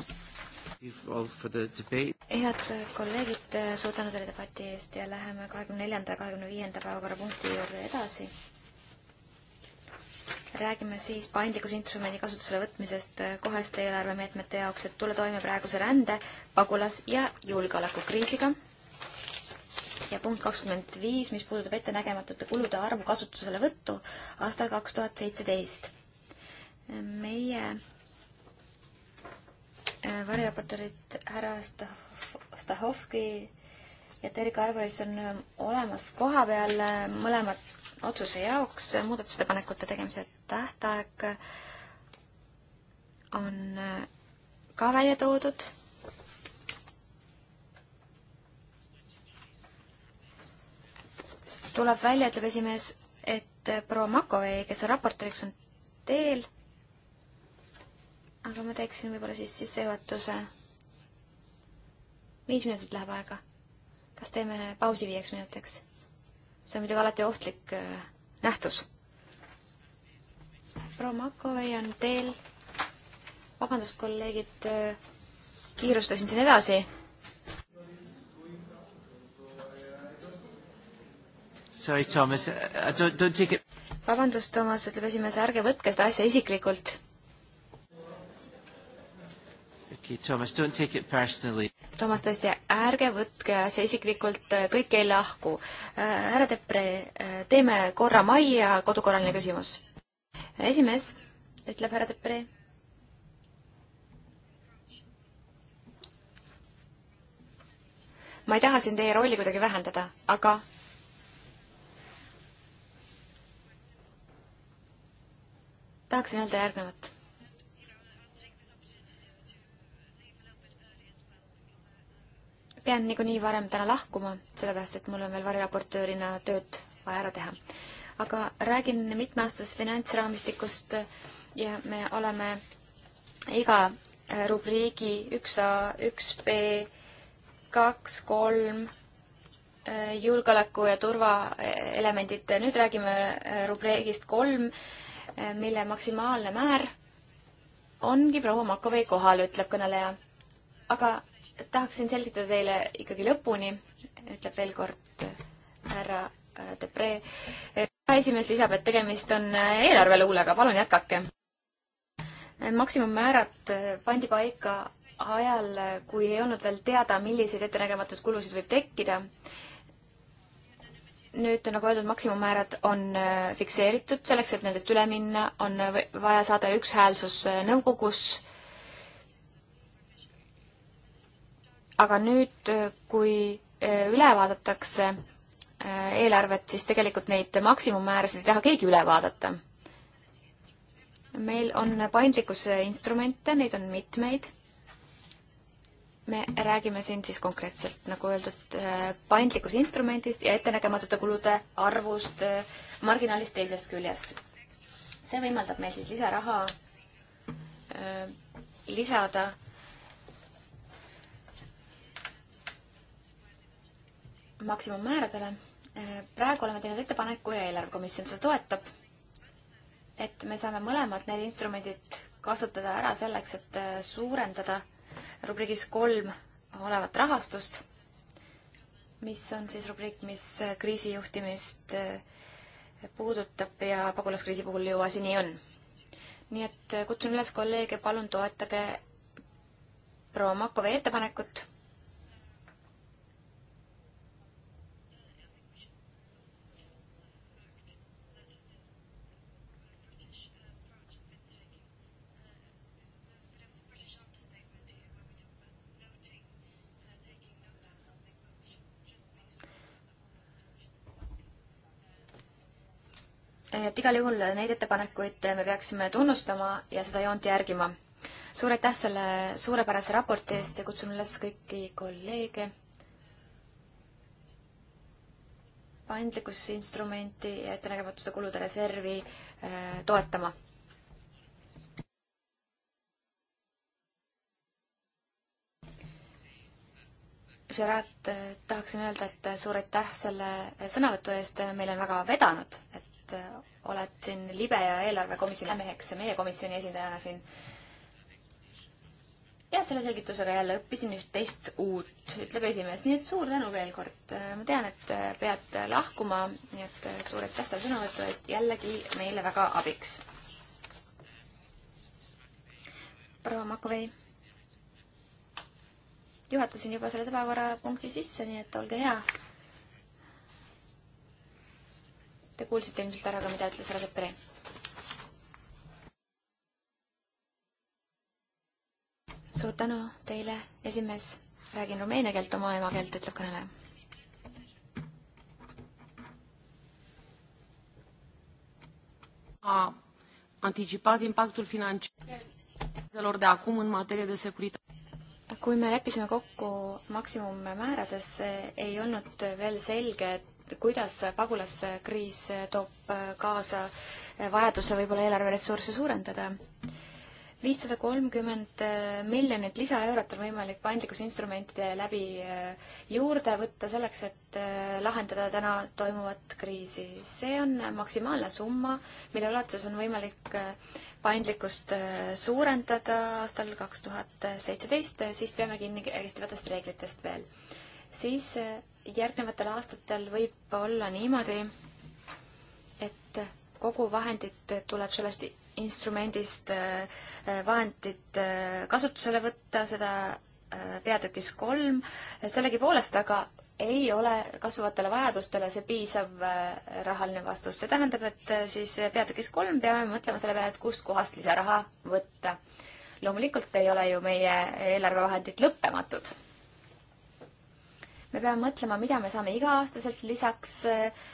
Speaker 3: head
Speaker 2: kolleegid, suur tänu teile debati eest ja läheme kahekümne neljanda ja kahekümne viienda päevakorrapunkti juurde edasi. räägime siis paindlikkusinstrumendi kasutusele võtmisest koheste eelarvemeetmete jaoks, et tulla toime praeguse rände, pagulas- ja julgeolekukriisiga ja punkt kakskümmend viis, mis puudutab ettenägematute kulude arvu kasutuselevõttu aastal kaks tuhat seitseteist. meie äh, variraportorid härra Stahovski ja Terika Arvelis on äh, olemas koha peal äh, mõlemad otsuse jaoks. muudatusettepanekute tegemise tähtaeg on ka välja toodud tuleb välja, ütleb esimees, et proua Makovei, kes on raportööriks, on teel. aga ma teeksin võib-olla siis sissejuhatuse. viis minutit läheb aega. kas teeme pausi viieks minutiks? see on muidugi alati ohtlik äh, nähtus. proua Makovei on teel. vabandust, kolleegid, äh, kiirustasin siin edasi Sorry, Thomas, I uh, uh, don't, don't take it. vabandust, Toomas, ütleb esimees, ärge võtke seda asja isiklikult.
Speaker 3: Okay, Thomas, don't take it personally.
Speaker 2: Toomas, tõesti, ärge võtke asja isiklikult, äh, kõik ei lahku. Äh, härra Tepre, äh, teeme korra majja, kodukorraline küsimus. esimees, ütleb härra Tepre. ma ei taha siin teie rolli kuidagi vähendada, aga tahaksin öelda järgnevat. pean niikuinii varem täna lahkuma, sellepärast et mul on veel variraportöörina tööd vaja ära teha. aga räägin mitmeaastasest finantsraamistikust ja me oleme iga äh, rubriigi üks A, üks B, kaks, kolm, äh, julgeoleku ja turvaelemendid, nüüd räägime äh, rubriigist kolm Eh, mille maksimaalne määr ongi proua Makovei kohal, ütleb kõneleja. aga tahaksin selgitada teile ikkagi lõpuni, ütleb veel kord eh, härra eh, Debre. esimees lisab, et tegemist on eelarveluulega, palun jätkake. maksimummäärad pandi paika ajal, kui ei olnud veel teada, milliseid ettenägematuid kulusid võib tekkida nüüd nagu öeldud, maksimummäärad on äh, fikseeritud, selleks, et nendest üle minna, on äh, vaja saada ükshäälsus äh, nõukogus. aga nüüd, kui üle vaadatakse eelarvet, siis tegelikult neid maksimummäärasid ei taha keegi üle vaadata. meil on paindlikkuse instrumente, neid on mitmeid me räägime siin siis konkreetselt, nagu öeldud, äh, paindlikust instrumendist ja ettenägematute kulude arvust, äh, marginaalist teisest küljest. see võimaldab meil siis lisaraha äh, lisada maksimummääradele. praegu oleme teinud ettepaneku ja eelarvekomisjon seda toetab, et me saame mõlemad need instrumendid kasutada ära selleks, et suurendada äh, rubriigis kolm olevat rahastust, mis on siis rubriik, mis kriisijuhtimist eh, puudutab ja pagulaskriisi puhul ju asi nii on. nii et eh, kutsun üles kolleege, palun toetage proua Makovi ettepanekut et igal juhul neid ettepanekuid me peaksime tunnustama ja seda joont järgima. suur aitäh selle suurepärase raporti eest ja kutsun üles kõiki kolleege paindlikkusinstrumenti ja ettenägematute kulude reservi äh, toetama Gerard, äh, tahaksin öelda, et suur aitäh selle sõnavõtu eest, meil on väga vedanud, et et äh, oled siin libe ja eelarvekomisjoni meheks ja meie komisjoni esindajana siin. ja selle selgitusega jälle õppisin üht-teist uut, ütleb esimees, nii et suur tänu veel kord. Äh, ma tean, et äh, pead lahkuma, nii et suur aitäh selle sõnavõtu eest, jällegi meile väga abiks. proua Makovei juhatasin juba selle päevakorrapunkti sisse, nii et olge hea Te kuulsite ilmselt ära ka, mida ütles härra Sepre. suur tänu teile, esimees. räägin rumeenia keelt, oma emakeelt, ütleb kõneleja.
Speaker 1: a anticipat impactul financiar de acum în materie
Speaker 2: de securitate kui me leppisime kokku maksimummäärades, ei olnud veel selge, et kuidas pagulaskriis toob kaasa vajaduse võib-olla eelarveressursse suurendada. viissada kolmkümmend miljonit lisaeurot on võimalik paindlikkusinstrumentide läbi eh, juurde võtta selleks, et eh, lahendada täna toimuvat kriisi. see on maksimaalne summa, mille ulatuses on võimalik eh, paindlikkust suurendada aastal kaks tuhat seitseteist, siis peame kinni kehtivatest reeglitest veel. siis järgnevatel aastatel võib olla niimoodi, et kogu vahendit tuleb sellest instrumendist äh, vahendit äh, kasutusele võtta, seda äh, peatükis kolm, sellegipoolest aga ei ole kasvavatele vajadustele see piisav rahaline vastus. see tähendab, et siis peatükis kolm peame mõtlema selle peale, et kustkohast lisaraha võtta. loomulikult ei ole ju meie eelarvevahendid lõppematud me peame mõtlema, mida me saame iga-aastaselt lisaks äh,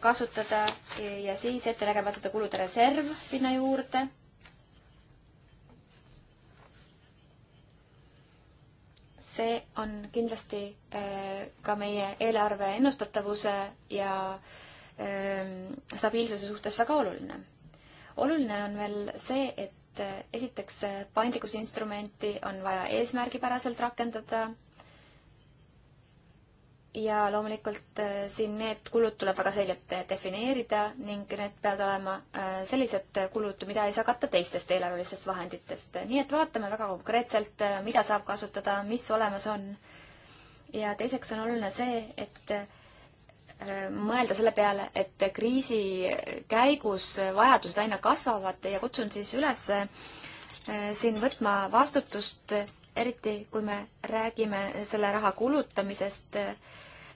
Speaker 2: kasutada ja siis ette nägematute kulude reserv sinna juurde. see on kindlasti äh, ka meie eelarve ennustatavuse ja ähm, stabiilsuse suhtes väga oluline. oluline on veel see, et äh, esiteks paindlikkusinstrumenti on vaja eesmärgipäraselt rakendada ja loomulikult äh, siin need kulud tuleb väga selgelt äh, defineerida ning need peavad olema äh, sellised kulud, mida ei saa katta teistest eelarvelistest vahenditest. nii et vaatame väga konkreetselt, mida saab kasutada, mis olemas on. ja teiseks on oluline see, et mõelda selle peale, et kriisi käigus vajadused aina kasvavad ja kutsun siis üles siin võtma vastutust, eriti kui me räägime selle raha kulutamisest äh,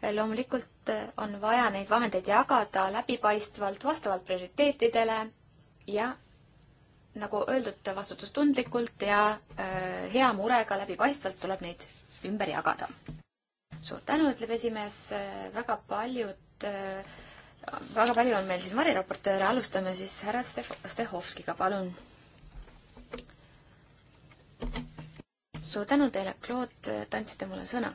Speaker 2: loomulikult eh, on vaja neid vahendeid jagada läbipaistvalt, vastavalt prioriteetidele ja nagu öeldud, vastutustundlikult ja eh, hea murega läbipaistvalt tuleb neid ümber jagada. suur tänu, ütleb esimees, eh, väga paljud väga palju on meil siin variraportööre, alustame siis härra Stehovskiga, palun. suur tänu teile, Claude, te andsite mulle sõna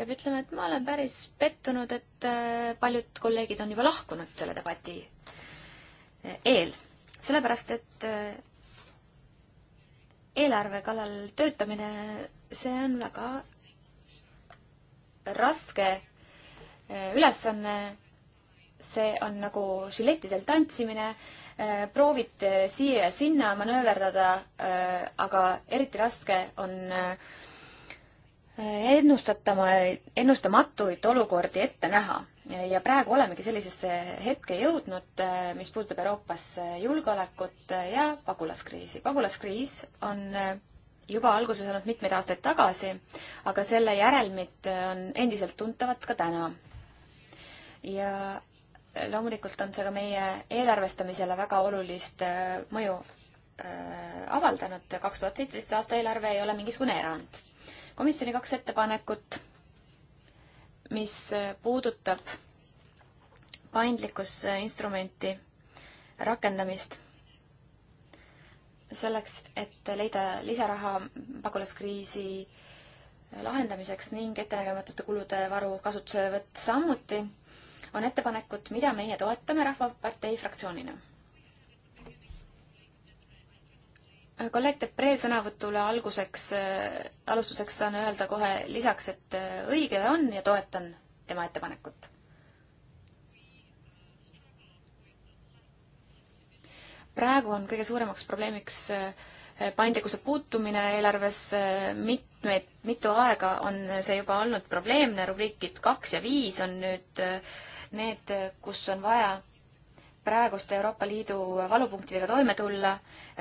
Speaker 2: peab ütlema, et ma olen päris pettunud, et äh, paljud kolleegid on juba lahkunud selle debati äh, eel, sellepärast et äh, eelarve kallal töötamine, see on väga raske ülesanne. see on nagu žilettidel tantsimine, proovid siia ja sinna manööverdada, aga eriti raske on äh, ennustatama, ennustamatuid olukordi ette näha. ja praegu olemegi sellisesse hetke jõudnud, mis puudutab Euroopas julgeolekut ja pagulaskriisi. pagulaskriis on juba alguse saanud mitmeid aastaid tagasi, aga selle järelmid on endiselt tuntavad ka täna. ja loomulikult on see ka meie eelarvestamisele väga olulist äh, mõju äh, avaldanud, kaks tuhat seitseteist aasta eelarve ei ole mingisugune erand komisjoni kaks ettepanekut, mis puudutab paindlikkusinstrumenti rakendamist selleks, et leida lisaraha pagulaskriisi lahendamiseks ning ettenägematute kulude varu kasutuselevõtt samuti, on ettepanekud, mida meie toetame Rahvapartei fraktsioonina kolleeg Depree sõnavõtule alguseks, äh, alustuseks saan öelda kohe lisaks, et äh, õige on ja toetan tema ettepanekut. praegu on kõige suuremaks probleemiks äh, paindlikkuse puutumine eelarves, mitmeid, mitu aega on see juba olnud probleemne, rubriikid kaks ja viis on nüüd need, kus on vaja praeguste Euroopa Liidu valupunktidega toime tulla.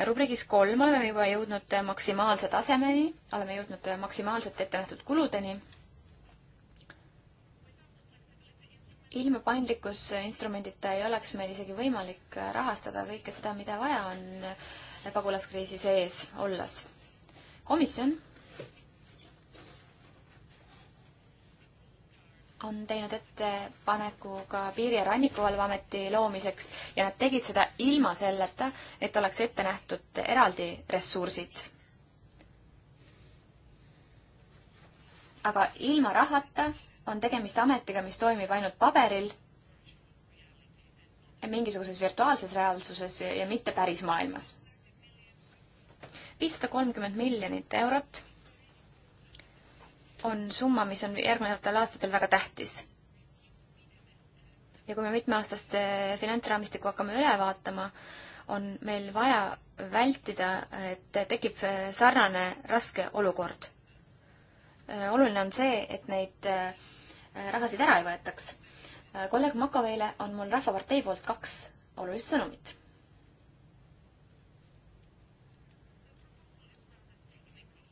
Speaker 2: rubriigis kolm oleme juba jõudnud maksimaalse tasemeni, oleme jõudnud maksimaalselt ette nähtud kuludeni. ilma paindlikkusinstrumendita ei oleks meil isegi võimalik rahastada kõike seda, mida vaja on pagulaskriisi sees olles. komisjon on teinud ettepaneku ka Piiri- ja Rannikuvalveameti loomiseks ja nad tegid seda ilma selleta, et oleks ette nähtud eraldi ressursid. aga ilma rahata on tegemist ametiga, mis toimib ainult paberil, mingisuguses virtuaalses reaalsuses ja mitte päris maailmas. viissada kolmkümmend miljonit eurot on summa, mis on järgnevatel aastatel väga tähtis. ja kui me mitmeaastast finantsraamistikku hakkame üle vaatama, on meil vaja vältida, et tekib sarnane raske olukord. oluline on see, et neid äh, rahasid ära ei võetaks. Äh, kolleeg Makaveile on mul Rahvapartei poolt kaks olulist sõnumit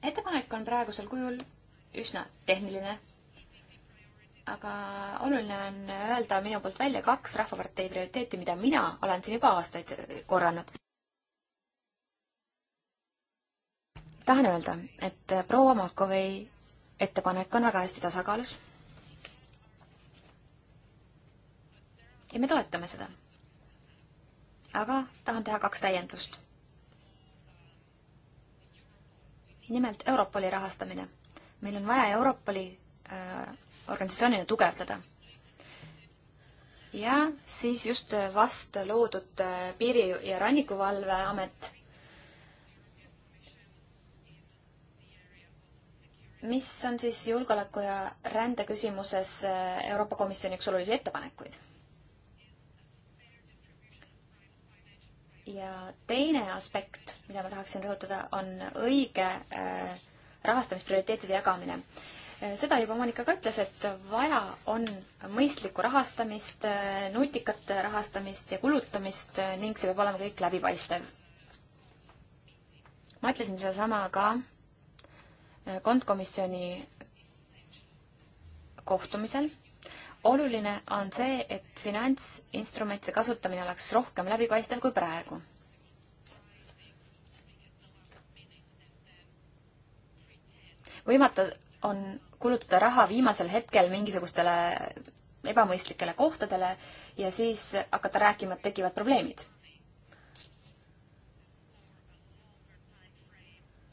Speaker 2: ettepanek on praegusel kujul üsna tehniline. aga oluline on öelda minu poolt välja kaks Rahvapartei prioriteeti, mida mina olen siin juba aastaid korranud. tahan öelda, et proua Makovei ettepanek on väga hästi tasakaalus. ja me toetame seda. aga tahan teha kaks täiendust nimelt Europoli rahastamine meil on vaja Europoli äh, organisatsioonina tugevdada. ja siis just vast loodud äh, Piiri- ja Rannikuvalveamet, mis on siis julgeoleku ja rände küsimuses äh, Euroopa Komisjoni üks olulisi ettepanekuid? ja teine aspekt, mida ma tahaksin rõhutada, on õige äh, rahastamisprioriteetide jagamine. seda juba Monika ka ütles, et vaja on mõistlikku rahastamist, nutikat rahastamist ja kulutamist ning see peab olema kõik läbipaistev. ma ütlesin sedasama ka kontkomisjoni kohtumisel oluline on see, et finantsinstrumentide kasutamine oleks rohkem läbipaistev kui praegu. võimatu on kulutada raha viimasel hetkel mingisugustele ebamõistlikele kohtadele ja siis hakata rääkima, et tekivad probleemid.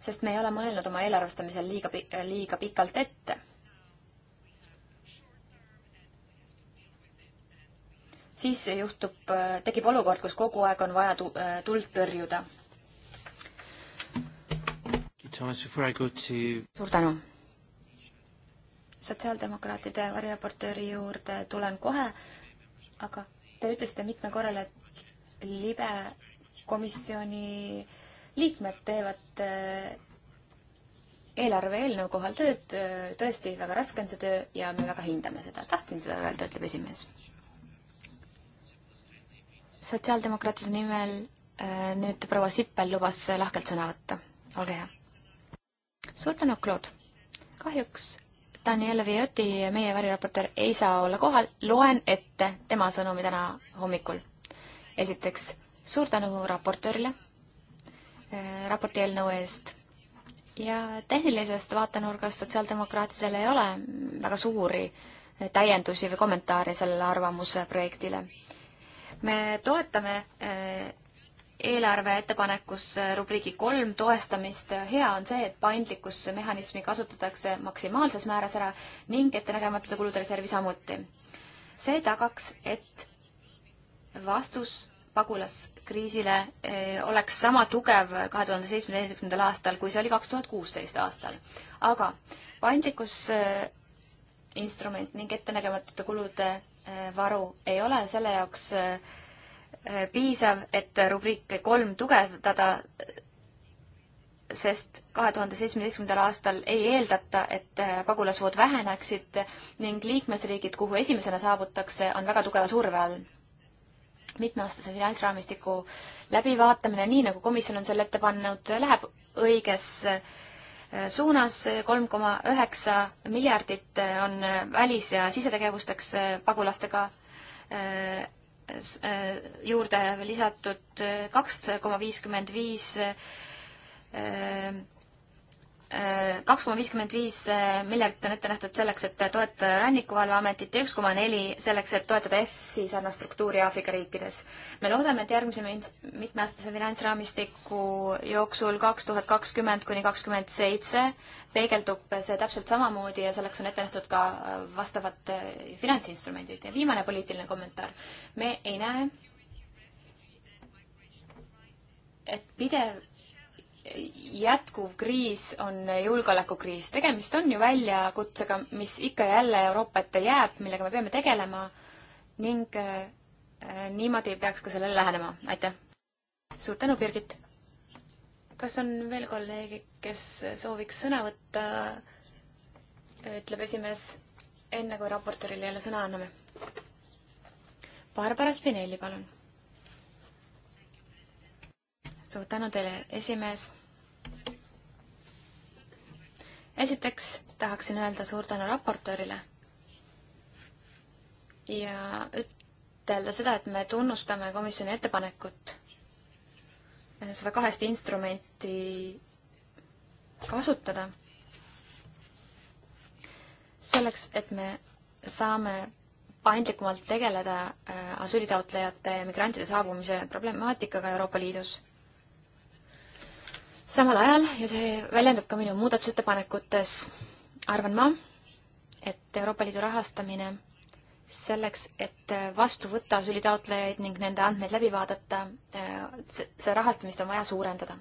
Speaker 2: sest me ei ole mõelnud oma eelarvestamisel liiga, liiga pikalt ette. siis juhtub, tekib olukord, kus kogu aeg on vaja tuld tõrjuda suur tänu! sotsiaaldemokraatide variraportööri juurde tulen kohe, aga te ütlesite mitmel korral, et libe komisjoni liikmed teevad äh, eelarve eelnõu kohal tööd, tõesti väga raske on see töö ja me väga hindame seda. tahtsin seda öelda, ütleb esimees. sotsiaaldemokraatide nimel äh, nüüd proua Sippel lubas lahkelt sõna võtta. olge hea suur tänu, Claude. kahjuks Daniele Vioti, meie variraportöör, ei saa olla kohal, loen ette tema sõnumi täna hommikul. esiteks, suur tänu raportöörile äh, raporti eelnõu eest ja tehnilisest vaatenurgast sotsiaaldemokraatidel ei ole väga suuri äh, täiendusi või kommentaare sellele arvamuse projektile. me toetame äh, eelarve ettepanekus äh, rubriigi kolm toestamist. hea on see, et paindlikkusmehhanismi kasutatakse maksimaalses määras ära ning ettenägematute kulude reservi samuti. see tagaks, et vastus pagulaskriisile äh, oleks sama tugev kahe tuhande seitsmeteistkümnendal aastal, kui see oli kaks tuhat kuusteist aastal. aga paindlikkus äh, instrument ning ettenägematute kulude varu ei ole selle jaoks äh, piisav, et rubriiki kolm tugevdada, sest kahe tuhande seitsmeteistkümnendal aastal ei eeldata, et pagulasvood väheneksid ning liikmesriigid, kuhu esimesena saabutakse, on väga tugeva surve all. mitmeaastase finantsraamistiku läbivaatamine, nii nagu komisjon on selle ette pannud, läheb õiges äh, suunas, kolm koma üheksa miljardit äh, on välis- ja sisetegevusteks äh, pagulastega Äh, juurde lisatud äh, kaks koma viiskümmend viis äh, kaks koma viiskümmend viis eh, miljardit on ette nähtud selleks, et toetada Rannikuvalveametit ja üks koma neli selleks, et toetada EFSI sarnast struktuuri Aafrika riikides. me loodame, et järgmise mitmeaastase finantsraamistiku jooksul kaks tuhat kakskümmend kuni kakskümmend seitse peegeldub see täpselt samamoodi ja selleks on ette nähtud ka eh, vastavad eh, finantsinstrumendid. ja viimane poliitiline kommentaar. me ei näe, et pidev jätkuv kriis on julgeolekukriis. tegemist on ju väljakutsega, mis ikka ja jälle Euroopa ette jääb, millega me peame tegelema ning äh, niimoodi peaks ka sellele lähenema. aitäh! suur tänu, Birgit! kas on veel kolleege, kes sooviks sõna võtta? ütleb esimees, enne kui raportöörile jälle sõna anname. Barbara Spinelli, palun suur tänu teile, esimees. esiteks tahaksin öelda suur tänu raportöörile ja ütelda seda, et me tunnustame komisjoni ettepanekut seda kahest instrumenti kasutada selleks, et me saame paindlikumalt tegeleda äh, asüülitaotlejate ja migrantide saabumise problemaatikaga Euroopa Liidus samal ajal ja see väljendub ka minu muudatusettepanekutes, arvan ma, et Euroopa Liidu rahastamine selleks, et vastu võtta asüülitaotlejaid ning nende andmeid läbi vaadata, seda rahastamist on vaja suurendada.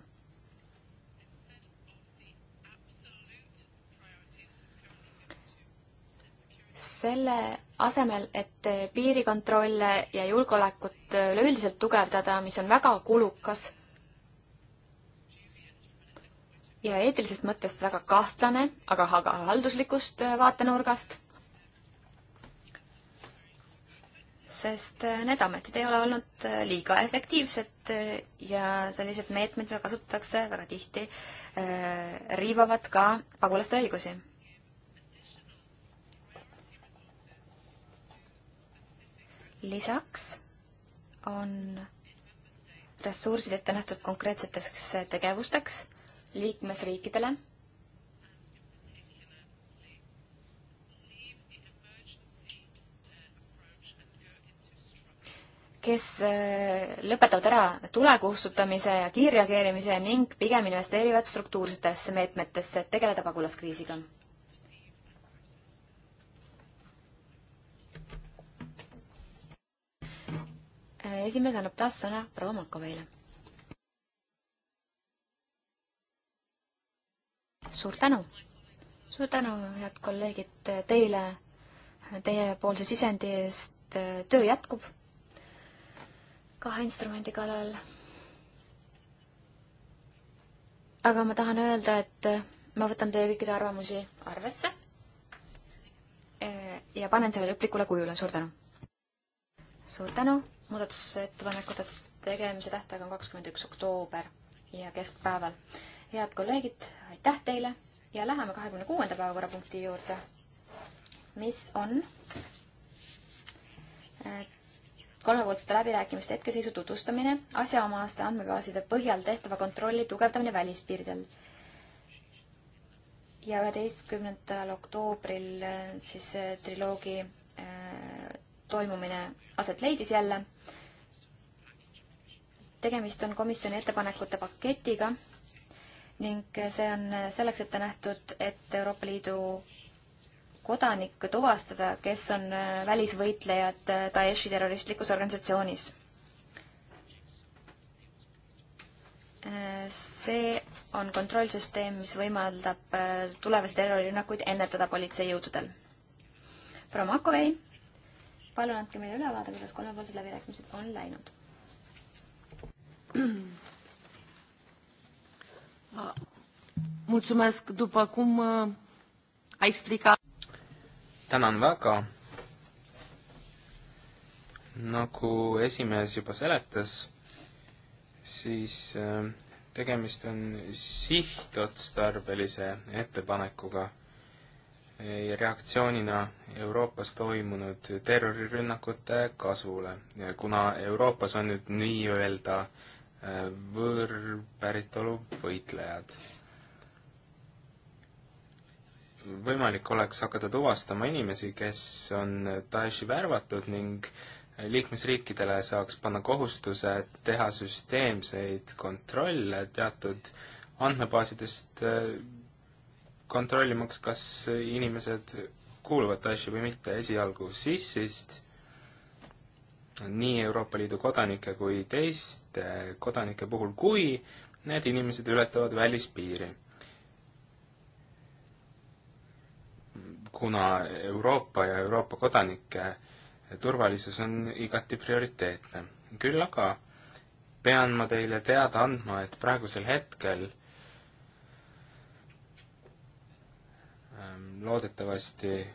Speaker 2: selle asemel, et piirikontrolle ja julgeolekut üleüldiselt tugevdada, mis on väga kulukas ja eetilisest mõttest väga kahtlane, aga ka halduslikust äh, vaatenurgast. sest äh, need ametid ei ole olnud äh, liiga efektiivsed ja sellised meetmed, mida kasutatakse väga tihti, riivavad ka pagulaste õigusi. lisaks on ressursid ette nähtud konkreetseteks tegevusteks liikmesriikidele. kes äh, lõpetavad ära tule kustutamise ja kiirreageerimise ning pigem investeerivad struktuursetesse meetmetesse, et tegeleda pagulaskriisiga äh, esimees annab taas sõna proua Makoveile. suur tänu! suur tänu, head kolleegid, teile teiepoolse sisendi eest, töö jätkub kahe instrumendi kallal. aga ma tahan öelda, et ma võtan teie kõikide arvamusi arvesse e, ja panen selle lõplikule kujule, suur tänu! suur tänu, muudatusettepanekute tegemise tähtaeg on kakskümmend üks oktoober ja keskpäeval head kolleegid, aitäh teile ja läheme kahekümne kuuenda päevakorrapunkti juurde, mis on äh, kolmepoolsete läbirääkimiste hetkeseisu tutvustamine, asjaomaste andmebaaside põhjal tehtava kontrolli tugevdamine välispiiridel. ja üheteistkümnendal oktoobril äh, siis äh, triloogi äh, toimumine aset leidis jälle. tegemist on komisjoni ettepanekute paketiga ning see on selleks ette nähtud, et Euroopa Liidu kodanikke tuvastada, kes on välisvõitlejad Daeshi terroristlikus organisatsioonis. see on kontrollsüsteem, mis võimaldab tulevasi terrorirünnakuid ennetada politseijõududel. proua Makovei, palun andke meile ülevaade, kuidas kolmepoolsed läbirääkimised on läinud.
Speaker 1: [CLEARS THROAT] Ah, mulțumesc, după cum uh, a explicat.
Speaker 3: tänan väga. nagu esimees juba seletas, siis äh, tegemist on sihtotstarbelise ettepanekuga ja reaktsioonina Euroopas toimunud terrorirünnakute kasvule. kuna Euroopas on nüüd nii-öelda võõrpäritolu võitlejad. võimalik oleks hakata tuvastama inimesi, kes on Daeshi värvatud ning liikmesriikidele saaks panna kohustuse teha süsteemseid kontrolle teatud andmebaasidest, äh, kontrollimaks, kas inimesed kuuluvad Daeshi või mitte, esialgu SIS-ist nii Euroopa Liidu kodanike kui teiste kodanike puhul, kui need inimesed ületavad välispiiri. kuna Euroopa ja Euroopa kodanike turvalisus on igati prioriteetne. küll aga pean ma teile teada andma, et praegusel hetkel ähm, loodetavasti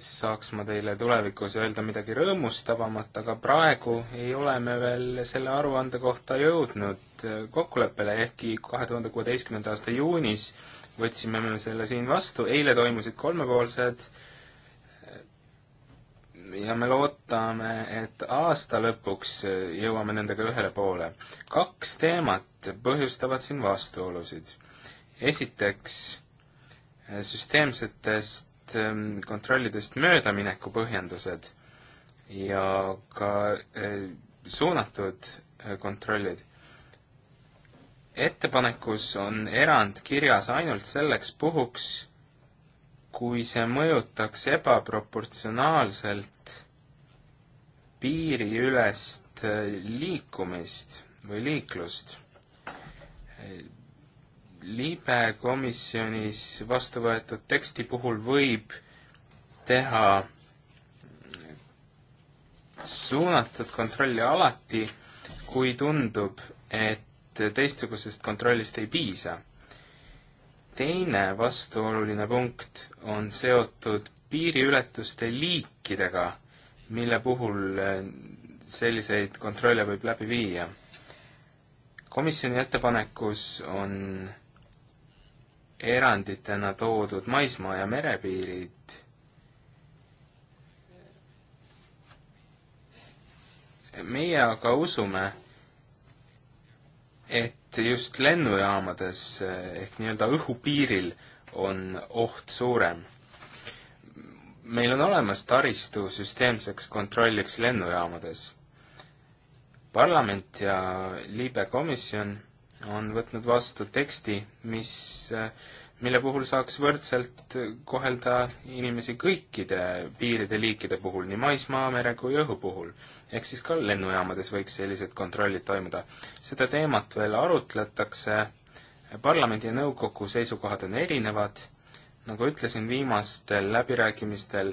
Speaker 3: saaks ma teile tulevikus öelda midagi rõõmustavamat, aga praegu ei ole me veel selle aruande kohta jõudnud äh, kokkuleppele, ehkki kahe tuhande kuueteistkümnenda aasta juunis võtsime me selle siin vastu, eile toimusid kolmepoolsed äh, ja me loodame, et aasta lõpuks äh, jõuame nendega ühele poole. kaks teemat põhjustavad siin vastuolusid. esiteks, süsteemsetest olid ähm, kontrollidest möödamineku põhjendused ja ka äh, suunatud äh, kontrollid. ettepanekus on erand kirjas ainult selleks puhuks, kui see mõjutaks ebaproportsionaalselt piiriülest äh, liikumist või liiklust libe komisjonis vastu võetud teksti puhul võib teha suunatud kontrolli alati, kui tundub, et teistsugusest kontrollist ei piisa. teine vastuoluline punkt on seotud piiriületuste liikidega, mille puhul eh, selliseid kontrolle võib läbi viia. komisjoni ettepanekus on eranditena toodud maismaa- ja merepiirid meie aga usume, et just lennujaamades ehk nii-öelda õhupiiril on oht suurem. meil on olemas taristu süsteemseks kontrolliks lennujaamades. parlament ja liibekomisjon on võtnud vastu teksti, mis, mille puhul saaks võrdselt kohelda inimesi kõikide piiride liikide puhul, nii maismaa, mere kui õhu puhul. ehk siis ka lennujaamades võiks sellised kontrollid toimuda. seda teemat veel arutletakse, parlamendi ja nõukogu seisukohad on erinevad, nagu ütlesin, viimastel läbirääkimistel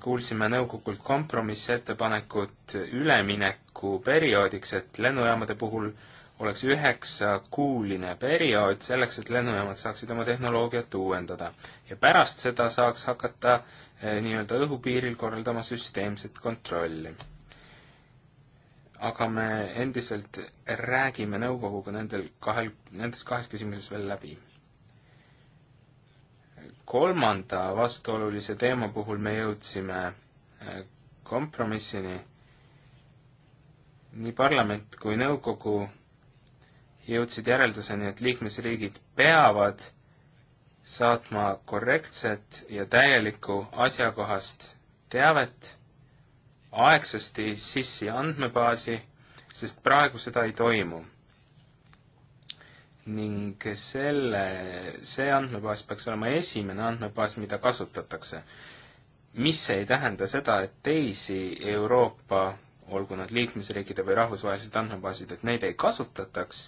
Speaker 3: kuulsime nõukogult kompromissettepanekut üleminekuperioodiks, et lennujaamade puhul äh, oleks üheksakuuline periood selleks, et lennujaamad saaksid oma tehnoloogiat uuendada. ja pärast seda saaks hakata eh, nii-öelda õhupiiril korraldama süsteemset kontrolli. aga me endiselt räägime nõukoguga nendel kahel, nendes kahes küsimuses veel läbi. kolmanda vastuolulise teema puhul me jõudsime eh, kompromissini nii parlament kui nõukogu jõudsid järelduseni, et liikmesriigid peavad saatma korrektset ja täielikku asjakohast teavet aegsasti sissi andmebaasi, sest praegu seda ei toimu. ning selle, see andmebaas peaks olema esimene andmebaas, mida kasutatakse mis ei tähenda seda, et teisi Euroopa, olgu nad liikmesriikide või rahvusvahelised andmebaasid, et neid ei kasutataks,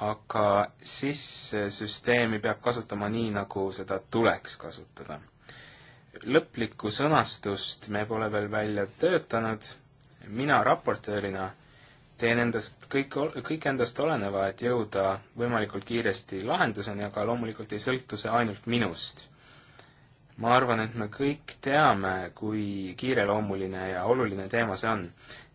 Speaker 3: aga sissesüsteemi peab kasutama nii, nagu seda tuleks kasutada. lõplikku sõnastust me pole veel välja töötanud, mina raportöörina teen endast kõik, kõik endast oleneva, et jõuda võimalikult kiiresti lahenduseni, aga loomulikult ei sõltu see ainult minust. ma arvan, et me kõik teame, kui kiireloomuline ja oluline teema see on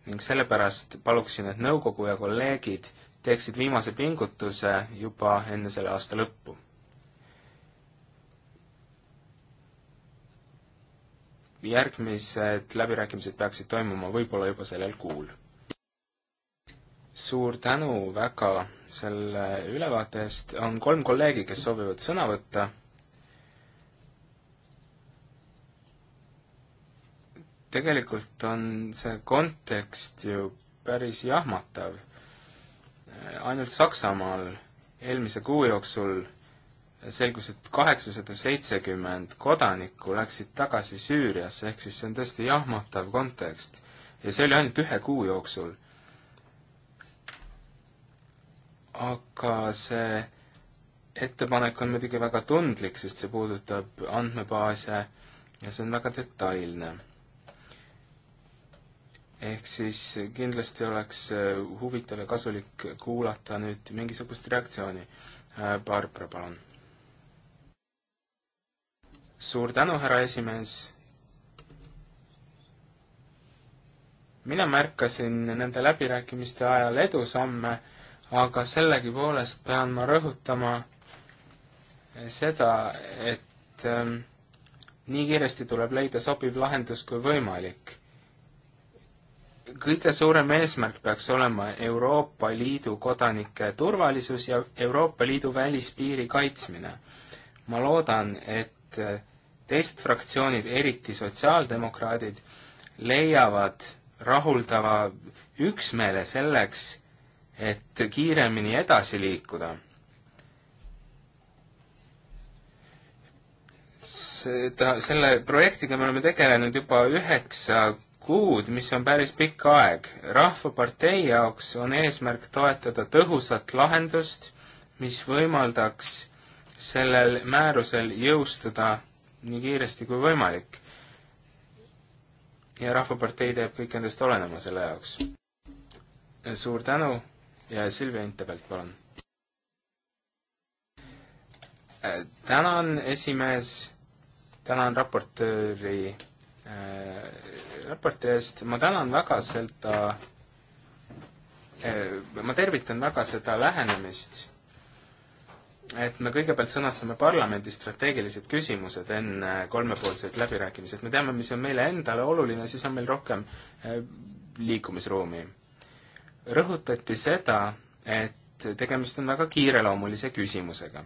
Speaker 3: ning sellepärast paluksin, et nõukogu ja kolleegid teeksid viimase pingutuse juba enne selle aasta lõppu. järgmised läbirääkimised peaksid toimuma võib-olla juba sellel kuul. suur tänu väga selle ülevaate eest, on kolm kolleegi, kes soovivad sõna võtta. tegelikult on see kontekst ju päris jahmatav ainult Saksamaal eelmise kuu jooksul selgus, et kaheksasada seitsekümmend kodanikku läksid tagasi Süüriasse, ehk siis see on tõesti jahmatav kontekst. ja see oli ainult ühe kuu jooksul. aga see ettepanek on muidugi väga tundlik, sest see puudutab andmebaase ja see on väga detailne ehk siis kindlasti oleks äh, huvitav ja kasulik kuulata nüüd mingisugust reaktsiooni. Äh, Barbara, palun. suur tänu, härra esimees. mina märkasin nende läbirääkimiste ajal edusamme, aga sellegipoolest pean ma rõhutama seda, et ähm, nii kiiresti tuleb leida sobiv lahendus kui võimalik kõige suurem eesmärk peaks olema Euroopa Liidu kodanike turvalisus ja Euroopa Liidu välispiiri kaitsmine. ma loodan, et teised fraktsioonid, eriti sotsiaaldemokraadid, leiavad rahuldava üksmeele selleks, et kiiremini edasi liikuda. seda, selle projektiga me oleme tegelenud juba üheksa kuud, mis on päris pikk aeg. rahvapartei jaoks on eesmärk toetada tõhusat lahendust, mis võimaldaks sellel määrusel jõustuda nii kiiresti kui võimalik. ja Rahvapartei teeb kõik endast olenema selle jaoks. suur tänu ja Silvia Intepelt, palun. tänan, esimees, tänan raportööri Äh, raporti eest, ma tänan väga seda, äh, ma tervitan väga seda lähenemist, et me kõigepealt sõnastame parlamendi strateegilised küsimused enne kolmepoolseid läbirääkimisi, et me teame, mis on meile endale oluline, siis on meil rohkem äh, liikumisruumi. rõhutati seda, et tegemist on väga kiireloomulise küsimusega.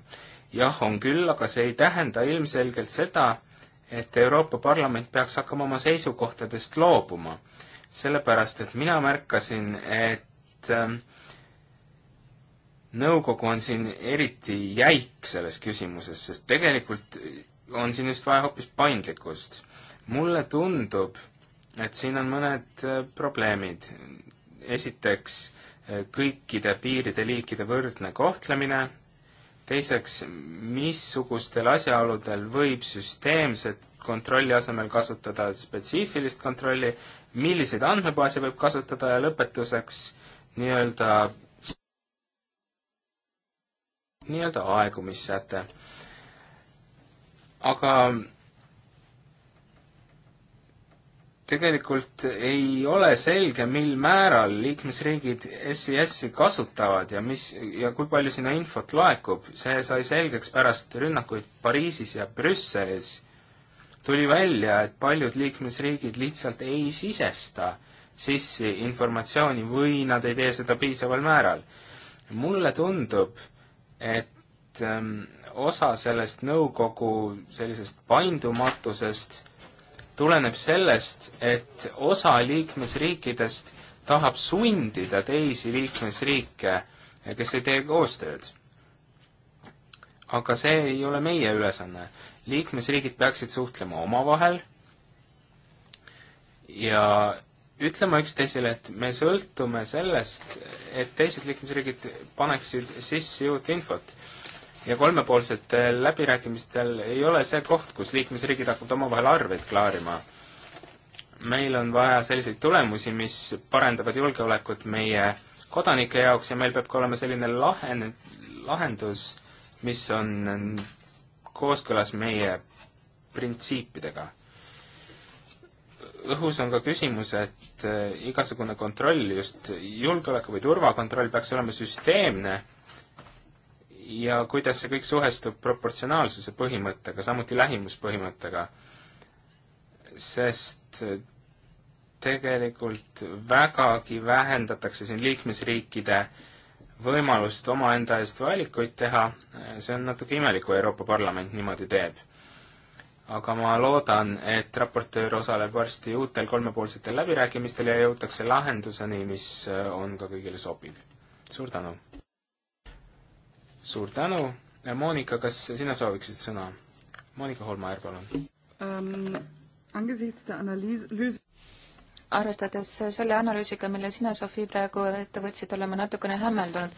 Speaker 3: jah, on küll, aga see ei tähenda ilmselgelt seda, et Euroopa Parlament peaks hakkama oma seisukohtadest loobuma, sellepärast et mina märkasin, et ähm, nõukogu on siin eriti jäik selles küsimuses, sest tegelikult on siin just vaja hoopis paindlikkust. mulle tundub, et siin on mõned äh, probleemid. esiteks, äh, kõikide piiride liikide võrdne kohtlemine teiseks, missugustel asjaoludel võib süsteemset kontrolli asemel kasutada spetsiifilist kontrolli, milliseid andmebaase võib kasutada ja lõpetuseks nii-öelda, nii-öelda aegumissäte. aga tegelikult ei ole selge, mil määral liikmesriigid SIS-i kasutavad ja mis ja kui palju sinna infot laekub, see sai selgeks pärast rünnakuid Pariisis ja Brüsselis. tuli välja, et paljud liikmesriigid lihtsalt ei sisesta sisse informatsiooni või nad ei tee seda piisaval määral. mulle tundub, et ähm, osa sellest nõukogu sellisest paindumatusest tuleneb sellest, et osa liikmesriikidest tahab sundida teisi liikmesriike, kes ei tee koostööd. aga see ei ole meie ülesanne. liikmesriigid peaksid suhtlema omavahel ja ütlema üksteisele, et me sõltume sellest, et teised liikmesriigid paneksid sisse uut infot ja kolmepoolsetel läbirääkimistel ei ole see koht, kus liikmesriigid hakkavad omavahel arveid klaarima. meil on vaja selliseid tulemusi, mis parendavad julgeolekut meie kodanike jaoks ja meil peab ka olema selline lahen-, lahendus, mis on kooskõlas meie printsiipidega. õhus on ka küsimus, et äh, igasugune kontroll, just julgeoleku või turvakontroll peaks olema süsteemne ja kuidas see kõik suhestub proportsionaalsuse põhimõttega, samuti lähimuspõhimõttega. sest tegelikult vägagi vähendatakse siin liikmesriikide võimalust omaenda eest valikuid teha, see on natuke imelik, kui Euroopa Parlament niimoodi teeb. aga ma loodan, et raportöör osaleb varsti uutel kolmepoolsetel läbirääkimistel ja jõutakse lahenduseni, mis on ka kõigile sobiv. suur tänu! suur tänu. Monika, kas sina sooviksid sõna? Monika Holmaier, palun
Speaker 1: um,. Angesichts der Analyse arvestades selle analüüsiga, mille sina, Sofi, praegu ette võtsid, oleme natukene hämmeldunud.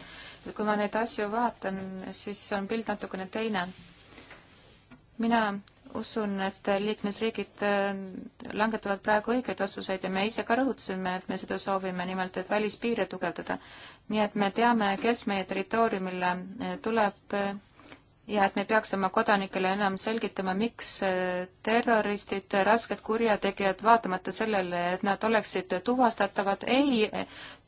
Speaker 1: kui ma neid asju vaatan, siis on pilt natukene teine. mina usun, et liikmesriigid äh, langetavad praegu õigeid otsuseid ja me ise ka rõhutasime, et me seda soovime, nimelt et välispiire tugevdada. nii et me teame, kes meie territooriumile äh, tuleb äh, ja et me peaks oma kodanikele enam selgitama, miks terroristid, rasked kurjategijad, vaatamata sellele, et nad oleksid tuvastatavad, ei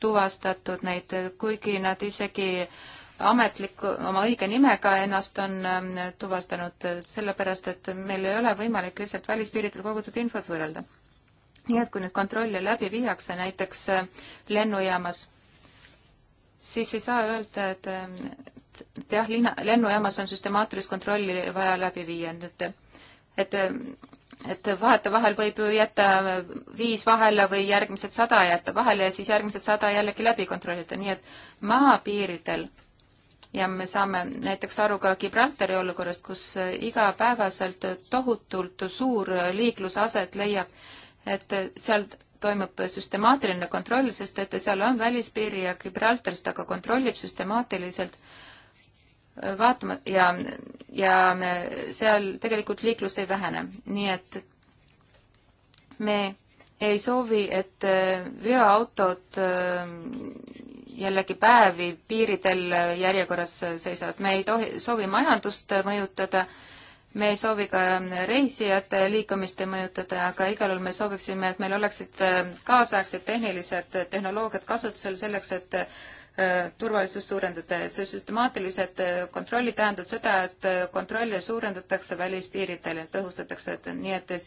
Speaker 1: tuvastatud neid, kuigi nad isegi äh, ametliku, oma õige nimega ennast on ähm, tuvastanud, sellepärast et meil ei ole võimalik lihtsalt välispiiridel kogutud infot võrrelda. nii et kui nüüd kontrolle läbi viiakse näiteks äh, lennujaamas, siis ei saa öelda, et, et jah, linna, lennujaamas on süstemaatilist kontrolli vaja läbi viia, et, et et vahetevahel võib ju jätta viis vahele või järgmised sada jätta vahele ja siis järgmised sada jällegi läbi kontrollida, nii et maapiiridel ja me saame näiteks aru ka Gibraltari olukorrast, kus äh, igapäevaselt tohutult suur äh, liiklus aset leiab, et äh, seal toimub süstemaatiline kontroll, sest et seal on välispiiri ja Gibraltar seda ka kontrollib süstemaatiliselt vaatama ja, ja seal tegelikult liiklus ei vähene, nii et me ei soovi, et veoautod jällegi päevi piiridel järjekorras seisavad. me ei tohi, soovi majandust mõjutada, me ei soovi ka reisijate liikumist mõjutada, aga igal juhul me sooviksime, et meil oleksid kaasaegsed tehnilised tehnoloogiad kasutusel selleks, et äh, turvalisust suurendada. see süstemaatilised kontrollid tähendab seda, et kontrolle suurendatakse välispiiridel ja tõhustatakse, et nii et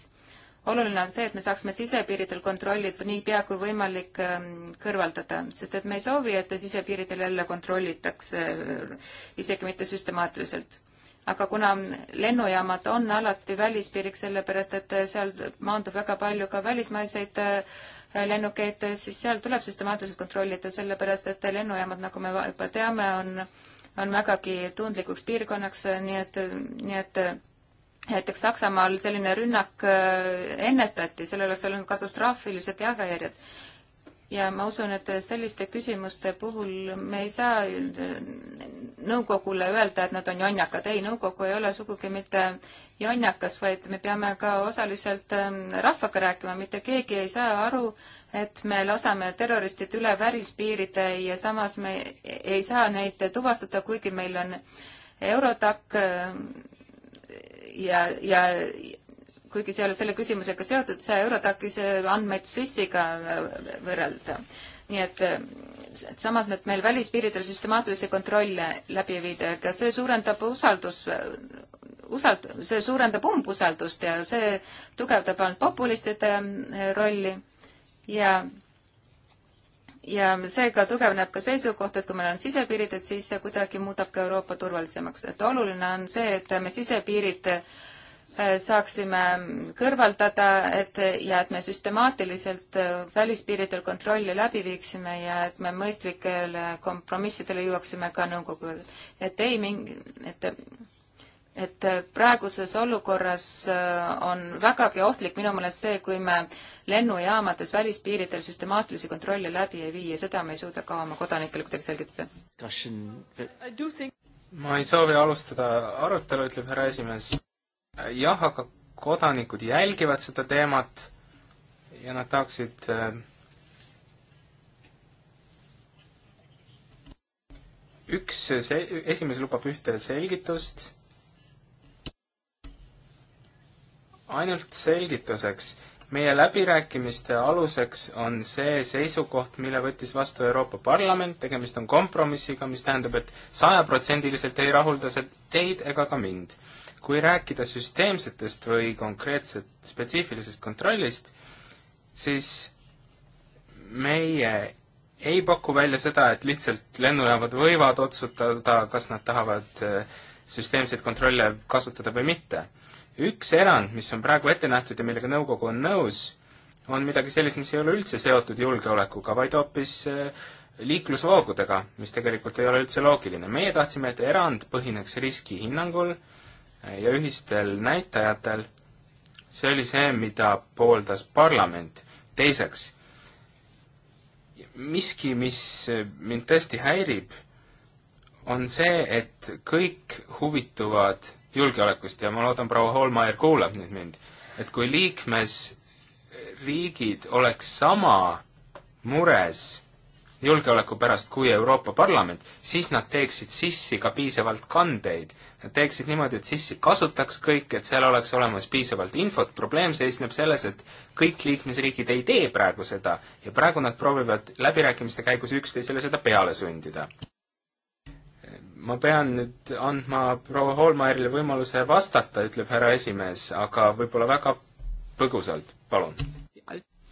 Speaker 1: oluline on see, et me saaksime sisepiiridel kontrollid niipea kui võimalik ähm, kõrvaldada, sest et me ei soovi, et sisepiiridel jälle kontrollitakse, äh, isegi mitte süstemaatiliselt. aga kuna lennujaamad on alati välispiiriks, sellepärast et äh, seal maandub väga palju ka välismaiseid äh, lennukeid, siis seal tuleb süstemaatiliselt kontrollida, sellepärast et lennujaamad, nagu me juba teame, on, on vägagi tundlikuks piirkonnaks, nii et, nii et näiteks Saksamaal selline rünnak äh, ennetati, sellel oleks olnud katastroofilised tagajärjed. ja ma usun, et selliste küsimuste puhul me ei saa äh, nõukogule öelda, et nad on jonnakad. ei, nõukogu ei ole sugugi mitte jonnakas, vaid me peame ka osaliselt ähm, rahvaga rääkima, mitte keegi ei saa aru, et me laseme terroristid üle välispiiride ja samas me ei saa neid tuvastada, kuigi meil on Eurotac ähm, ja, ja kuigi see ei ole selle küsimusega seotud, see Eurotakis äh, andmeid SIS-iga äh, võrrelda. nii et, äh, et samas, et meil välispiiridel süstemaatilisi kontrolle läbi viida, ka see suurendab usaldus, usald-, see suurendab umbusaldust ja see tugevdab ainult populistide rolli ja ja seega tugevneb ka seisukoht, et kui meil on sisepiirid, et siis see kuidagi muudab ka Euroopa turvalisemaks. et oluline on see, et me sisepiirid äh, saaksime kõrvaldada, et ja et me süstemaatiliselt äh, välispiiridel kontrolli läbi viiksime ja et me mõistlikele kompromissidele jõuaksime ka nõukoguga. et ei mingi, et et äh, praeguses olukorras äh, on vägagi ohtlik minu meelest see, kui me lennujaamades välispiiridel süstemaatilisi kontrolle läbi ei vii ja seda me ei suuda ka oma kodanikele kuidagi selgitada.
Speaker 3: ma ei soovi alustada arutelu, ütleb härra esimees. Äh, jah, aga kodanikud jälgivad seda teemat ja nad tahaksid üks, esimese lubab ühte selgitust ainult selgituseks, meie läbirääkimiste aluseks on see seisukoht, mille võttis vastu Euroopa Parlament, tegemist on kompromissiga, mis tähendab et, et sajaprotsendiliselt ei rahulda see teid ega ka mind. kui rääkida süsteemsetest või konkreetset spetsiifilisest kontrollist, siis meie ei paku välja seda, et lihtsalt lennujaamad võivad otsustada, kas nad tahavad äh, süsteemseid kontrolle kasutada või mitte üks erand, mis on praegu ette nähtud ja millega nõukogu on nõus, on midagi sellist, mis ei ole üldse seotud julgeolekuga, vaid hoopis äh, liiklusvoogudega, mis tegelikult ei ole üldse loogiline. meie tahtsime, et erand põhineks riskihinnangul äh, ja ühistel näitajatel. see oli see, mida pooldas parlament. teiseks, miski, mis mind tõesti häirib, on see, et kõik huvituvad julgeolekust ja ma loodan, proua Holmaier kuulab nüüd mind, et kui liikmesriigid oleks sama mures julgeoleku pärast kui Euroopa Parlament, siis nad teeksid sissi ka piisavalt kandeid. Nad teeksid niimoodi, et sissi kasutaks kõik, et seal oleks olemas piisavalt infot, probleem seisneb selles, et kõik liikmesriigid ei tee praegu seda ja praegu nad proovivad läbirääkimiste käigus üksteisele seda peale sundida ma pean nüüd andma proua Holmaerile võimaluse vastata, ütleb härra esimees, aga võib-olla väga põgusalt, palun.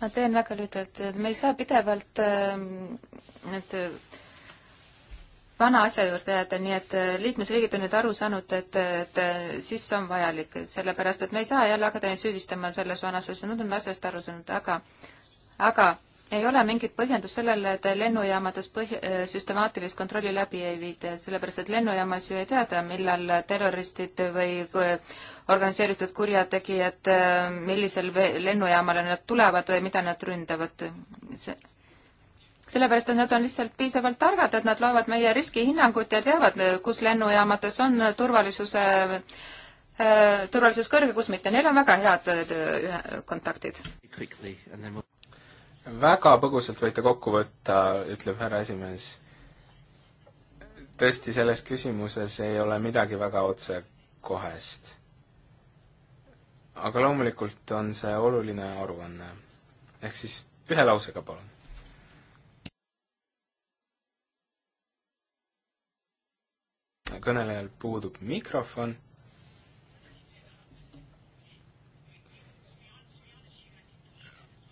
Speaker 1: ma teen väga lühidalt, me ei saa pidevalt ähm, need vana asja juurde jääda, nii et äh, liikmesriigid on nüüd aru saanud, et, et äh, sisse on vajalik, sellepärast et me ei saa jälle hakata neid süüdistama selles vanas asjas, nad on asjast aru saanud, aga, aga ei ole mingit põhjendust sellele, et lennujaamades põh-, äh, süstemaatilist kontrolli läbi ei viida, sellepärast et lennujaamas ju ei teada, millal terroristid või äh, organiseeritud kurjategijad, äh, millisel lennujaamale nad tulevad või mida nad ründavad. sellepärast, et nad on lihtsalt piisavalt targad, et nad loevad meie riskihinnangut ja teavad, kus lennujaamades on turvalisuse turvalisus kõrge, kus mitte, neil on väga head kontaktid
Speaker 3: väga põgusalt võite kokku võtta, ütleb härra esimees. tõesti, selles küsimuses ei ole midagi väga otsekohest. aga loomulikult on see oluline aruanne. ehk siis ühe lausega, palun. kõnelejal puudub mikrofon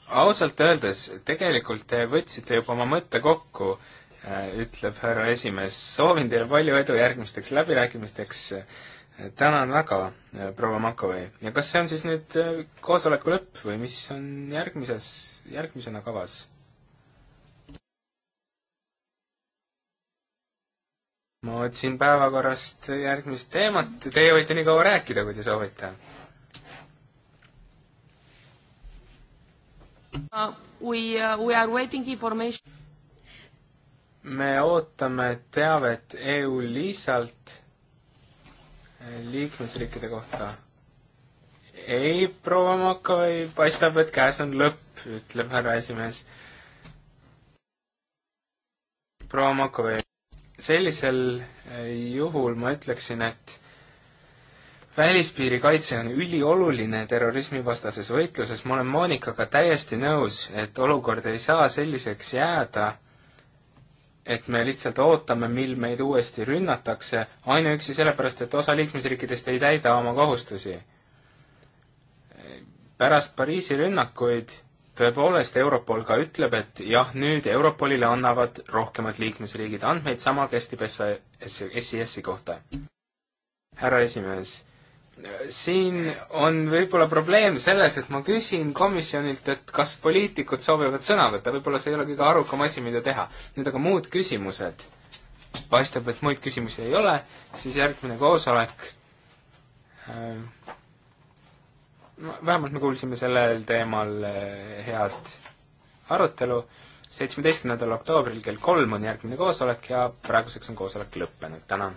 Speaker 3: ausalt öeldes, tegelikult te võtsite juba oma mõtte kokku, äh, ütleb härra esimees. soovin teile palju edu järgmisteks läbirääkimisteks. tänan väga, äh, proua Makovei. ja kas see on siis nüüd äh, koosoleku lõpp või mis on järgmises, järgmisena kavas? ma otsin päevakorrast järgmist teemat, teie võite nii kaua rääkida, kui te soovite
Speaker 1: uh,. We uh,, we are waiting information.
Speaker 3: me ootame teavet EU lisalt eh, liikmesriikide kohta. ei, proua Makovei, paistab, et käes on lõpp, ütleb härra esimees. proua Makovei, sellisel eh, juhul ma ütleksin, et välispiiri kaitse on ülioluline terrorismivastases võitluses, ma olen Monikaga täiesti nõus, et olukord ei saa selliseks jääda, et me lihtsalt ootame, mil meid uuesti rünnatakse, ainuüksi sellepärast, et osa liikmesriikidest ei täida oma kohustusi. pärast Pariisi rünnakuid tõepoolest Europol ka ütleb, et jah, nüüd Europolile annavad rohkemad liikmesriigid andmeid sama kestib SIS-i kohta. härra esimees siin on võib-olla probleem selles, et ma küsin komisjonilt, et kas poliitikud soovivad sõna võtta, võib-olla see ei ole kõige arukam asi, mida teha. nüüd aga muud küsimused. paistab, et muid küsimusi ei ole, siis järgmine koosolek. Äh, vähemalt me kuulsime sellel teemal äh, head arutelu. seitsmeteistkümnendal oktoobril kell kolm on järgmine koosolek ja praeguseks on koosolek lõppenud, tänan!